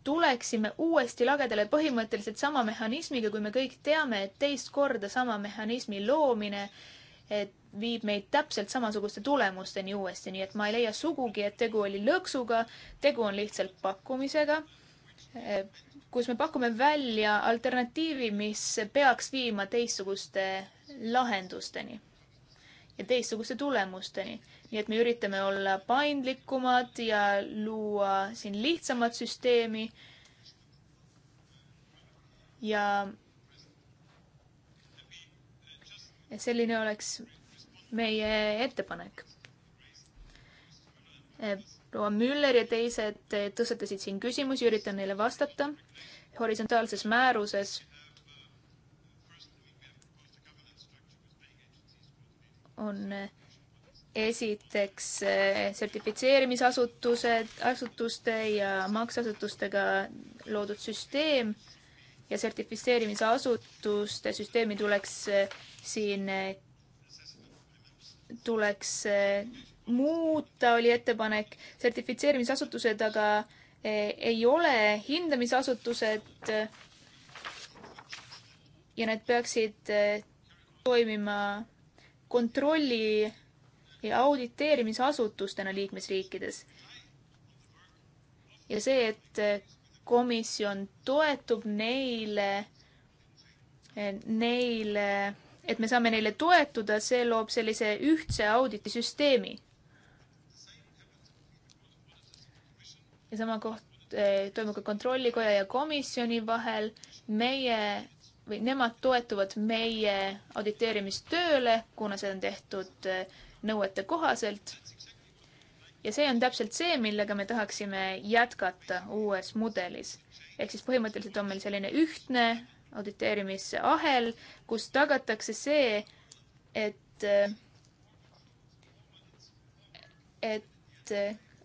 Speaker 4: tuleksime uuesti lagedale põhimõtteliselt sama mehhanismiga, kui me kõik teame, et teist korda sama mehhanismi loomine, et viib meid täpselt samasuguste tulemusteni uuesti, nii et ma ei leia sugugi, et tegu oli lõksuga, tegu on lihtsalt pakkumisega, kus me pakume välja alternatiivi, mis peaks viima teistsuguste lahendusteni ja teistsuguste tulemusteni. nii et me üritame olla paindlikumad ja luua siin lihtsamat süsteemi. ja selline oleks meie ettepanek. Eh, proua Müller ja teised eh, tõstatasid siin küsimusi, üritan neile vastata. horisontaalses määruses on eh, esiteks sertifitseerimisasutused, asutuste ja makseasutustega loodud süsteem ja sertifitseerimisasutuste süsteemi tuleks siin tuleks eh, muuta, oli ettepanek sertifitseerimisasutused, aga eh, ei ole hindamisasutused. ja need peaksid eh, toimima kontrolli ja auditeerimisasutustena liikmesriikides. ja see, et komisjon toetub neile, neile et me saame neile toetuda, see loob sellise ühtse auditisüsteemi. ja sama koht eh, toimub ka kontrollikoja ja komisjoni vahel. meie või nemad toetuvad meie auditeerimistööle, kuna see on tehtud eh, nõuete kohaselt. ja see on täpselt see, millega me tahaksime jätkata uues mudelis. ehk siis põhimõtteliselt on meil selline ühtne auditeerimisahel, kus tagatakse see, et, et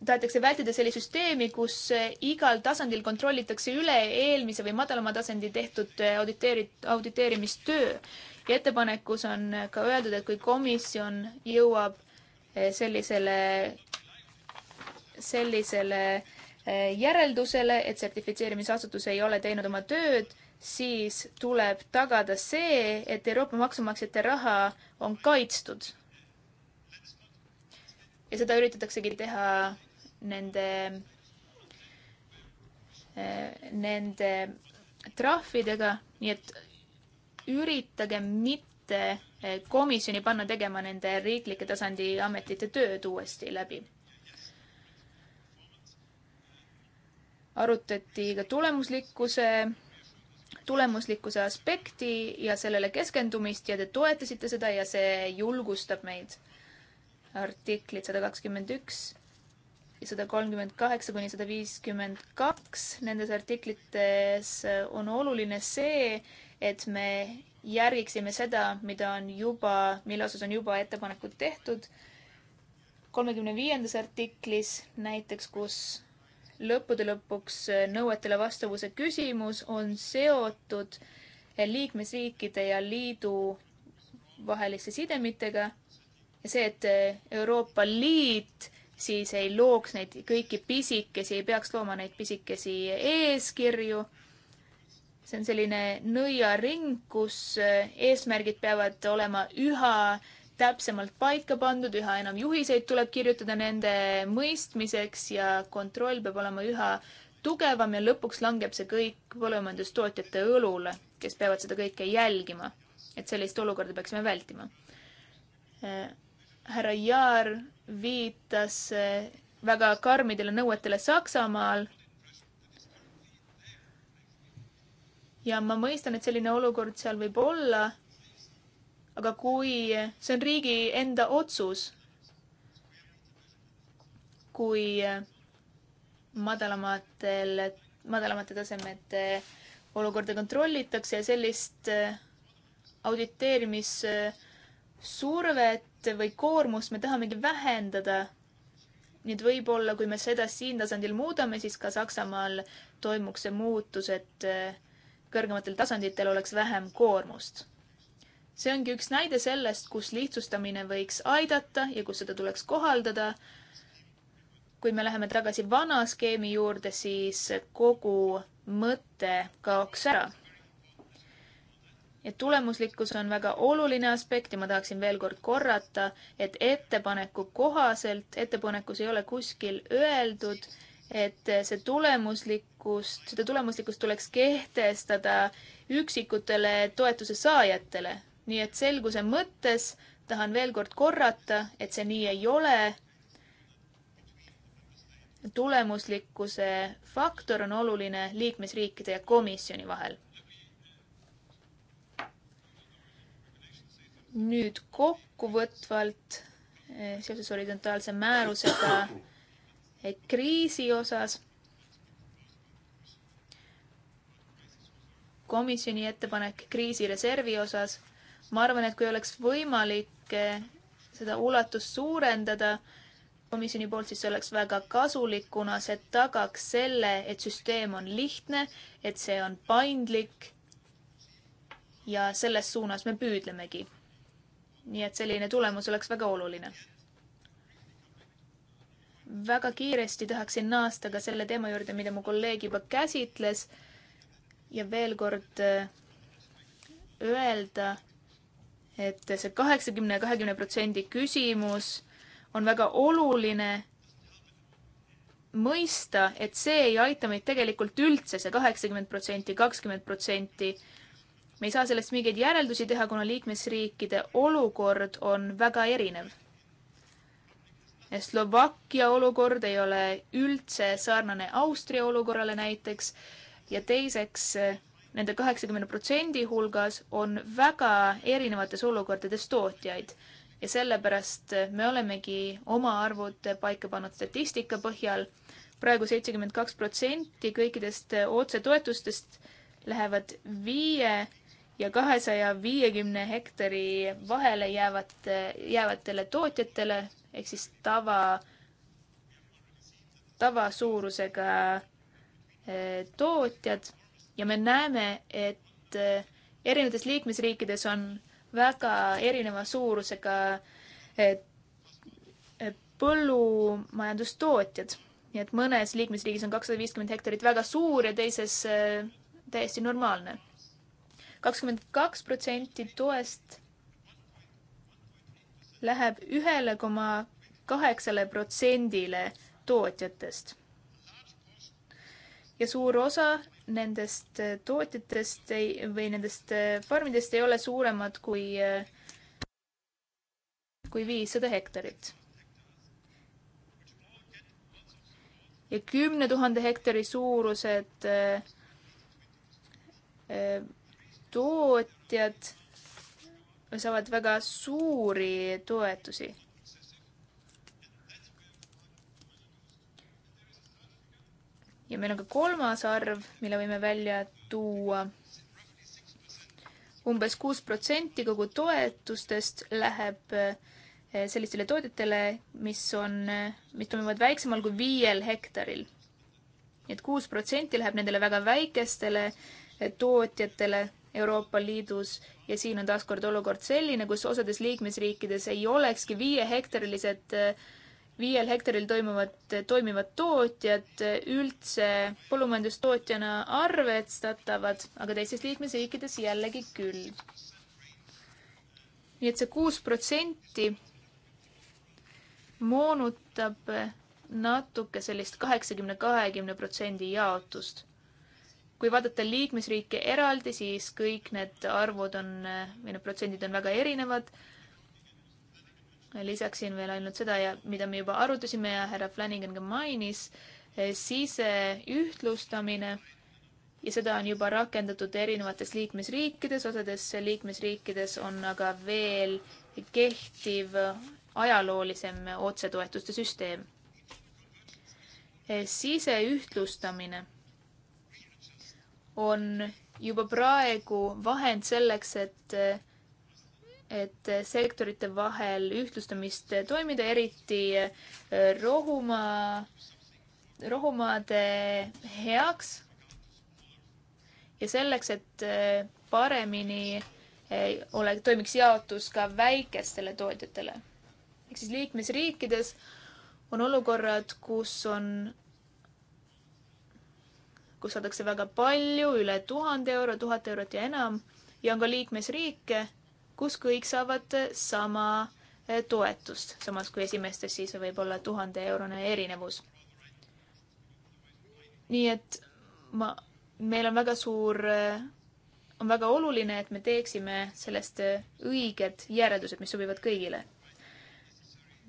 Speaker 4: tahetakse vältida sellist süsteemi, kus igal tasandil kontrollitakse üle eelmise või madalama tasandi tehtud auditeeri-, auditeerimistöö. ja ettepanekus on ka öeldud, et kui komisjon jõuab eh, sellisele, sellisele eh, järeldusele, et sertifitseerimisasutus ei ole teinud oma tööd, siis tuleb tagada see, et Euroopa maksumaksjate raha on kaitstud. ja seda üritataksegi teha nende, eh, nende trahvidega, nii et üritage mitte eh, komisjoni panna tegema nende riiklike tasandi ametite tööd uuesti läbi arutati ka tulemuslikkuse tulemuslikkuse aspekti ja sellele keskendumist ja te toetasite seda ja see julgustab meid. artiklid sada kakskümmend üks ja sada kolmkümmend kaheksa kuni sada viiskümmend kaks, nendes artiklites on oluline see, et me järgiksime seda, mida on juba, mille osas on juba ettepanekud tehtud. kolmekümne viiendas artiklis näiteks, kus lõppude lõpuks eh, nõuetele vastavuse küsimus on seotud eh, liikmesriikide ja liidu vaheliste sidemitega ja see, et eh, Euroopa Liit siis ei looks neid kõiki pisikesi, ei peaks looma neid pisikesi eeskirju. see on selline nõiaring, kus eesmärgid peavad olema üha täpsemalt paika pandud, üha enam juhiseid tuleb kirjutada nende mõistmiseks ja kontroll peab olema üha tugevam ja lõpuks langeb see kõik põllumajandustootjate õlule, kes peavad seda kõike jälgima. et sellist olukorda peaksime vältima. härra Jaar viitas eh, väga karmidele nõuetele Saksamaal. ja ma mõistan, et selline olukord seal võib olla aga kui see on riigi enda otsus, kui madalamatel, madalamate tasemete olukorda kontrollitakse ja sellist äh, auditeerimissurvet või koormust me tahamegi vähendada. nii et võib-olla, kui me seda siin tasandil muudame, siis ka Saksamaal toimuks see muutus, et äh, kõrgematel tasanditel oleks vähem koormust see ongi üks näide sellest, kus lihtsustamine võiks aidata ja kus seda tuleks kohaldada. kui me läheme tagasi vana skeemi juurde, siis kogu mõte kaoks ära. et tulemuslikkus on väga oluline aspekt ja ma tahaksin veel kord korrata, et ettepaneku kohaselt, ettepanekus ei ole kuskil öeldud, et see tulemuslikkust, seda tulemuslikkust tuleks kehtestada üksikutele toetuse saajatele, nii et selguse mõttes tahan veel kord korrata, et see nii ei ole. tulemuslikkuse faktor on oluline liikmesriikide ja komisjoni vahel. nüüd kokkuvõtvalt eh, seoses horisontaalse määrusega kriisi osas komisjoni ettepanek kriisireservi osas ma arvan, et kui oleks võimalik eh, seda ulatust suurendada komisjoni poolt, siis see oleks väga kasulik, kuna see tagaks selle, et süsteem on lihtne, et see on paindlik. ja selles suunas me püüdlemegi. nii et selline tulemus oleks väga oluline väga kiiresti tahaksin naasta ka selle teema juurde, mida mu kolleeg juba käsitles. ja veel kord eh, öelda, et see kaheksakümne, kahekümne protsendi küsimus on väga oluline mõista, et see ei aita meid tegelikult üldse see, see kaheksakümmend protsenti, kakskümmend protsenti. me ei saa sellest mingeid järeldusi teha, kuna liikmesriikide olukord on väga erinev. Slovakkia olukord ei ole üldse sarnane Austria olukorrale näiteks ja teiseks Nende kaheksakümne protsendi hulgas on väga erinevates olukordades tootjaid ja sellepärast me olemegi oma arvud paika pannud statistika põhjal praegu. praegu seitsekümmend kaks protsenti kõikidest otsetoetustest lähevad viie ja kahesaja viiekümne hektari vahele jäävate, jäävatele tootjatele ehk siis tava, tavasuurusega eh, tootjad ja me näeme, et eh, erinevates liikmesriikides on väga erineva suurusega eh, eh, põllumajandustootjad. nii et mõnes liikmesriigis on kakssada viiskümmend hektarit väga suur ja teises täiesti normaalne. kakskümmend kaks protsenti toest läheb ühele koma kaheksale protsendile tootjatest. ja suur osa nendest äh, tootjatest ei, või nendest äh, farmidest ei ole suuremad kui, äh, kui viissada hektarit. ja kümne tuhande hektari suurused tootjad saavad väga suuri toetusi ja meil on ka kolmas arv, mille võime välja tuua umbes. umbes kuus protsenti kogu toetustest läheb eh, sellistele toodetele, mis on, eh, mis toimuvad väiksemal kui viiel hektaril. et kuus protsenti läheb nendele väga väikestele eh, tootjatele Euroopa Liidus ja siin on taaskord olukord selline, kus osades liikmesriikides ei olekski viiehektarilist viiel hektaril toimuvat, toimivad tootjad üldse põllumajandustootjana arvestatavad, aga teistes liikmesriikides jällegi küll. nii et see kuus protsenti moonutab natuke sellist kaheksakümne, kahekümne protsendi jaotust. kui vaadata liikmesriike eraldi, siis kõik need arvud on või need protsendid on väga erinevad lisaksin veel ainult seda ja mida me juba arutasime ja härra Flanagan ka mainis, eh, siseühtlustamine ja seda on juba rakendatud erinevates liikmesriikides, osades liikmesriikides on aga veel kehtiv ajaloolisem otsetoetuste süsteem. Eh, siseühtlustamine on juba praegu vahend selleks, et eh, et sektorite vahel ühtlustamist toimida, eriti äh, rohumaa, rohumaade heaks. ja selleks, et äh, paremini äh, ole, toimiks jaotus ka väikestele tootjatele. ehk siis liikmesriikides on olukorrad, kus on, kus saadakse väga palju, üle tuhande euro, tuhat eurot ja enam ja on ka liikmesriike kus kõik saavad eh, sama eh, toetust, samas kui esimestes siis võib olla tuhandeeurone erinevus. nii et ma, meil on väga suur, eh, on väga oluline, et me teeksime sellest õiged järeldused, mis sobivad kõigile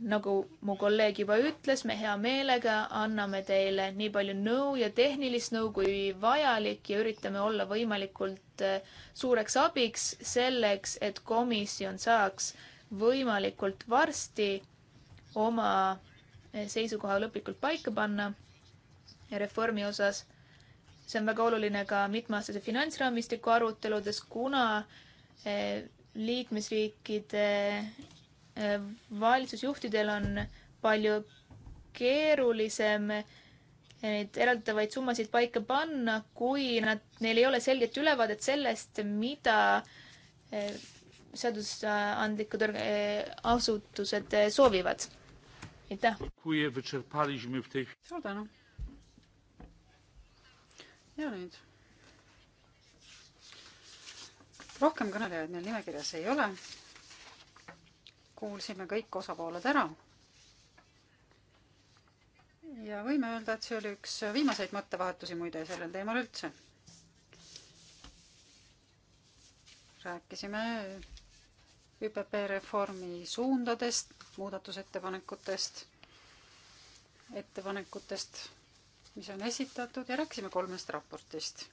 Speaker 4: nagu mu kolleeg juba ütles, me hea meelega anname teile nii palju nõu ja tehnilist nõu kui vajalik ja üritame olla võimalikult äh, suureks abiks selleks, et komisjon saaks võimalikult varsti oma äh, seisukoha lõplikult paika panna reformi osas. see on väga oluline ka mitmeaastase finantsraamistiku aruteludes, kuna äh, liikmesriikide Äh, valitsusjuhtidel on palju keerulisem äh, neid eraldatavaid summasid paika panna, kui nad, neil ei ole selget ülevaadet sellest, mida äh, seadusandlikud asutused soovivad. aitäh! suur tänu! ja nüüd?
Speaker 2: rohkem kõnelejaid meil nimekirjas ei ole kuulsime kõik osapooled ära. ja võime öelda, et see oli üks viimaseid mõttevahetusi muide sellel teemal üldse. rääkisime ÜPP reformi suundadest, muudatusettepanekutest, ettepanekutest, mis on esitatud ja rääkisime kolmest raportist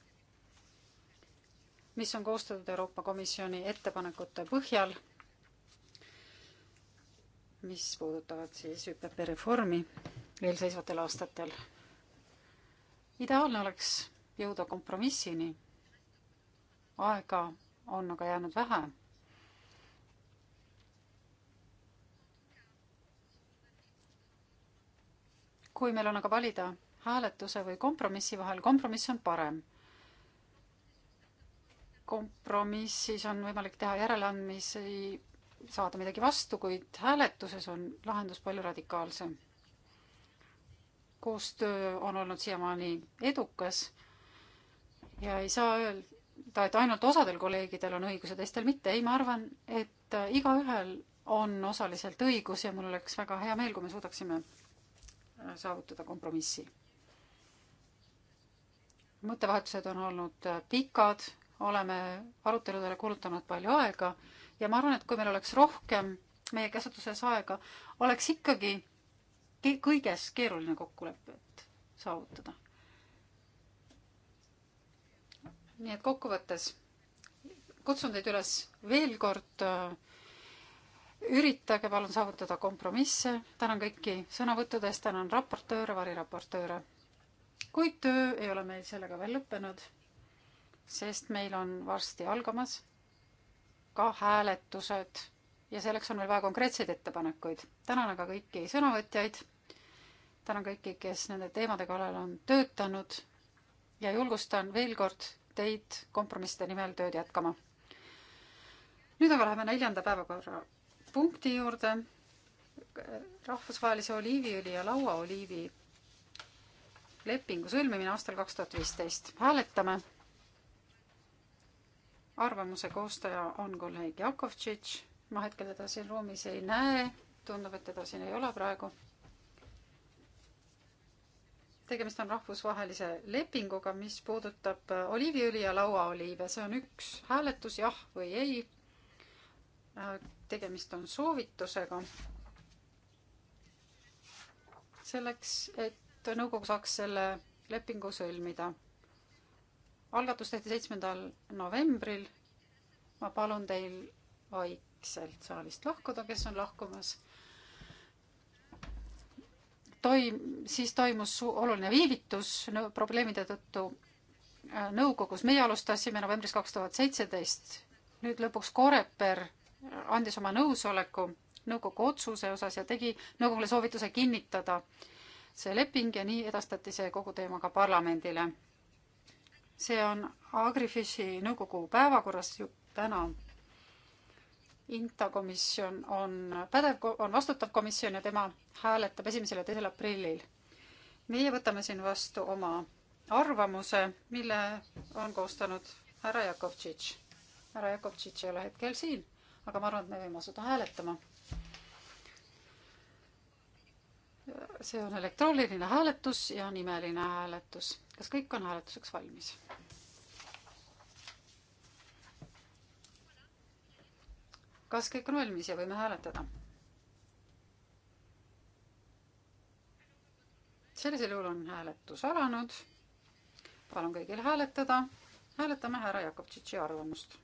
Speaker 2: mis on koostatud Euroopa Komisjoni ettepanekute põhjal mis puudutavad siis ÜPP reformi eelseisvatel aastatel. ideaalne oleks jõuda kompromissini. aega on aga jäänud vähe. kui meil on aga valida hääletuse või kompromissi vahel, kompromiss on parem. kompromissis on võimalik teha järeleandmisi saada midagi vastu, kuid hääletuses on lahendus palju radikaalsem. koostöö on olnud siiamaani edukas ja ei saa öelda, et ainult osadel kolleegidel on õigus ja teistel mitte. ei, ma arvan, et äh, igaühel on osaliselt õigus ja mul oleks väga hea meel, kui me suudaksime äh, saavutada kompromissi. mõttevahetused on olnud äh, pikad, oleme aruteludele kulutanud palju aega ja ma arvan, et kui meil oleks rohkem meie käsutuses aega, oleks ikkagi kõiges keeruline kokkulepet saavutada. nii et kokkuvõttes kutsun teid üles veel kord äh, üritage palun saavutada kompromisse, tänan kõiki sõnavõttude eest, tänan raportööre, variraportööre. kuid töö ei ole meil sellega veel lõppenud, sest meil on varsti algamas ka hääletused ja selleks on meil vaja konkreetseid ettepanekuid. tänan aga kõiki sõnavõtjaid, tänan kõiki, kes nende teemade kallal on töötanud ja julgustan veel kord teid kompromisside nimel tööd jätkama. nüüd aga läheme neljanda päevakorrapunkti juurde. rahvusvahelise oliiviõli ja lauaoliivi lepingu sõlmimine aastal kaks tuhat viisteist. hääletame arvamuse koostaja on kolleeg Jakovtšitš, ma hetkel teda siin ruumis ei näe, tundub, et teda siin ei ole praegu. tegemist on rahvusvahelise lepinguga, mis puudutab oliiviõli ja lauaoliive, see on üks hääletus, jah või ei. tegemist on soovitusega. selleks, et nõukogu saaks selle lepingu sõlmida algatus tehti seitsmendal novembril. ma palun teil vaikselt saalist lahkuda, kes on lahkumas. toim-, siis toimus oluline viivitus probleemide tõttu äh, nõukogus. meie alustasime novembris kaks tuhat seitseteist. nüüd lõpuks Koreper andis oma nõusoleku nõukogu otsuse osas ja tegi nõukogule soovituse kinnitada see leping ja nii edastati see kogu teema ka parlamendile see on Agrifishi nõukogu päevakorras täna. Inta komisjon on pädev, on vastutav komisjon ja tema hääletab esimesel ja teisel aprillil. meie võtame siin vastu oma arvamuse, mille on koostanud härra Jakovtšitš. härra Jakovtšitš ei ole hetkel siin, aga ma arvan, et me võime asuda hääletama see on elektrooniline hääletus ja nimeline hääletus. kas kõik on hääletuseks valmis? kas kõik on valmis ja võime hääletada? sellisel juhul on hääletus alanud. palun kõigil hääletada. hääletame härra Jakob Tšitši arvamust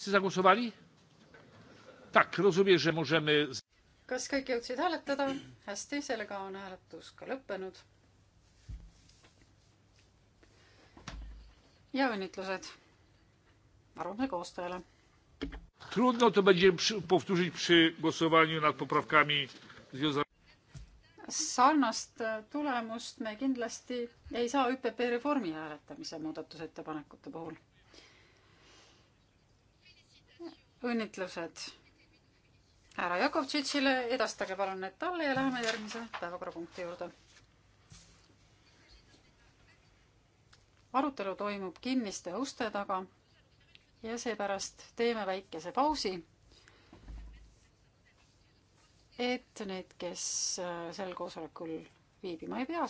Speaker 1: Wszyscy zagłosowali? Tak, rozumiem, że możemy...
Speaker 2: kas kõik jõudsid hääletada? hästi, sellega on hääletus ka lõppenud. ja õnnitlused arvamuse koostajale.
Speaker 1: Trudno to będzie powtórzyć przy głosowaniu nad poprawkami związanymi.
Speaker 2: sarnast tulemust me kindlasti ei saa ÜPP reformi hääletamise muudatusettepanekute puhul õnnitlused härra Jakovtšitšile, edastage palun need talle ja läheme järgmise päevakorrapunkti juurde. arutelu toimub kinniste uste taga ja seepärast teeme väikese pausi. et need, kes äh, sel koosolekul viibima ei pea,